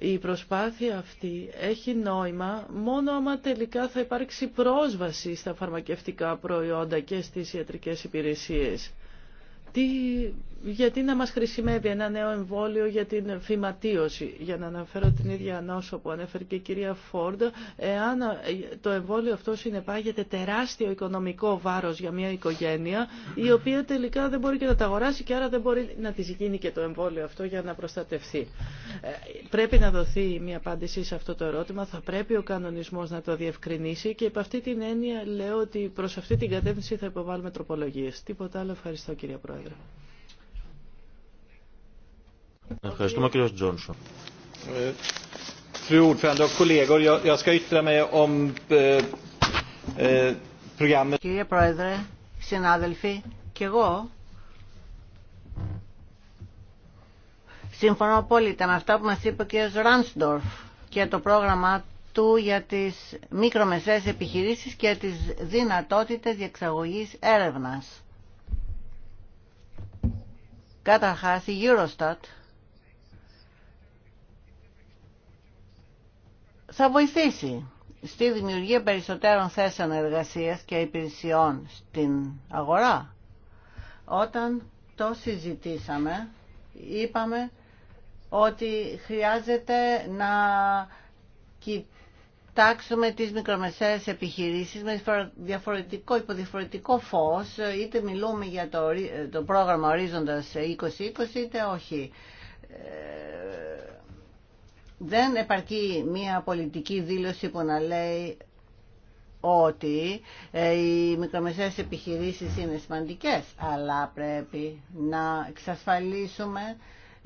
[SPEAKER 2] Η προσπάθεια αυτή έχει νόημα μόνο άμα τελικά θα υπάρξει πρόσβαση στα φαρμακευτικά προϊόντα και στις ιατρικές υπηρεσίες γιατί να μας χρησιμεύει ένα νέο εμβόλιο για την φυματίωση, για να αναφέρω την ίδια νόσο που ανέφερε και η κυρία Φόρντ, εάν το εμβόλιο αυτό συνεπάγεται τεράστιο οικονομικό βάρος για μια οικογένεια, η οποία τελικά δεν μπορεί και να τα αγοράσει και άρα δεν μπορεί να της γίνει και το εμβόλιο αυτό για να προστατευθεί. Ε, πρέπει να δοθεί μια απάντηση σε αυτό το ερώτημα, θα πρέπει ο κανονισμός να το διευκρινίσει και από αυτή την έννοια λέω ότι προς αυτή την κατεύθυνση θα υποβάλουμε τροπολογίες. Τίποτα άλλο, ευχαριστώ κυρία Πρόεδρε.
[SPEAKER 1] Ευχαριστούμε
[SPEAKER 3] Κύριε Πρόεδρε, συνάδελφοι, και εγώ συμφωνώ απόλυτα με αυτά που μας είπε ο κύριο Ράνσντορφ και το πρόγραμμα του για τις μικρομεσαίες επιχειρήσεις και τις δυνατότητες διεξαγωγής έρευνας. Καταρχάς η Eurostat θα βοηθήσει στη δημιουργία περισσότερων θέσεων εργασίας και υπηρεσιών στην αγορά. Όταν το συζητήσαμε, είπαμε ότι χρειάζεται να κοιτάξουμε τις μικρομεσαίες επιχειρήσεις με διαφορετικό, υποδιαφορετικό φως, είτε μιλούμε για το, το πρόγραμμα ορίζοντας 2020, είτε όχι. Ε, δεν επαρκεί μια πολιτική δήλωση που να λέει ότι ε, οι μικρομεσαίες επιχειρήσεις είναι σημαντικές, αλλά πρέπει να εξασφαλίσουμε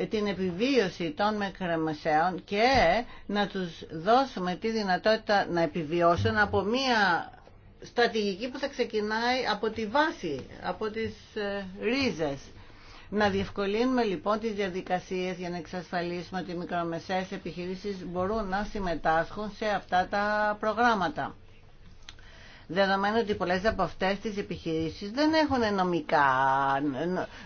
[SPEAKER 3] την επιβίωση των μικρομεσαίων και να τους δώσουμε τη δυνατότητα να επιβιώσουν από μια στρατηγική που θα ξεκινάει από τη βάση, από τις ε, ρίζες. Να διευκολύνουμε λοιπόν τις διαδικασίες για να εξασφαλίσουμε ότι οι μικρομεσαίες επιχειρήσεις μπορούν να συμμετάσχουν σε αυτά τα προγράμματα. Δεδομένου ότι πολλές από αυτές τις επιχειρήσεις δεν έχουν νομικά,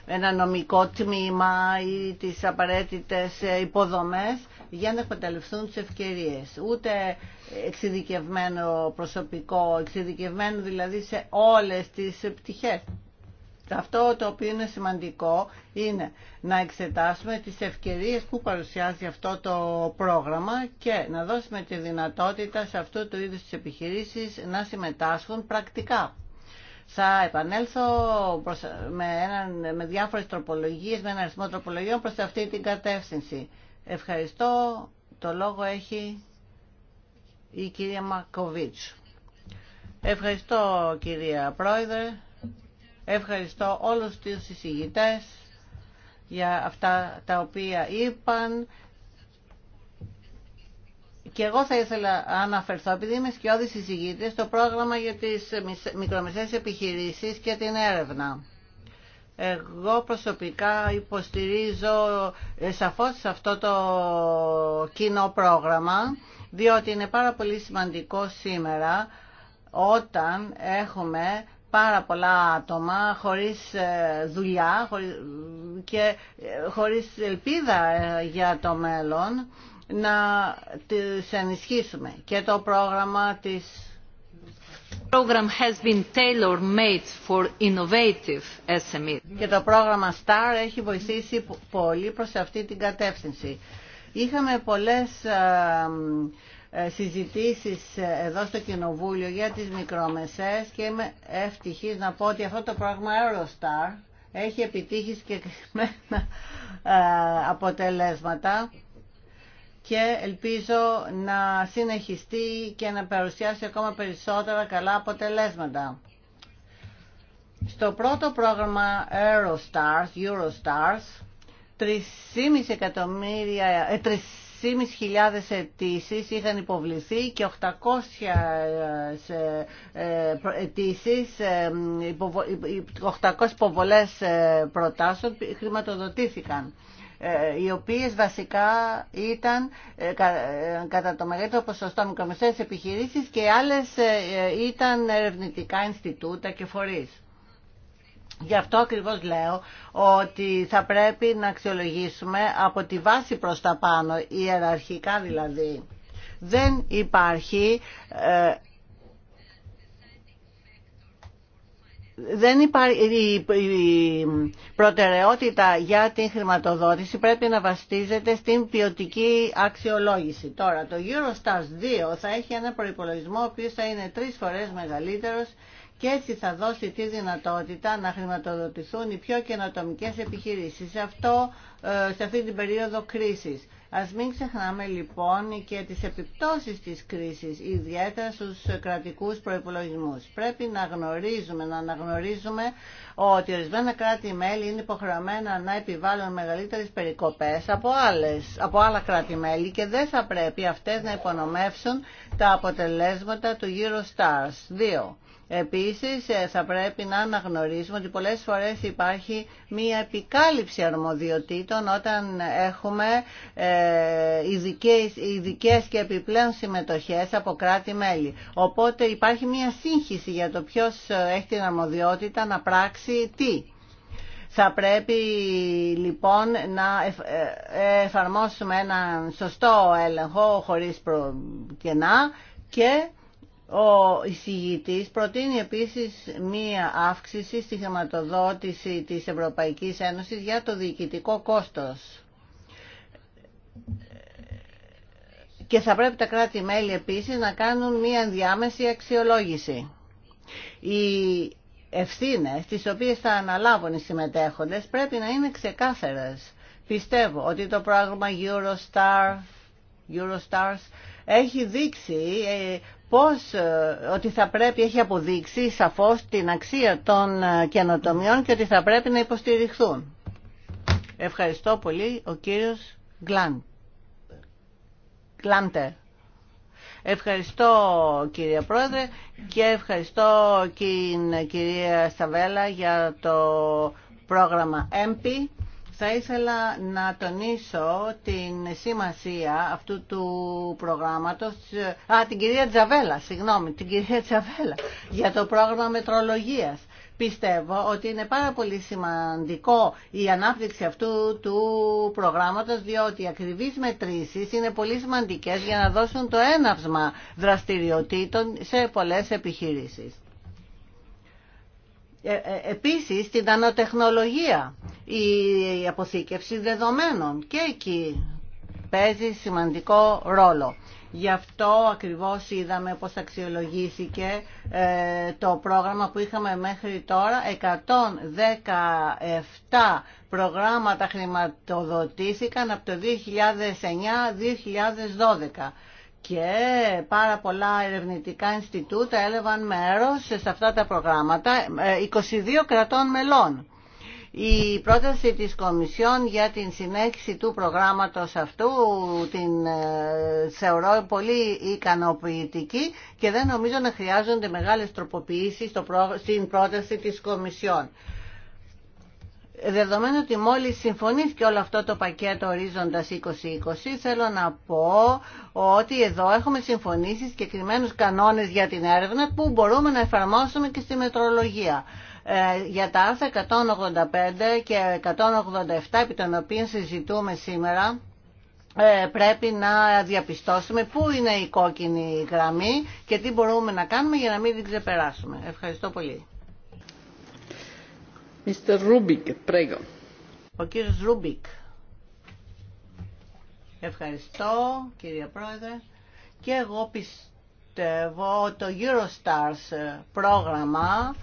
[SPEAKER 3] ένα νομικό τμήμα ή τις απαραίτητες υποδομές για να εκμεταλλευτούν τις ευκαιρίες. Ούτε εξειδικευμένο προσωπικό, εξειδικευμένο δηλαδή σε όλες τις πτυχές αυτό το οποίο είναι σημαντικό είναι να εξετάσουμε τις ευκαιρίες που παρουσιάζει αυτό το πρόγραμμα και να δώσουμε τη δυνατότητα σε αυτού του είδους τις επιχειρήσεις να συμμετάσχουν πρακτικά. Θα επανέλθω με, έναν, με διάφορες τροπολογίες, με ένα αριθμό τροπολογιών προς αυτή την κατεύθυνση. Ευχαριστώ. Το λόγο έχει η κυρία Μακοβίτσου. Ευχαριστώ κυρία Πρόεδρε. Ευχαριστώ όλους τους συζητητές για αυτά τα οποία είπαν. Και εγώ θα ήθελα να αναφερθώ, επειδή είμαι σκιώδης συζητητής στο πρόγραμμα για τις μικρομεσαίες επιχειρήσεις και την έρευνα. Εγώ προσωπικά υποστηρίζω ε, σαφώς αυτό το κοινό πρόγραμμα, διότι είναι πάρα πολύ σημαντικό σήμερα όταν έχουμε πάρα πολλά άτομα χωρίς ε, δουλειά και ε, χωρίς ελπίδα ε, για το μέλλον να τις ενισχύσουμε. Και το πρόγραμμα της Program has been tailor-made for innovative SME. Και το πρόγραμμα STAR έχει βοηθήσει πολύ προς αυτή την κατεύθυνση. Είχαμε πολλές ε, συζητήσεις ε, εδώ στο Κοινοβούλιο για τις μικρομεσαίες και είμαι ευτυχής να πω ότι αυτό το πρόγραμμα Eurostar έχει επιτύχει συγκεκριμένα ε, αποτελέσματα και ελπίζω να συνεχιστεί και να παρουσιάσει ακόμα περισσότερα καλά αποτελέσματα. Στο πρώτο πρόγραμμα Eurostars, Eurostars 3,5 εκατομμύρια, 3.500 αιτήσει είχαν υποβληθεί και 800 αιτήσει, 800 υποβολές ε, προτάσεων χρηματοδοτήθηκαν ε, οι οποίες βασικά ήταν ε, κατά το μεγαλύτερο ποσοστό μικρομεσαίες επιχειρήσεις και άλλες ήταν ερευνητικά Ινστιτούτα και φορείς. Γι' αυτό ακριβώς λέω ότι θα πρέπει να αξιολογήσουμε από τη βάση προς τα πάνω, ιεραρχικά δηλαδή. Δεν υπάρχει... Ε, δεν υπάρχει η προτεραιότητα για την χρηματοδότηση πρέπει να βαστίζεται στην ποιοτική αξιολόγηση. Τώρα το Eurostars 2 θα έχει ένα προϋπολογισμό ο οποίος θα είναι τρεις φορές μεγαλύτερος και έτσι θα δώσει τη δυνατότητα να χρηματοδοτηθούν οι πιο καινοτομικέ επιχειρήσεις σε, αυτό, ε, σε αυτή την περίοδο κρίσης. Ας μην ξεχνάμε λοιπόν και τις επιπτώσεις της κρίσης, ιδιαίτερα στους κρατικούς προϋπολογισμούς. Πρέπει να γνωρίζουμε, να αναγνωρίζουμε ότι ορισμένα κράτη-μέλη είναι υποχρεωμένα να επιβάλλουν μεγαλύτερες περικοπές από, άλλες, από άλλα κράτη-μέλη και δεν θα πρέπει αυτές να υπονομεύσουν τα αποτελέσματα του Eurostars 2. Επίσης ε, θα πρέπει να αναγνωρίσουμε ότι πολλές φορές υπάρχει μία επικάλυψη αρμοδιοτήτων όταν έχουμε ε, ειδικέ και επιπλέον συμμετοχές από κράτη-μέλη. Οπότε υπάρχει μία σύγχυση για το ποιος ε, έχει την αρμοδιότητα να πράξει τι. Θα πρέπει λοιπόν να εφαρμόσουμε έναν σωστό έλεγχο χωρίς κενά και ο εισηγητής προτείνει επίσης μία αύξηση στη χρηματοδότηση της Ευρωπαϊκής Ένωσης για το διοικητικό κόστος. Και θα πρέπει τα κράτη-μέλη επίσης να κάνουν μία διάμεση αξιολόγηση. Οι ευθύνες τις οποίες θα αναλάβουν οι συμμετέχοντες πρέπει να είναι ξεκάθαρες. Πιστεύω ότι το πρόγραμμα Eurostar, Eurostars έχει δείξει ε, ε, ότι θα πρέπει, έχει αποδείξει σαφώς την αξία των ε, καινοτομιών και ότι θα πρέπει να υποστηριχθούν. Ευχαριστώ πολύ ο κύριος Γκλάν. Γκλάντερ. Ευχαριστώ κυρία Πρόεδρε και ευχαριστώ την κυρία Σαβέλα για το πρόγραμμα ΕΜΠΗ. Θα ήθελα να τονίσω την σημασία αυτού του προγράμματος, α, την κυρία Τζαβέλα, συγγνώμη, την κυρία Τζαβέλα, για το πρόγραμμα μετρολογίας. Πιστεύω ότι είναι πάρα πολύ σημαντικό η ανάπτυξη αυτού του προγράμματος, διότι οι ακριβείς μετρήσεις είναι πολύ σημαντικές για να δώσουν το έναυσμα δραστηριοτήτων σε πολλές επιχειρήσεις. Ε, ε, επίσης την δανοτεχνολογία η αποθήκευση δεδομένων και εκεί παίζει σημαντικό ρόλο. Γι' αυτό ακριβώς είδαμε πως αξιολογήθηκε ε, το πρόγραμμα που είχαμε μέχρι τώρα. 117 προγράμματα χρηματοδοτήθηκαν από το 2009-2012 και πάρα πολλά ερευνητικά Ινστιτούτα έλαβαν μέρος σε αυτά τα προγράμματα, 22 ε, κρατών μελών. Η πρόταση της Κομισιόν για την συνέχιση του προγράμματος αυτού την ε, θεωρώ πολύ ικανοποιητική και δεν νομίζω να χρειάζονται μεγάλες τροποποιήσεις στην πρόταση της Κομισιόν. Δεδομένου ότι μόλις συμφωνήθηκε όλο αυτό το πακέτο ορίζοντας 2020, θέλω να πω ότι εδώ έχουμε συμφωνήσει συγκεκριμένους κανόνες για την έρευνα που μπορούμε να εφαρμόσουμε και στη μετρολογία. Ε, για τα άρθρα 185 και 187 επί των οποίων συζητούμε σήμερα, ε, πρέπει να διαπιστώσουμε πού είναι η κόκκινη γραμμή και τι μπορούμε να κάνουμε για να μην την ξεπεράσουμε. Ευχαριστώ πολύ.
[SPEAKER 2] Ο κύριος Ρούμπικ.
[SPEAKER 3] Ευχαριστώ κύριε Πρόεδρε. Και εγώ πιστεύω το Eurostars πρόγραμμα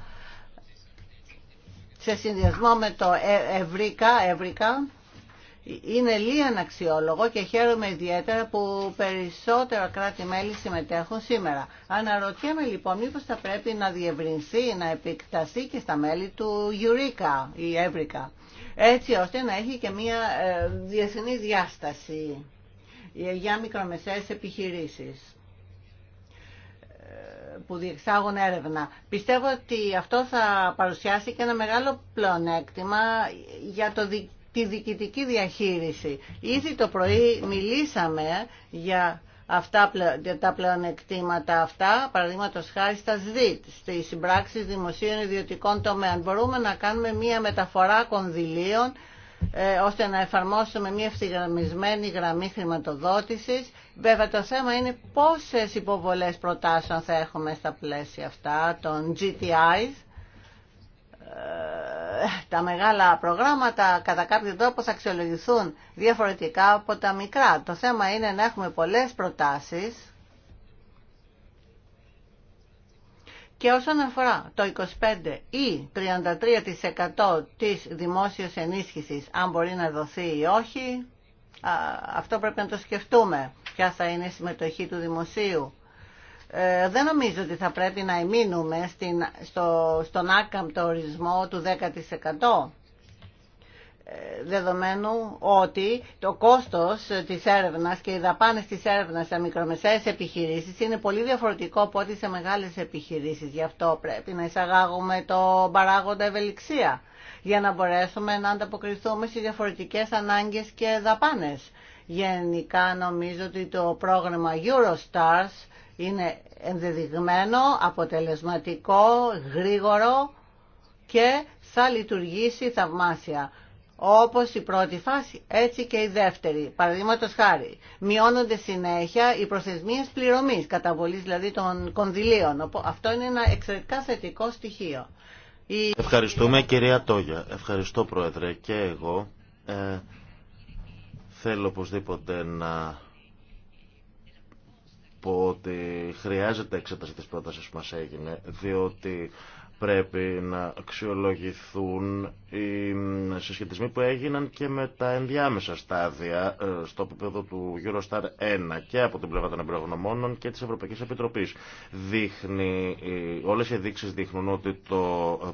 [SPEAKER 3] σε συνδυασμό με το Ευρύκα Ευρικά είναι λίγαν αξιόλογο και χαίρομαι ιδιαίτερα που περισσότερα κράτη-μέλη συμμετέχουν σήμερα. Αναρωτιέμαι λοιπόν μήπως θα πρέπει να διευρυνθεί, να επεκταθεί και στα μέλη του Eureka ή Εύρικα, έτσι ώστε να έχει και μια ε, διεθνή διάσταση για μικρομεσαίες επιχειρήσεις ε, που διεξάγουν έρευνα. Πιστεύω ότι αυτό θα παρουσιάσει και ένα μεγάλο πλεονέκτημα για το δικαίωμα τη διοικητική διαχείριση. Ήδη το πρωί μιλήσαμε για αυτά, τα πλεονεκτήματα αυτά, παραδείγματο χάρη στα ΣΔΙΤ, στι συμπράξει δημοσίων ιδιωτικών τομέων. Μπορούμε να κάνουμε μια μεταφορά κονδυλίων ε, ώστε να εφαρμόσουμε μια ευθυγραμμισμένη γραμμή χρηματοδότηση. Βέβαια το θέμα είναι πόσε υποβολές προτάσεων θα έχουμε στα πλαίσια αυτά των GTIs τα μεγάλα προγράμματα κατά κάποιο τρόπο θα αξιολογηθούν διαφορετικά από τα μικρά. Το θέμα είναι να έχουμε πολλές προτάσεις και όσον αφορά το 25 ή 33% της δημόσιας ενίσχυσης, αν μπορεί να δοθεί ή όχι, αυτό πρέπει να το σκεφτούμε, ποια θα είναι η συμμετοχή του δημοσίου. Ε, δεν νομίζω ότι θα πρέπει να εμείνουμε στον άκαμπτο ορισμό του 10% ε, δεδομένου ότι το κόστος της έρευνας και οι δαπάνες της έρευνας σε μικρομεσαίες επιχειρήσεις είναι πολύ διαφορετικό από ό,τι σε μεγάλες επιχειρήσεις. Γι' αυτό πρέπει να εισαγάγουμε το παράγοντα ευελιξία για να μπορέσουμε να ανταποκριθούμε στις διαφορετικές ανάγκες και δαπάνες. Γενικά νομίζω ότι το πρόγραμμα Eurostars είναι ενδεδειγμένο, αποτελεσματικό, γρήγορο και θα λειτουργήσει θαυμάσια. Όπως η πρώτη φάση, έτσι και η δεύτερη. Παραδείγματο χάρη, μειώνονται συνέχεια οι προθεσμίες πληρωμής, καταβολής δηλαδή των κονδυλίων. Αυτό είναι ένα εξαιρετικά θετικό στοιχείο.
[SPEAKER 1] Ευχαριστούμε κυρία Τόγια. Ευχαριστώ πρόεδρε και εγώ. Ε, θέλω οπωσδήποτε να πω ότι χρειάζεται εξέταση της πρότασης που μας έγινε, διότι πρέπει να αξιολογηθούν οι συσχετισμοί που έγιναν και με τα ενδιάμεσα στάδια ε, στο επίπεδο του Eurostar 1 και από την πλευρά των εμπειρογνωμόνων και της Ευρωπαϊκής Επιτροπής. Δείχνει, ε, όλες οι ενδείξεις δείχνουν ότι το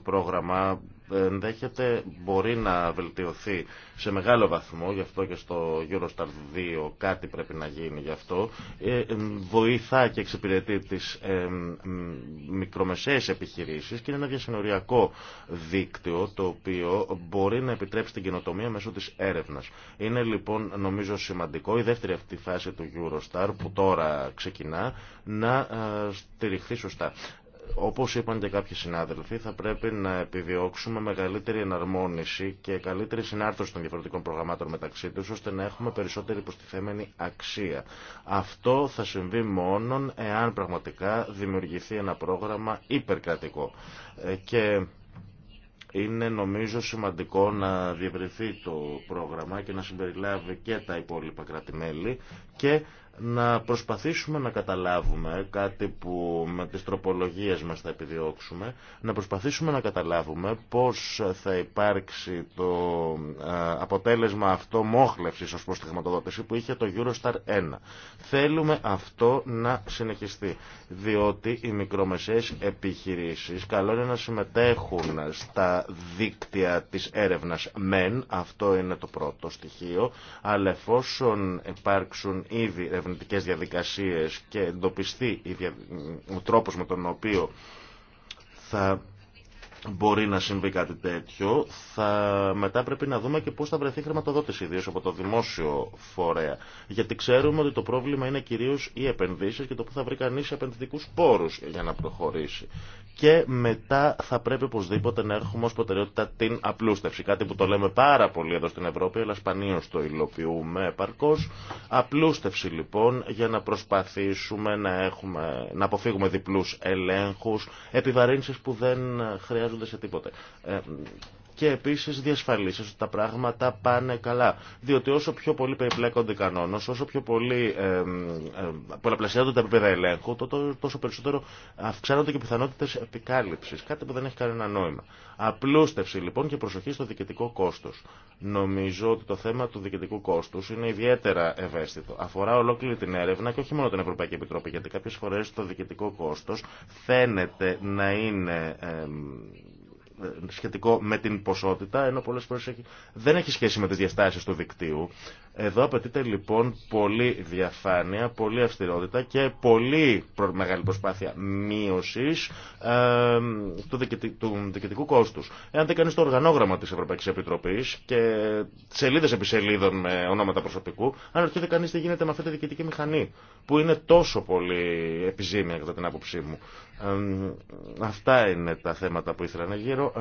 [SPEAKER 1] πρόγραμμα ενδέχεται μπορεί να βελτιωθεί σε μεγάλο βαθμό, γι' αυτό και στο Eurostar 2 κάτι πρέπει να γίνει γι' αυτό, ε, βοηθά και εξυπηρετεί τις μικρομεσαίες επιχειρήσεις και είναι ένα διασυνοριακό δίκτυο το οποίο μπορεί να επιτρέψει την κοινοτομία μέσω της έρευνας. Είναι λοιπόν νομίζω σημαντικό η δεύτερη αυτή φάση του Eurostar που τώρα ξεκινά να ε, στηριχθεί σωστά. Όπως είπαν και κάποιοι συνάδελφοι, θα πρέπει να επιδιώξουμε μεγαλύτερη εναρμόνιση και καλύτερη συνάρτηση των διαφορετικών προγραμμάτων μεταξύ τους, ώστε να έχουμε περισσότερη υποστηθέμενη αξία. Αυτό θα συμβεί μόνον εάν πραγματικά δημιουργηθεί ένα πρόγραμμα υπερκρατικό. Ε, και είναι νομίζω σημαντικό να διευρυνθεί το πρόγραμμα και να συμπεριλάβει και τα υπόλοιπα κράτη-μέλη και να προσπαθήσουμε να καταλάβουμε κάτι που με τις τροπολογίες μας θα επιδιώξουμε, να προσπαθήσουμε να καταλάβουμε πώς θα υπάρξει το ε, αποτέλεσμα αυτό μόχλευσης ως προς τη χρηματοδότηση που είχε το Eurostar 1. Θέλουμε αυτό να συνεχιστεί, διότι οι μικρομεσαίες επιχειρήσεις καλό είναι να συμμετέχουν στα δίκτυα της έρευνας μεν, αυτό είναι το πρώτο στοιχείο, αλλά εφόσον υπάρξουν ήδη ερευνητικές διαδικασίες και εντοπιστεί ο τρόπος με τον οποίο θα μπορεί να συμβεί κάτι τέτοιο, θα, μετά πρέπει να δούμε και πώς θα βρεθεί χρηματοδότηση, ιδίως από το δημόσιο φορέα. Γιατί ξέρουμε ότι το πρόβλημα είναι κυρίως οι επενδύσεις και το που θα βρει κανείς επενδυτικούς πόρους για να προχωρήσει. Και μετά θα πρέπει οπωσδήποτε να έχουμε ως προτεραιότητα την απλούστευση. Κάτι που το λέμε πάρα πολύ εδώ στην Ευρώπη, αλλά σπανίως το υλοποιούμε επαρκώς. Απλούστευση λοιπόν για να προσπαθήσουμε να, έχουμε, να αποφύγουμε διπλούς ελέγχους, επιβαρύνσεις που δεν χρειάζονται χρειάζονται σε τίποτε. Ε, και επίσης διασφαλίσεις ότι τα πράγματα πάνε καλά. Διότι όσο πιο πολύ περιπλέκονται οι κανόνες, όσο πιο πολύ ε, ε, πολλαπλασιάζονται τα επίπεδα ελέγχου, τόσο περισσότερο αυξάνονται και πιθανότητες επικάλυψης. Κάτι που δεν έχει κανένα νόημα. Απλούστευση λοιπόν και προσοχή στο διοικητικό κόστος. Νομίζω ότι το θέμα του διοικητικού κόστου είναι ιδιαίτερα ευαίσθητο. Αφορά ολόκληρη την έρευνα και όχι μόνο την Ευρωπαϊκή Επιτροπή, γιατί κάποιε φορέ το διοικητικό κόστος φαίνεται να είναι... Ε, σχετικό με την ποσότητα, ενώ πολλές φορές δεν έχει σχέση με τις διαστάσεις του δικτύου. Εδώ απαιτείται λοιπόν πολύ διαφάνεια, πολύ αυστηρότητα και πολύ μεγάλη προσπάθεια μείωση ε, του, διοικητικού, του κόστου. Εάν δεν κάνει το οργανόγραμμα τη Ευρωπαϊκή Επιτροπή και σελίδε επί σελίδων με ονόματα προσωπικού, αν ρωτήσετε κανεί τι γίνεται με αυτή τη διοικητική μηχανή που είναι τόσο πολύ επιζήμια κατά την άποψή μου. αυτά είναι τα θέματα που ήθελα να γύρω.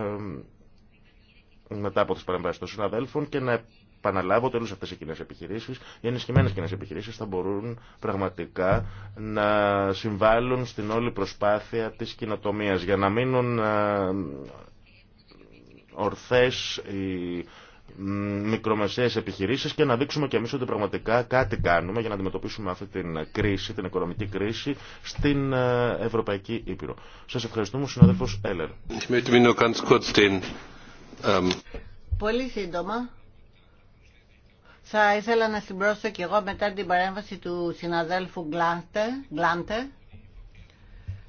[SPEAKER 1] μετά από τις παρεμβάσεις των συναδέλφων και να επαναλάβω όλε αυτέ οι κοινέ επιχειρήσει, οι ενισχυμένε κοινέ επιχειρήσει θα μπορούν πραγματικά να συμβάλλουν στην όλη προσπάθεια τη κοινοτομία για να μείνουν ε, ορθέ οι μικρομεσαίες επιχειρήσεις και να δείξουμε και εμείς ότι πραγματικά κάτι κάνουμε για να αντιμετωπίσουμε αυτή την κρίση, την οικονομική κρίση στην ε, Ευρωπαϊκή Ήπειρο. Σας ευχαριστούμε, συνάδελφος Έλερ.
[SPEAKER 4] Ähm,
[SPEAKER 3] Πολύ σύντομα θα ήθελα να συμπρόσω και εγώ μετά την παρέμβαση του συναδέλφου Γκλάντε, Γκλάντε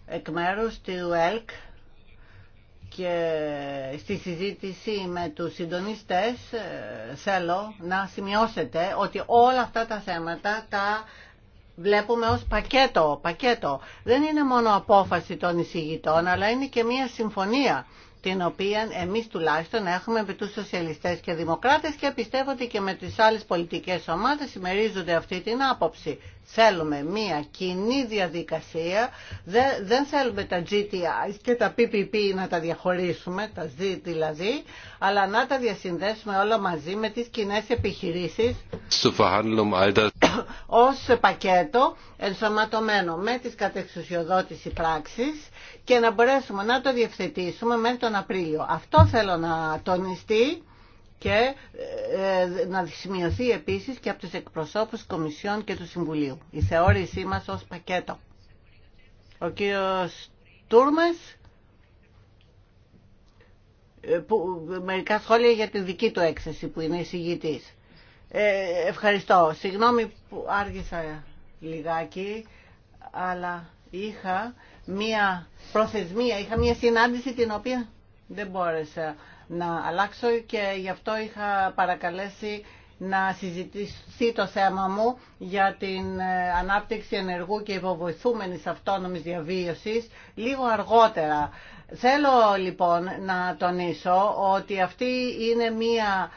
[SPEAKER 3] εκ μέρους του ΕΛΚ και στη συζήτηση με τους συντονιστές ε, θέλω να σημειώσετε ότι όλα αυτά τα θέματα τα βλέπουμε ως πακέτο, πακέτο. Δεν είναι μόνο απόφαση των εισηγητών, αλλά είναι και μια συμφωνία την οποία εμείς τουλάχιστον έχουμε με τους σοσιαλιστές και δημοκράτες και πιστεύω ότι και με τις άλλες πολιτικές ομάδες συμμερίζονται αυτή την άποψη. Θέλουμε μία κοινή διαδικασία, δεν θέλουμε τα GTI και τα PPP να τα διαχωρίσουμε, τα Z δηλαδή, αλλά να τα διασυνδέσουμε όλα μαζί με τις κοινέ επιχειρήσεις
[SPEAKER 2] um
[SPEAKER 3] <coughs> ως πακέτο ενσωματωμένο με τις κατεξουσιοδότηση πράξεις και να μπορέσουμε να το διευθετήσουμε μέχρι τον Απρίλιο. Αυτό θέλω να τονιστεί και ε, ε, να σημειωθεί επίσης και από τους εκπροσώπους Κομισιόν και του Συμβουλίου. Η θεώρησή μας ως πακέτο. Ο κύριος Τούρμες, ε, μερικά σχόλια για τη δική του έκθεση που είναι εισηγητής. Ε, ευχαριστώ. Συγγνώμη που άργησα λιγάκι, αλλά είχα μία προθεσμία, είχα μία συνάντηση την οποία δεν μπόρεσα να αλλάξω και γι' αυτό είχα παρακαλέσει να συζητηθεί το θέμα μου για την ε, ανάπτυξη ενεργού και υποβοηθούμενης αυτόνομης διαβίωσης λίγο αργότερα. Θέλω λοιπόν να τονίσω ότι αυτή είναι μία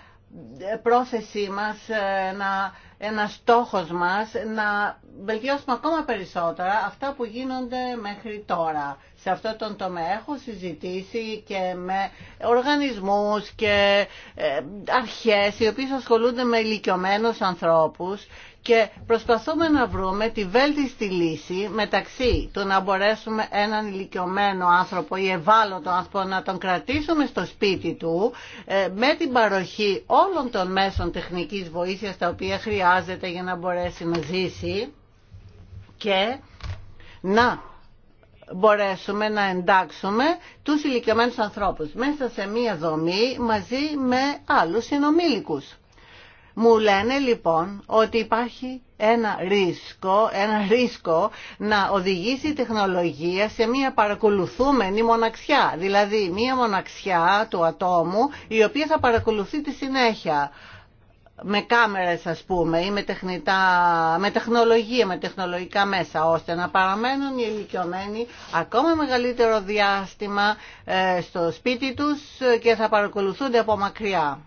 [SPEAKER 3] πρόθεσή μας ε, να ένα στόχος μας να βελτιώσουμε ακόμα περισσότερα αυτά που γίνονται μέχρι τώρα. Σε αυτό τον τομέα έχω συζητήσει και με οργανισμούς και ε, αρχές οι οποίες ασχολούνται με ηλικιωμένους ανθρώπους και προσπαθούμε να βρούμε τη βέλτιστη λύση μεταξύ του να μπορέσουμε έναν ηλικιωμένο άνθρωπο ή ευάλωτο άνθρωπο να τον κρατήσουμε στο σπίτι του ε, με την παροχή όλων των μέσων τεχνικής βοήθειας τα οποία χρειάζεται για να μπορέσει να ζήσει και να μπορέσουμε να εντάξουμε τους ηλικιωμένους ανθρώπους μέσα σε μία δομή μαζί με άλλους συνομήλικους. Μου λένε λοιπόν ότι υπάρχει ένα ρίσκο, ένα ρίσκο να οδηγήσει η τεχνολογία σε μια παρακολουθούμενη μοναξιά. Δηλαδή μια μοναξιά του ατόμου η οποία θα παρακολουθεί τη συνέχεια με κάμερες ας πούμε ή με, τεχνητά, με τεχνολογία, με τεχνολογικά μέσα ώστε να παραμένουν οι ηλικιωμένοι ακόμα μεγαλύτερο διάστημα ε, στο σπίτι τους και θα παρακολουθούνται από μακριά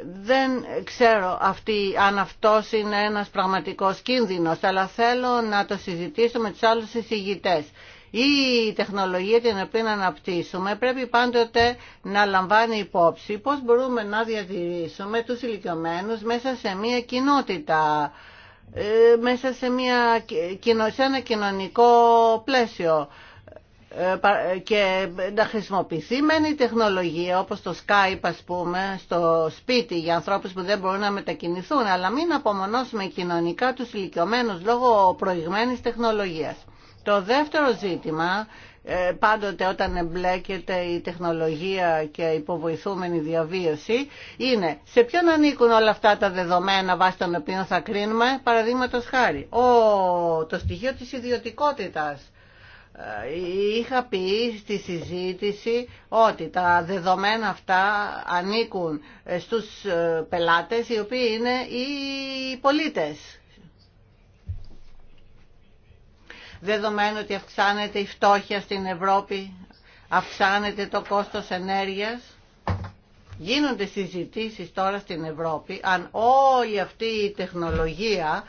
[SPEAKER 3] δεν ξέρω αυτή, αν αυτός είναι ένας πραγματικός κίνδυνος, αλλά θέλω να το συζητήσω με τους άλλους συζητητές. Η τεχνολογία την οποία αναπτύσσουμε πρέπει πάντοτε να λαμβάνει υπόψη πώς μπορούμε να διατηρήσουμε τους ηλικιωμένους μέσα σε μια κοινότητα, ε, μέσα σε, μια, σε ένα κοινωνικό πλαίσιο και να χρησιμοποιηθεί μεν η τεχνολογία όπως το Skype ας πούμε στο σπίτι για ανθρώπους που δεν μπορούν να μετακινηθούν αλλά μην απομονώσουμε κοινωνικά τους ηλικιωμένους λόγω προηγμένης τεχνολογίας. Το δεύτερο ζήτημα ε, πάντοτε όταν εμπλέκεται η τεχνολογία και η υποβοηθούμενη διαβίωση είναι σε ποιον ανήκουν όλα αυτά τα δεδομένα βάσει των οποίων θα κρίνουμε παραδείγματο χάρη το στοιχείο της ιδιωτικότητας είχα πει στη συζήτηση ότι τα δεδομένα αυτά ανήκουν στους ε, πελάτες οι οποίοι είναι οι πολίτες. Δεδομένου ότι αυξάνεται η φτώχεια στην Ευρώπη, αυξάνεται το κόστος ενέργειας, γίνονται συζητήσεις τώρα στην Ευρώπη αν όλη αυτή η τεχνολογία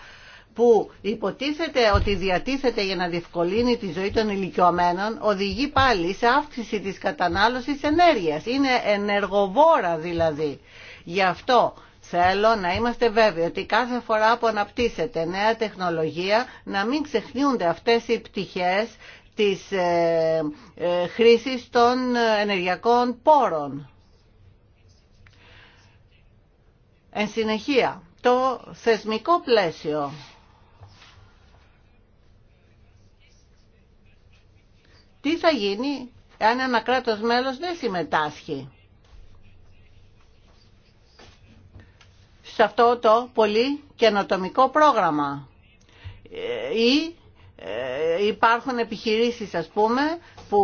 [SPEAKER 3] που υποτίθεται ότι διατίθεται για να διευκολύνει τη ζωή των ηλικιωμένων οδηγεί πάλι σε αύξηση της κατανάλωσης ενέργειας. Είναι ενεργοβόρα δηλαδή. Γι' αυτό θέλω να είμαστε βέβαιοι ότι κάθε φορά που αναπτύσσεται νέα τεχνολογία να μην ξεχνιούνται αυτές οι πτυχές της ε, ε των ενεργειακών πόρων. Εν συνεχεία, το θεσμικό πλαίσιο Τι θα γίνει αν ένα κράτος μέλος δεν συμμετάσχει σε αυτό το πολύ καινοτομικό πρόγραμμα ε, ή ε, υπάρχουν επιχειρήσεις ας πούμε που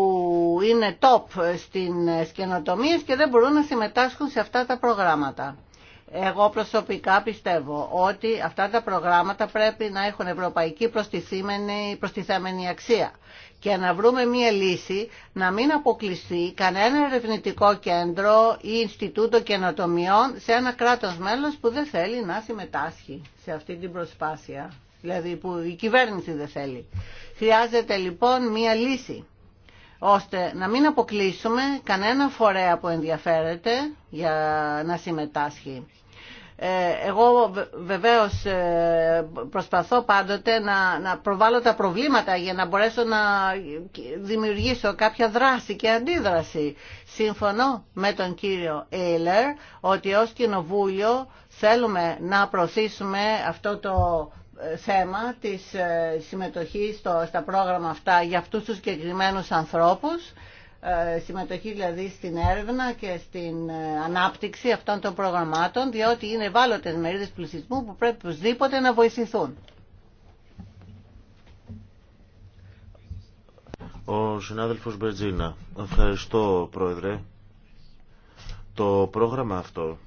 [SPEAKER 3] είναι top στην καινοτομίε και δεν μπορούν να συμμετάσχουν σε αυτά τα προγράμματα. Εγώ προσωπικά πιστεύω ότι αυτά τα προγράμματα πρέπει να έχουν ευρωπαϊκή προστιθέμενη αξία και να βρούμε μία λύση να μην αποκλειστεί κανένα ερευνητικό κέντρο ή Ινστιτούτο Καινοτομιών σε ένα κράτος μέλος που δεν θέλει να συμμετάσχει σε αυτή την προσπάθεια, δηλαδή που η κυβέρνηση δεν θέλει. Χρειάζεται λοιπόν μία λύση ώστε να μην αποκλείσουμε κανένα φορέα που ενδιαφέρεται για να συμμετάσχει. Ε, εγώ βεβαίως ε, προσπαθώ πάντοτε να, να προβάλλω τα προβλήματα για να μπορέσω να δημιουργήσω κάποια δράση και αντίδραση. Σύμφωνο με τον κύριο Έιλερ ότι ως κοινοβούλιο θέλουμε να προωθήσουμε αυτό το ε, θέμα της συμμετοχής στο, στα πρόγραμμα αυτά για αυτούς τους συγκεκριμένους ανθρώπους ε, συμμετοχή δηλαδή στην έρευνα και στην ε, ανάπτυξη αυτών των προγραμμάτων, διότι είναι ευάλωτες μερίδες πληθυσμού που πρέπει οπωσδήποτε να βοηθηθούν.
[SPEAKER 1] Ο συνάδελφος Μπερτζίνα. Ευχαριστώ, Πρόεδρε. Το πρόγραμμα αυτό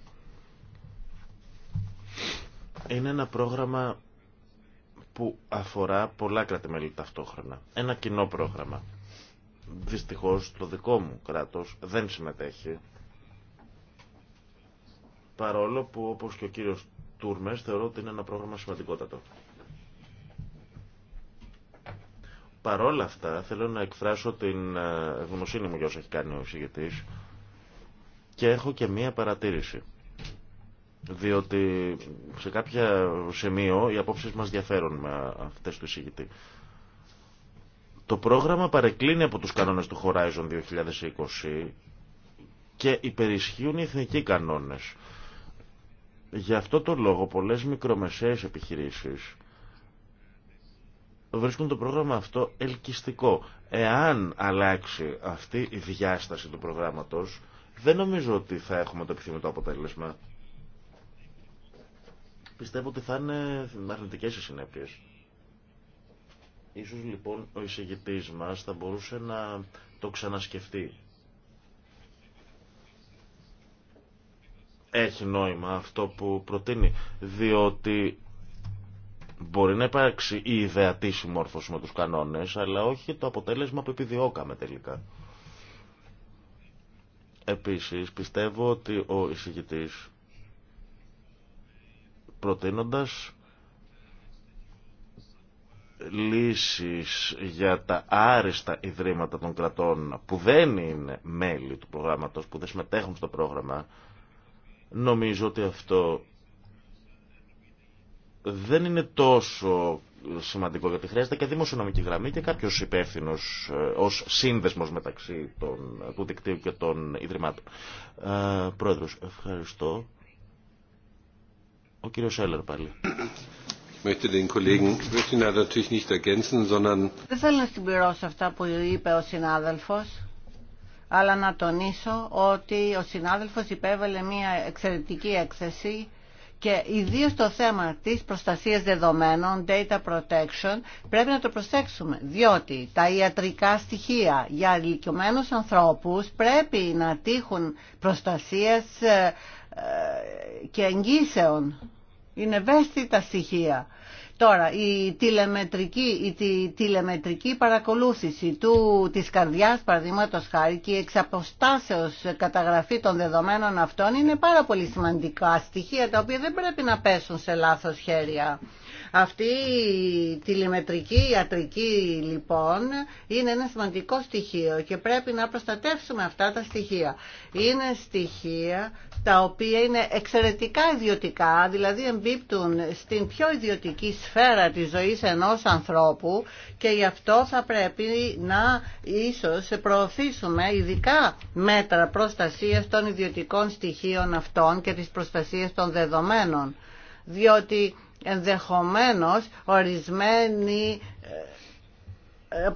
[SPEAKER 1] είναι ένα πρόγραμμα που αφορά πολλά κράτη-μέλη ταυτόχρονα. Ένα κοινό πρόγραμμα. Δυστυχώς το δικό μου κράτος δεν συμμετέχει. Παρόλο που όπως και ο κύριος Τούρμες θεωρώ ότι είναι ένα πρόγραμμα σημαντικότατο. Παρόλα αυτά θέλω να εκφράσω την ε, γνωσύνη μου για όσα έχει κάνει ο εισηγητής και έχω και μία παρατήρηση. Διότι σε κάποια σημείο οι απόψεις μας διαφέρουν με αυτές του εισηγητή. Το πρόγραμμα παρεκκλίνει από τους κανόνες του Horizon 2020 και υπερισχύουν οι εθνικοί κανόνες. Γι' αυτό το λόγο πολλές μικρομεσαίες επιχειρήσεις βρίσκουν το πρόγραμμα αυτό ελκυστικό. Εάν αλλάξει αυτή η διάσταση του προγράμματος, δεν νομίζω ότι θα έχουμε το επιθυμητό αποτέλεσμα. Πιστεύω ότι θα είναι αρνητικές οι συνέπειες. Ίσως λοιπόν ο εισηγητής μας θα μπορούσε να το ξανασκεφτεί. Έχει νόημα αυτό που προτείνει, διότι μπορεί να υπάρξει η ιδεατή συμμόρφωση με τους κανόνες, αλλά όχι το αποτέλεσμα που επιδιώκαμε τελικά. Επίσης, πιστεύω ότι ο εισηγητής προτείνοντας λύσεις για τα άριστα ιδρύματα των κρατών που δεν είναι μέλη του προγράμματος, που δεν συμμετέχουν στο πρόγραμμα, νομίζω ότι αυτό δεν είναι τόσο σημαντικό γιατί χρειάζεται και δημοσιονομική γραμμή και κάποιο υπεύθυνο ε, ως σύνδεσμος μεταξύ του δικτύου και των ιδρυμάτων. Ε, ευχαριστώ. Ο κύριος έλλερ πάλι.
[SPEAKER 4] Δεν
[SPEAKER 3] θέλω να συμπληρώσω αυτά που είπε ο συνάδελφος, αλλά να τονίσω ότι ο συνάδελφος υπέβαλε μια εξαιρετική έκθεση και ιδίως το θέμα της προστασίας δεδομένων, data protection, πρέπει να το προσέξουμε, διότι τα ιατρικά στοιχεία για ηλικιωμένους ανθρώπους πρέπει να τύχουν προστασίας ε, ε, και εγγύσεων. Είναι ευαίσθητα στοιχεία. Τώρα, η τηλεμετρική, η τηλεμετρική παρακολούθηση του, της καρδιάς, παραδείγματο χάρη, και η εξαποστάσεως καταγραφή των δεδομένων αυτών είναι πάρα πολύ σημαντικά στοιχεία, τα οποία δεν πρέπει να πέσουν σε λάθος χέρια. Αυτή η τηλεμετρική ιατρική λοιπόν είναι ένα σημαντικό στοιχείο και πρέπει να προστατεύσουμε αυτά τα στοιχεία. Είναι στοιχεία τα οποία είναι εξαιρετικά ιδιωτικά, δηλαδή εμπίπτουν στην πιο ιδιωτική σφαίρα της ζωής ενός ανθρώπου και γι' αυτό θα πρέπει να ίσως προωθήσουμε ειδικά μέτρα προστασίας των ιδιωτικών στοιχείων αυτών και της προστασίας των δεδομένων. Διότι ενδεχομένως ορισμένοι ε,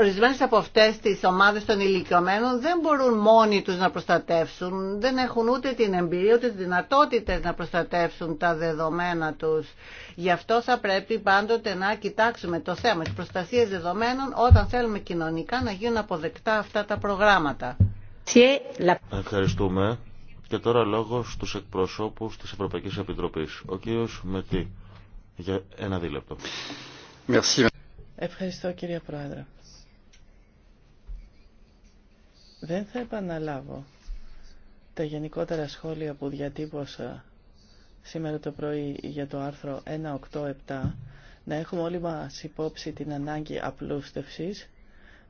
[SPEAKER 3] ορισμένες από αυτές τις ομάδες των ηλικιωμένων δεν μπορούν μόνοι τους να προστατεύσουν, δεν έχουν ούτε την εμπειρία ούτε τις δυνατότητες να προστατεύσουν τα δεδομένα τους. Γι' αυτό θα πρέπει πάντοτε να κοιτάξουμε το θέμα της προστασίας δεδομένων όταν θέλουμε κοινωνικά να γίνουν αποδεκτά αυτά τα προγράμματα.
[SPEAKER 1] Ευχαριστούμε. Και τώρα λόγο στους εκπροσώπους της Ευρωπαϊκής Επιτροπής. Ο κύριος Μετή για ένα δίλεπτο.
[SPEAKER 2] Ευχαριστώ κύριε Πρόεδρε. Δεν θα επαναλάβω τα γενικότερα σχόλια που διατύπωσα σήμερα το πρωί για το άρθρο 187, να έχουμε όλοι μας υπόψη την ανάγκη απλούστευσης,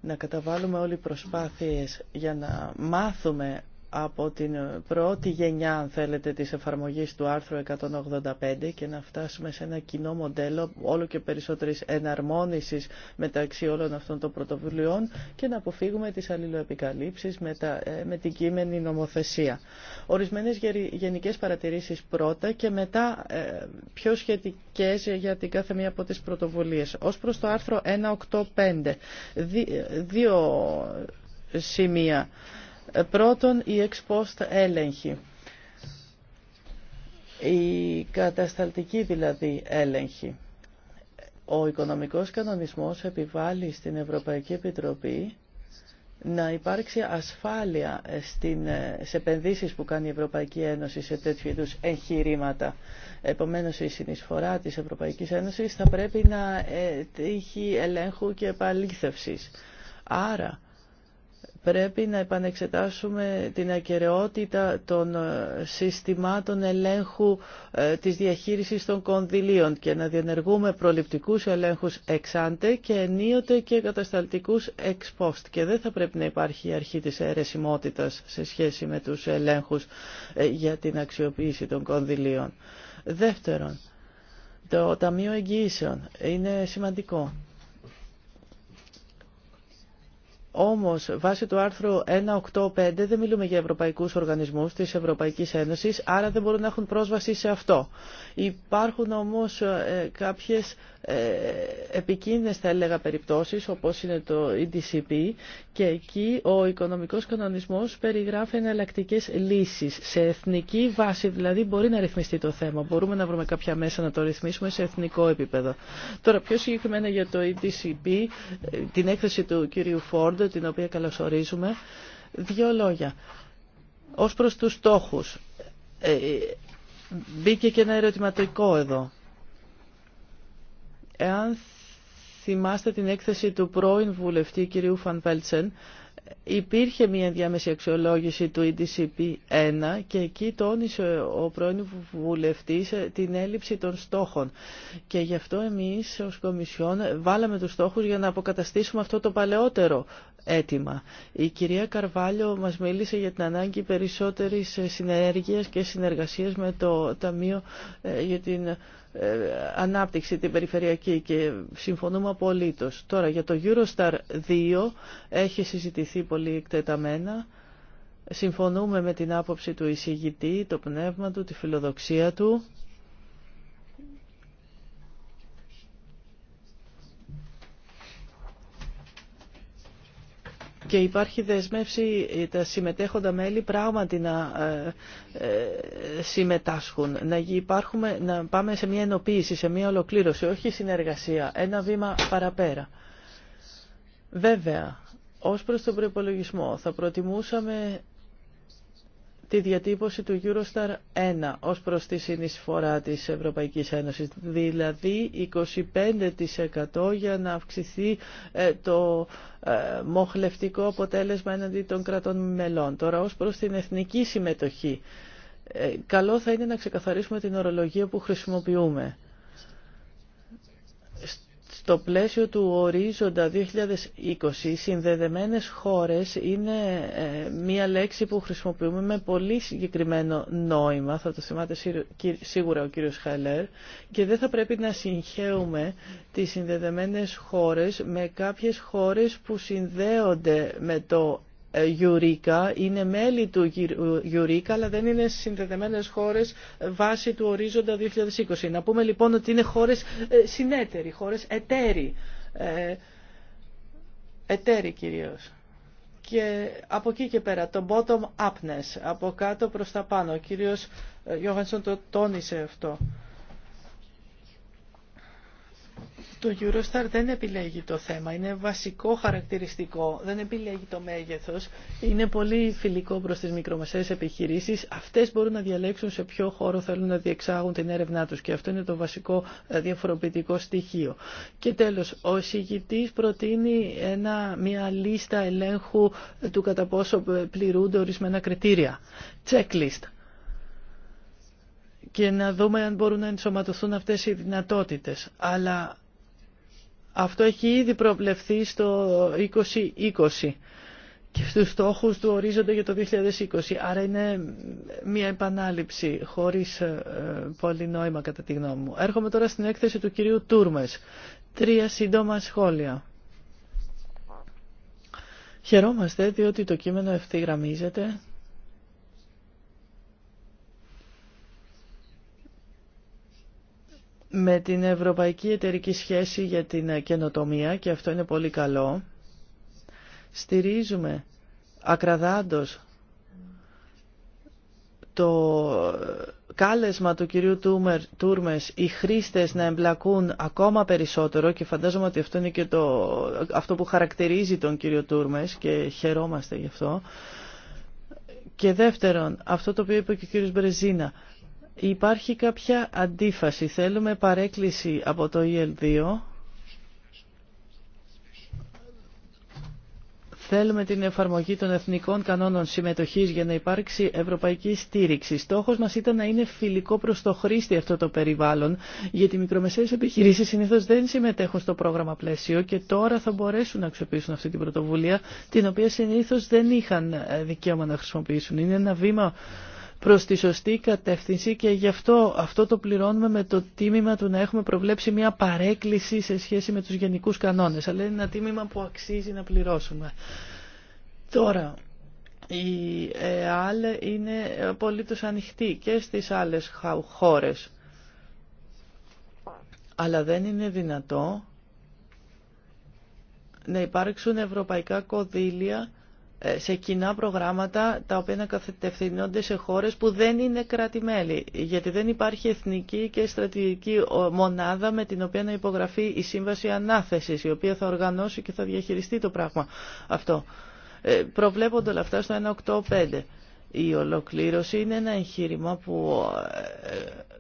[SPEAKER 2] να καταβάλουμε όλοι προσπάθειες για να μάθουμε από την πρώτη γενιά, αν θέλετε, της εφαρμογής του άρθρου 185 και να φτάσουμε σε ένα κοινό μοντέλο όλο και περισσότερης εναρμόνισης μεταξύ όλων αυτών των πρωτοβουλειών και να αποφύγουμε τις αλληλοεπικαλύψεις με, τα, ε, την κείμενη νομοθεσία. Ορισμένες γενικές παρατηρήσεις πρώτα και μετά ε, πιο σχετικές για την κάθε μία από τις πρωτοβουλίες. Ως προς το άρθρο 185, δύο σημεία. Πρώτον, η ex έλεγχη. Η κατασταλτική δηλαδή έλεγχη. Ο οικονομικός κανονισμός επιβάλλει στην Ευρωπαϊκή Επιτροπή να υπάρξει ασφάλεια στην, σε επενδύσεις που κάνει η Ευρωπαϊκή Ένωση σε τέτοιου είδους εγχειρήματα. Επομένως, η συνεισφορά της Ευρωπαϊκής Ένωσης θα πρέπει να έχει ε, ελέγχου και επαλήθευσης. Άρα, πρέπει να επανεξετάσουμε την ακαιρεότητα των ε, συστημάτων ελέγχου ε, της διαχείρισης των κονδυλίων και να διενεργούμε προληπτικούς ελέγχους εξάντε και ενίοτε και κατασταλτικούς εξπόστ. και δεν θα πρέπει να υπάρχει η αρχή της αιρεσιμότητας σε σχέση με τους ελέγχους ε, για την αξιοποίηση των κονδυλίων. Δεύτερον, το Ταμείο Εγγυήσεων είναι σημαντικό Όμως, βάσει του άρθρου 185 δεν μιλούμε για ευρωπαϊκούς οργανισμούς της Ευρωπαϊκής Ένωσης, άρα δεν μπορούν να έχουν πρόσβαση σε αυτό. Υπάρχουν όμως ε, κάποιες ε, επικίνδυνες, θα έλεγα, περιπτώσεις, όπως είναι το EDCP, και εκεί ο οικονομικός κανονισμός περιγράφει εναλλακτικέ λύσεις. Σε εθνική βάση, δηλαδή, μπορεί να ρυθμιστεί το θέμα. Μπορούμε να βρούμε κάποια μέσα να το ρυθμίσουμε σε εθνικό επίπεδο. Τώρα, πιο συγκεκριμένα για το EDCP, ε, την έκθεση του κύριου Φόρντ, την οποία καλωσορίζουμε. Δύο λόγια. Ως προς τους στόχους, ε, μπήκε και ένα ερωτηματικό εδώ. Εάν θυμάστε την έκθεση του πρώην βουλευτή κυρίου Φαν υπήρχε μια διάμεση αξιολόγηση του EDCP1 και εκεί τόνισε ο πρώην βουλευτής ε, την έλλειψη των στόχων. Και γι' αυτό εμείς ως Κομισιόν βάλαμε τους στόχους για να αποκαταστήσουμε αυτό το παλαιότερο η κυρία Καρβάλιο μας μίλησε για την ανάγκη περισσότερης ε, συνέργειας και συνεργασίας με το Ταμείο ε, για την ε, ανάπτυξη την περιφερειακή και συμφωνούμε απολύτως. Τώρα για το Eurostar 2 έχει συζητηθεί πολύ εκτεταμένα. Συμφωνούμε με την άποψη του εισηγητή, το πνεύμα του, τη φιλοδοξία του. και υπάρχει δεσμεύση ε, τα συμμετέχοντα μέλη πράγματι να ε, ε, συμμετάσχουν, να, υπάρχουμε, να πάμε σε μια ενοποίηση, σε μια ολοκλήρωση, όχι συνεργασία, ένα βήμα παραπέρα. Βέβαια, ως προς τον προϋπολογισμό θα προτιμούσαμε τη διατύπωση του Eurostar 1 ως προς τη συνεισφορά της Ευρωπαϊκής Ένωσης, δηλαδή 25% για να αυξηθεί ε, το ε, μοχλευτικό αποτέλεσμα έναντι των κρατών μελών. Τώρα ως προς την εθνική συμμετοχή. Ε, καλό θα είναι να ξεκαθαρίσουμε την ορολογία που χρησιμοποιούμε. Στο πλαίσιο του ορίζοντα 2020, συνδεδεμένες χώρες είναι ε, μία λέξη που χρησιμοποιούμε με πολύ συγκεκριμένο νόημα, θα το θυμάται σίγουρα ο κύριος Χαλέρ, και δεν θα πρέπει να συγχαίουμε τις συνδεδεμένες χώρες με κάποιες χώρες που συνδέονται με το Eureka, είναι μέλη του Eureka αλλά δεν είναι συνδεδεμένες χώρες βάσει του ορίζοντα 2020. Να πούμε λοιπόν ότι είναι χώρες ε, συνέτεροι, χώρες εταίροι. Ε, εταίροι κυρίως και από εκεί και πέρα, το bottom upness, από κάτω προς τα πάνω. Ο κύριος ε, Γιώχανσον το τόνισε αυτό. Το Eurostar δεν επιλέγει το θέμα, είναι βασικό χαρακτηριστικό, δεν επιλέγει το μέγεθος, είναι πολύ φιλικό προς τις μικρομεσαίες επιχειρήσεις. Αυτές μπορούν να διαλέξουν σε ποιο χώρο θέλουν να διεξάγουν την έρευνά τους και αυτό είναι το βασικό ε, διαφοροποιητικό στοιχείο. Και τέλος, ο εισηγητής προτείνει μια λίστα ελέγχου ε, του κατά πόσο ε, πληρούνται ορισμένα κριτήρια, checklist και να δούμε αν μπορούν να ενσωματωθούν αυτές οι δυνατότητες. Αλλά αυτό έχει ήδη προβλεφθεί στο 2020 και στους στόχους του ορίζονται για το 2020. Άρα είναι μια επανάληψη χωρίς ε, πολύ νόημα κατά τη γνώμη μου. Έρχομαι τώρα στην έκθεση του κυρίου Τούρμες. Τρία σύντομα σχόλια. Χαιρόμαστε διότι το κείμενο ευθυγραμμίζεται με την Ευρωπαϊκή Εταιρική Σχέση για την Καινοτομία και αυτό είναι πολύ καλό. Στηρίζουμε ακραδάντως το κάλεσμα του κυρίου Τούρμες οι χρήστες να εμπλακούν ακόμα περισσότερο και φαντάζομαι ότι αυτό είναι και το, αυτό που χαρακτηρίζει τον κύριο Τούρμες και χαιρόμαστε γι' αυτό. Και δεύτερον, αυτό το οποίο είπε και ο κύριος Μπρεζίνα, Υπάρχει κάποια αντίφαση. Θέλουμε παρέκκληση από το EL2. Θέλουμε την εφαρμογή των εθνικών κανόνων συμμετοχής για να υπάρξει ευρωπαϊκή στήριξη. Στόχος μας ήταν να είναι φιλικό προς το χρήστη αυτό το περιβάλλον, γιατί οι μικρομεσαίες επιχειρήσεις συνήθως δεν συμμετέχουν στο πρόγραμμα πλαίσιο και τώρα θα μπορέσουν να αξιοποιήσουν αυτή την πρωτοβουλία, την οποία συνήθως δεν είχαν δικαίωμα να χρησιμοποιήσουν. Είναι ένα βήμα προς τη σωστή κατεύθυνση και γι' αυτό αυτό το πληρώνουμε με το τίμημα του να έχουμε προβλέψει μια παρέκκληση σε σχέση με τους γενικούς κανόνες. Αλλά είναι ένα τίμημα που αξίζει να πληρώσουμε. Τώρα, η ΕΑΛ είναι απολύτως ανοιχτή και στις άλλες χώρες. Αλλά δεν είναι δυνατό να υπάρξουν ευρωπαϊκά κονδύλια ε, σε κοινά προγράμματα τα οποία να κατευθυνόνται σε χώρες που δεν είναι κράτη-μέλη, γιατί δεν υπάρχει εθνική και στρατηγική μονάδα με την οποία να υπογραφεί η Σύμβαση Ανάθεσης, η οποία θα οργανώσει και θα διαχειριστεί το πράγμα αυτό. Ε, προβλέπονται όλα αυτά στο 185. Η ολοκλήρωση είναι ένα εγχείρημα που ε,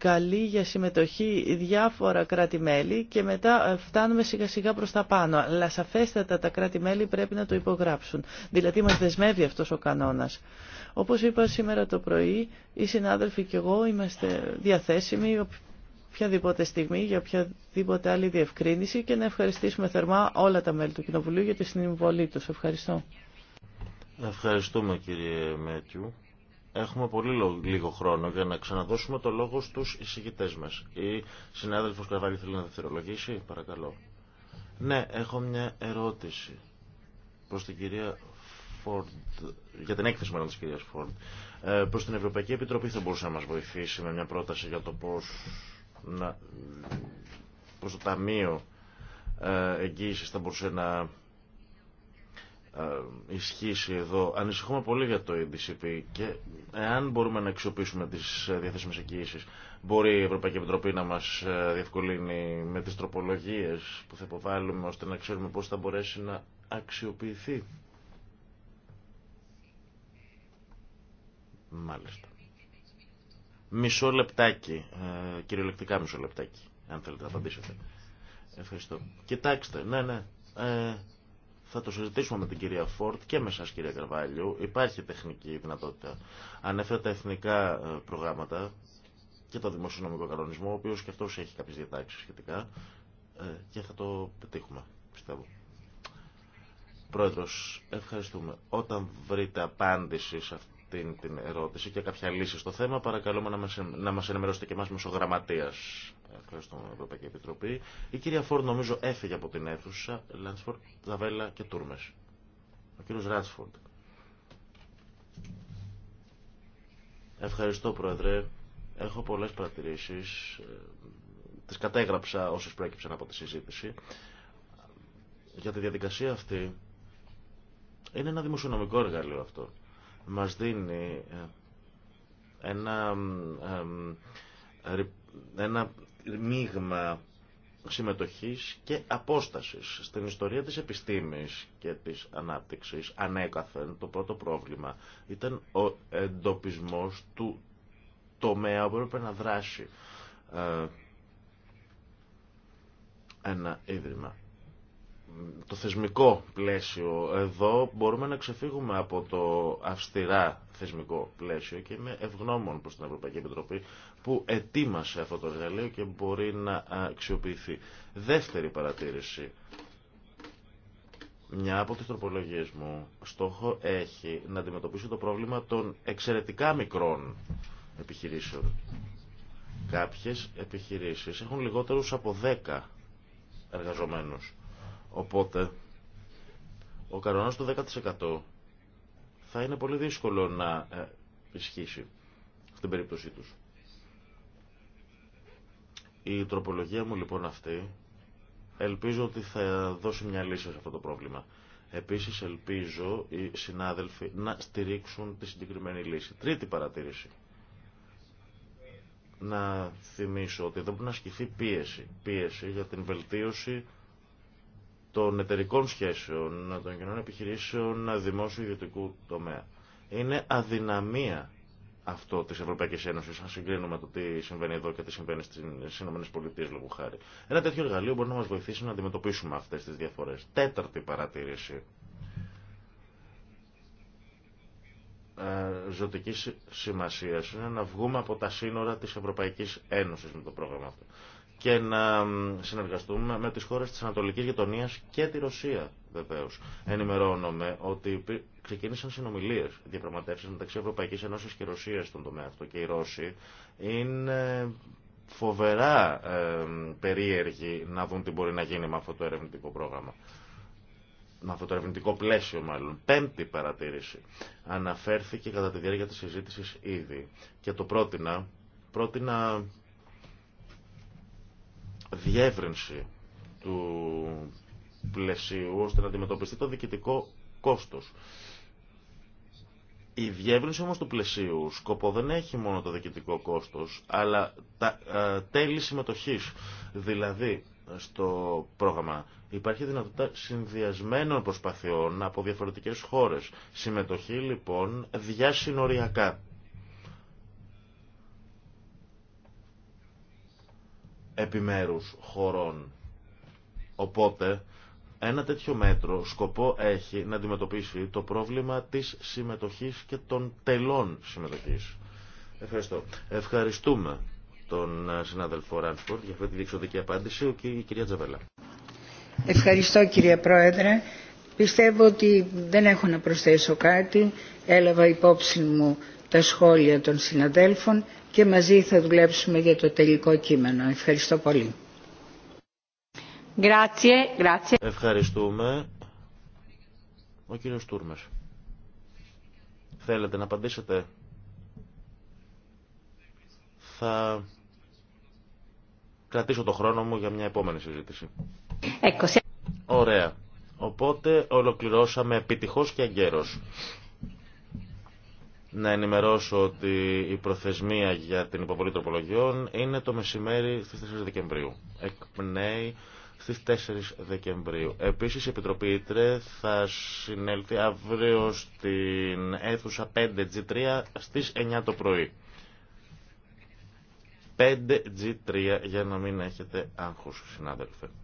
[SPEAKER 2] Καλή για συμμετοχή διάφορα κράτη-μέλη και μετά ε, φτάνουμε σιγά σιγά προς τα πάνω. Αλλά σαφέστατα τα κράτη-μέλη πρέπει να το υπογράψουν. Δηλαδή μας δεσμεύει αυτός ο κανόνας. Όπως είπα σήμερα το πρωί, οι συνάδελφοι και εγώ είμαστε διαθέσιμοι οποιαδήποτε στιγμή, για οποιαδήποτε άλλη διευκρίνηση και να ευχαριστήσουμε θερμά όλα τα μέλη του Κοινοβουλίου για τη συμβολή τους. Ευχαριστώ.
[SPEAKER 1] Ευχαριστούμε κύριε Μέτιου. Έχουμε πολύ λίγο χρόνο για να ξαναδώσουμε το λόγο στους εισηγητές μας. Η συνάδελφος Καβάλη θέλει να δευτερολογήσει, παρακαλώ. Ναι, έχω μια ερώτηση προς την κυρία Ford, για την έκθεση μάλλον της κυρίας Φόρντ. Ε, προς την Ευρωπαϊκή Επιτροπή θα μπορούσε να μας βοηθήσει με μια πρόταση για το πώς να, το Ταμείο ε, Εγγύησης θα μπορούσε να ε, ισχύσει εδώ. Ανησυχούμε πολύ για το EDCP και εάν μπορούμε να αξιοποιήσουμε τις ε, διαθέσιμες εγγυήσεις μπορεί η Ευρωπαϊκή Επιτροπή να μας ε, διευκολύνει με τις τροπολογίες που θα υποβάλουμε ώστε να ξέρουμε πώς θα μπορέσει να αξιοποιηθεί. Μάλιστα. Μισό λεπτάκι, κυριολεκτικά μισό λεπτάκι, αν θέλετε να απαντήσετε. Ευχαριστώ. Κοιτάξτε, ναι, ναι. Ε, θα το συζητήσουμε με την κυρία Φόρτ και με σας κυρία Καρβάλιου. Υπάρχει τεχνική δυνατότητα. Ανέφερα τα εθνικά ε, προγράμματα και το δημοσιονομικό κανονισμό, ο οποίο και αυτό έχει κάποιε διατάξει σχετικά ε, και θα το πετύχουμε, πιστεύω. Πρόεδρος, ευχαριστούμε. Όταν βρείτε απάντηση σε αυτό αυτήν την ερώτηση και κάποια λύση στο θέμα. Παρακαλούμε να μας, να μας ενημερώσετε και εμάς μεσογραμματίας. στην Ευρωπαϊκή Επιτροπή. Η κυρία Φόρ νομίζω έφυγε από την αίθουσα. Λάντσφορντ, Ζαβέλα και Τούρμες. Ο κύριος Ράσφορντ. Ευχαριστώ Πρόεδρε. Έχω πολλές παρατηρήσεις. Ε, τις κατέγραψα όσες προέκυψαν από τη συζήτηση. Για τη διαδικασία αυτή είναι ένα δημοσιονομικό εργαλείο αυτό μας δίνει ε, ένα, ε, ε, ένα μείγμα συμμετοχής και απόστασης στην ιστορία της επιστήμης και της ανάπτυξης ανέκαθεν το πρώτο πρόβλημα ήταν ο εντοπισμός του τομέα που έπρεπε να δράσει ένα ίδρυμα το θεσμικό πλαίσιο εδώ μπορούμε να ξεφύγουμε από το αυστηρά θεσμικό πλαίσιο και είμαι ευγνώμων προς την Ευρωπαϊκή Επιτροπή που ετοίμασε αυτό το εργαλείο και μπορεί να αξιοποιηθεί. Δεύτερη παρατήρηση. Μια από τις τροπολογίες μου στόχο έχει να αντιμετωπίσει το πρόβλημα των εξαιρετικά μικρών επιχειρήσεων. Κάποιες επιχειρήσεις έχουν λιγότερους από 10 εργαζομένους Οπότε, ο κανόνας του 10% θα είναι πολύ δύσκολο να ε, ισχύσει στην περίπτωσή τους. Η τροπολογία μου λοιπόν αυτή ελπίζω ότι θα δώσει μια λύση σε αυτό το πρόβλημα. Επίσης ελπίζω οι συνάδελφοι να στηρίξουν τη συγκεκριμένη λύση. Τρίτη παρατήρηση. Να θυμίσω ότι δεν πρέπει να ασκηθεί πίεση. Πίεση για την βελτίωση των εταιρικών σχέσεων, των κοινών επιχειρήσεων δημόσιου ιδιωτικού τομέα. Είναι αδυναμία αυτό τη Ευρωπαϊκή Ένωση, αν συγκρίνουμε το τι συμβαίνει εδώ και τι συμβαίνει στι ΗΠΑ λόγω χάρη. Ένα τέτοιο εργαλείο μπορεί να μα βοηθήσει να αντιμετωπίσουμε αυτέ τι διαφορέ. Τέταρτη παρατήρηση. Ε, Ζωτική σημασία είναι να βγούμε από τα σύνορα τη Ευρωπαϊκή Ένωση με το πρόγραμμα αυτό και να συνεργαστούμε με τις χώρες της Ανατολικής Γειτονίας και τη Ρωσία βεβαίως. Ενημερώνομαι ότι ξεκίνησαν συνομιλίες διαπραγματεύσεις μεταξύ Ευρωπαϊκής Ένωσης και Ρωσίας στον τομέα αυτό και οι Ρώσοι είναι φοβερά ε, περίεργοι να δουν τι μπορεί να γίνει με αυτό το ερευνητικό πρόγραμμα με αυτό το ερευνητικό πλαίσιο μάλλον. Πέμπτη παρατήρηση. Αναφέρθηκε κατά τη διάρκεια τη συζήτηση ήδη και το πρότεινα, πρότεινα διεύρυνση του πλαισίου ώστε να αντιμετωπιστεί το διοικητικό κόστος. Η διεύρυνση όμως του πλαισίου σκοπό δεν έχει μόνο το διοικητικό κόστος, αλλά τα ε, τέλη συμμετοχής. Δηλαδή, στο πρόγραμμα υπάρχει δυνατότητα συνδυασμένων προσπαθειών από διαφορετικές χώρες. Συμμετοχή λοιπόν διασυνοριακά. επιμέρους χωρών. Οπότε, ένα τέτοιο μέτρο σκοπό έχει να αντιμετωπίσει το πρόβλημα της συμμετοχής και των τελών συμμετοχής. Ευχαριστώ. Ευχαριστούμε τον ε, συνάδελφο Ράνσπορτ για αυτή τη διεξοδική απάντηση και η κυρία Τζαβέλα.
[SPEAKER 4] Ευχαριστώ κύριε Πρόεδρε. Πιστεύω ότι δεν έχω να προσθέσω κάτι. Έλαβα υπόψη μου τα σχόλια των συναδέλφων και μαζί θα δουλέψουμε για το τελικό κείμενο. Ευχαριστώ πολύ. Ευχαριστούμε.
[SPEAKER 1] Ο κύριος Τούρμες. Θέλετε να απαντήσετε. Θα κρατήσω το χρόνο μου για μια επόμενη συζήτηση. Ωραία. Οπότε ολοκληρώσαμε επιτυχώς και αγκαίρως. Να ενημερώσω ότι η προθεσμία για την υποβολή τροπολογιών είναι το μεσημέρι στις 4 Δεκεμβρίου. Εκπνέει στις 4 Δεκεμβρίου. Επίσης η Επιτροπή Ήτρε θα συνέλθει αύριο στην αίθουσα 5G3 στις 9 το πρωί. 5G3 για να μην έχετε άγχος συνάδελφε.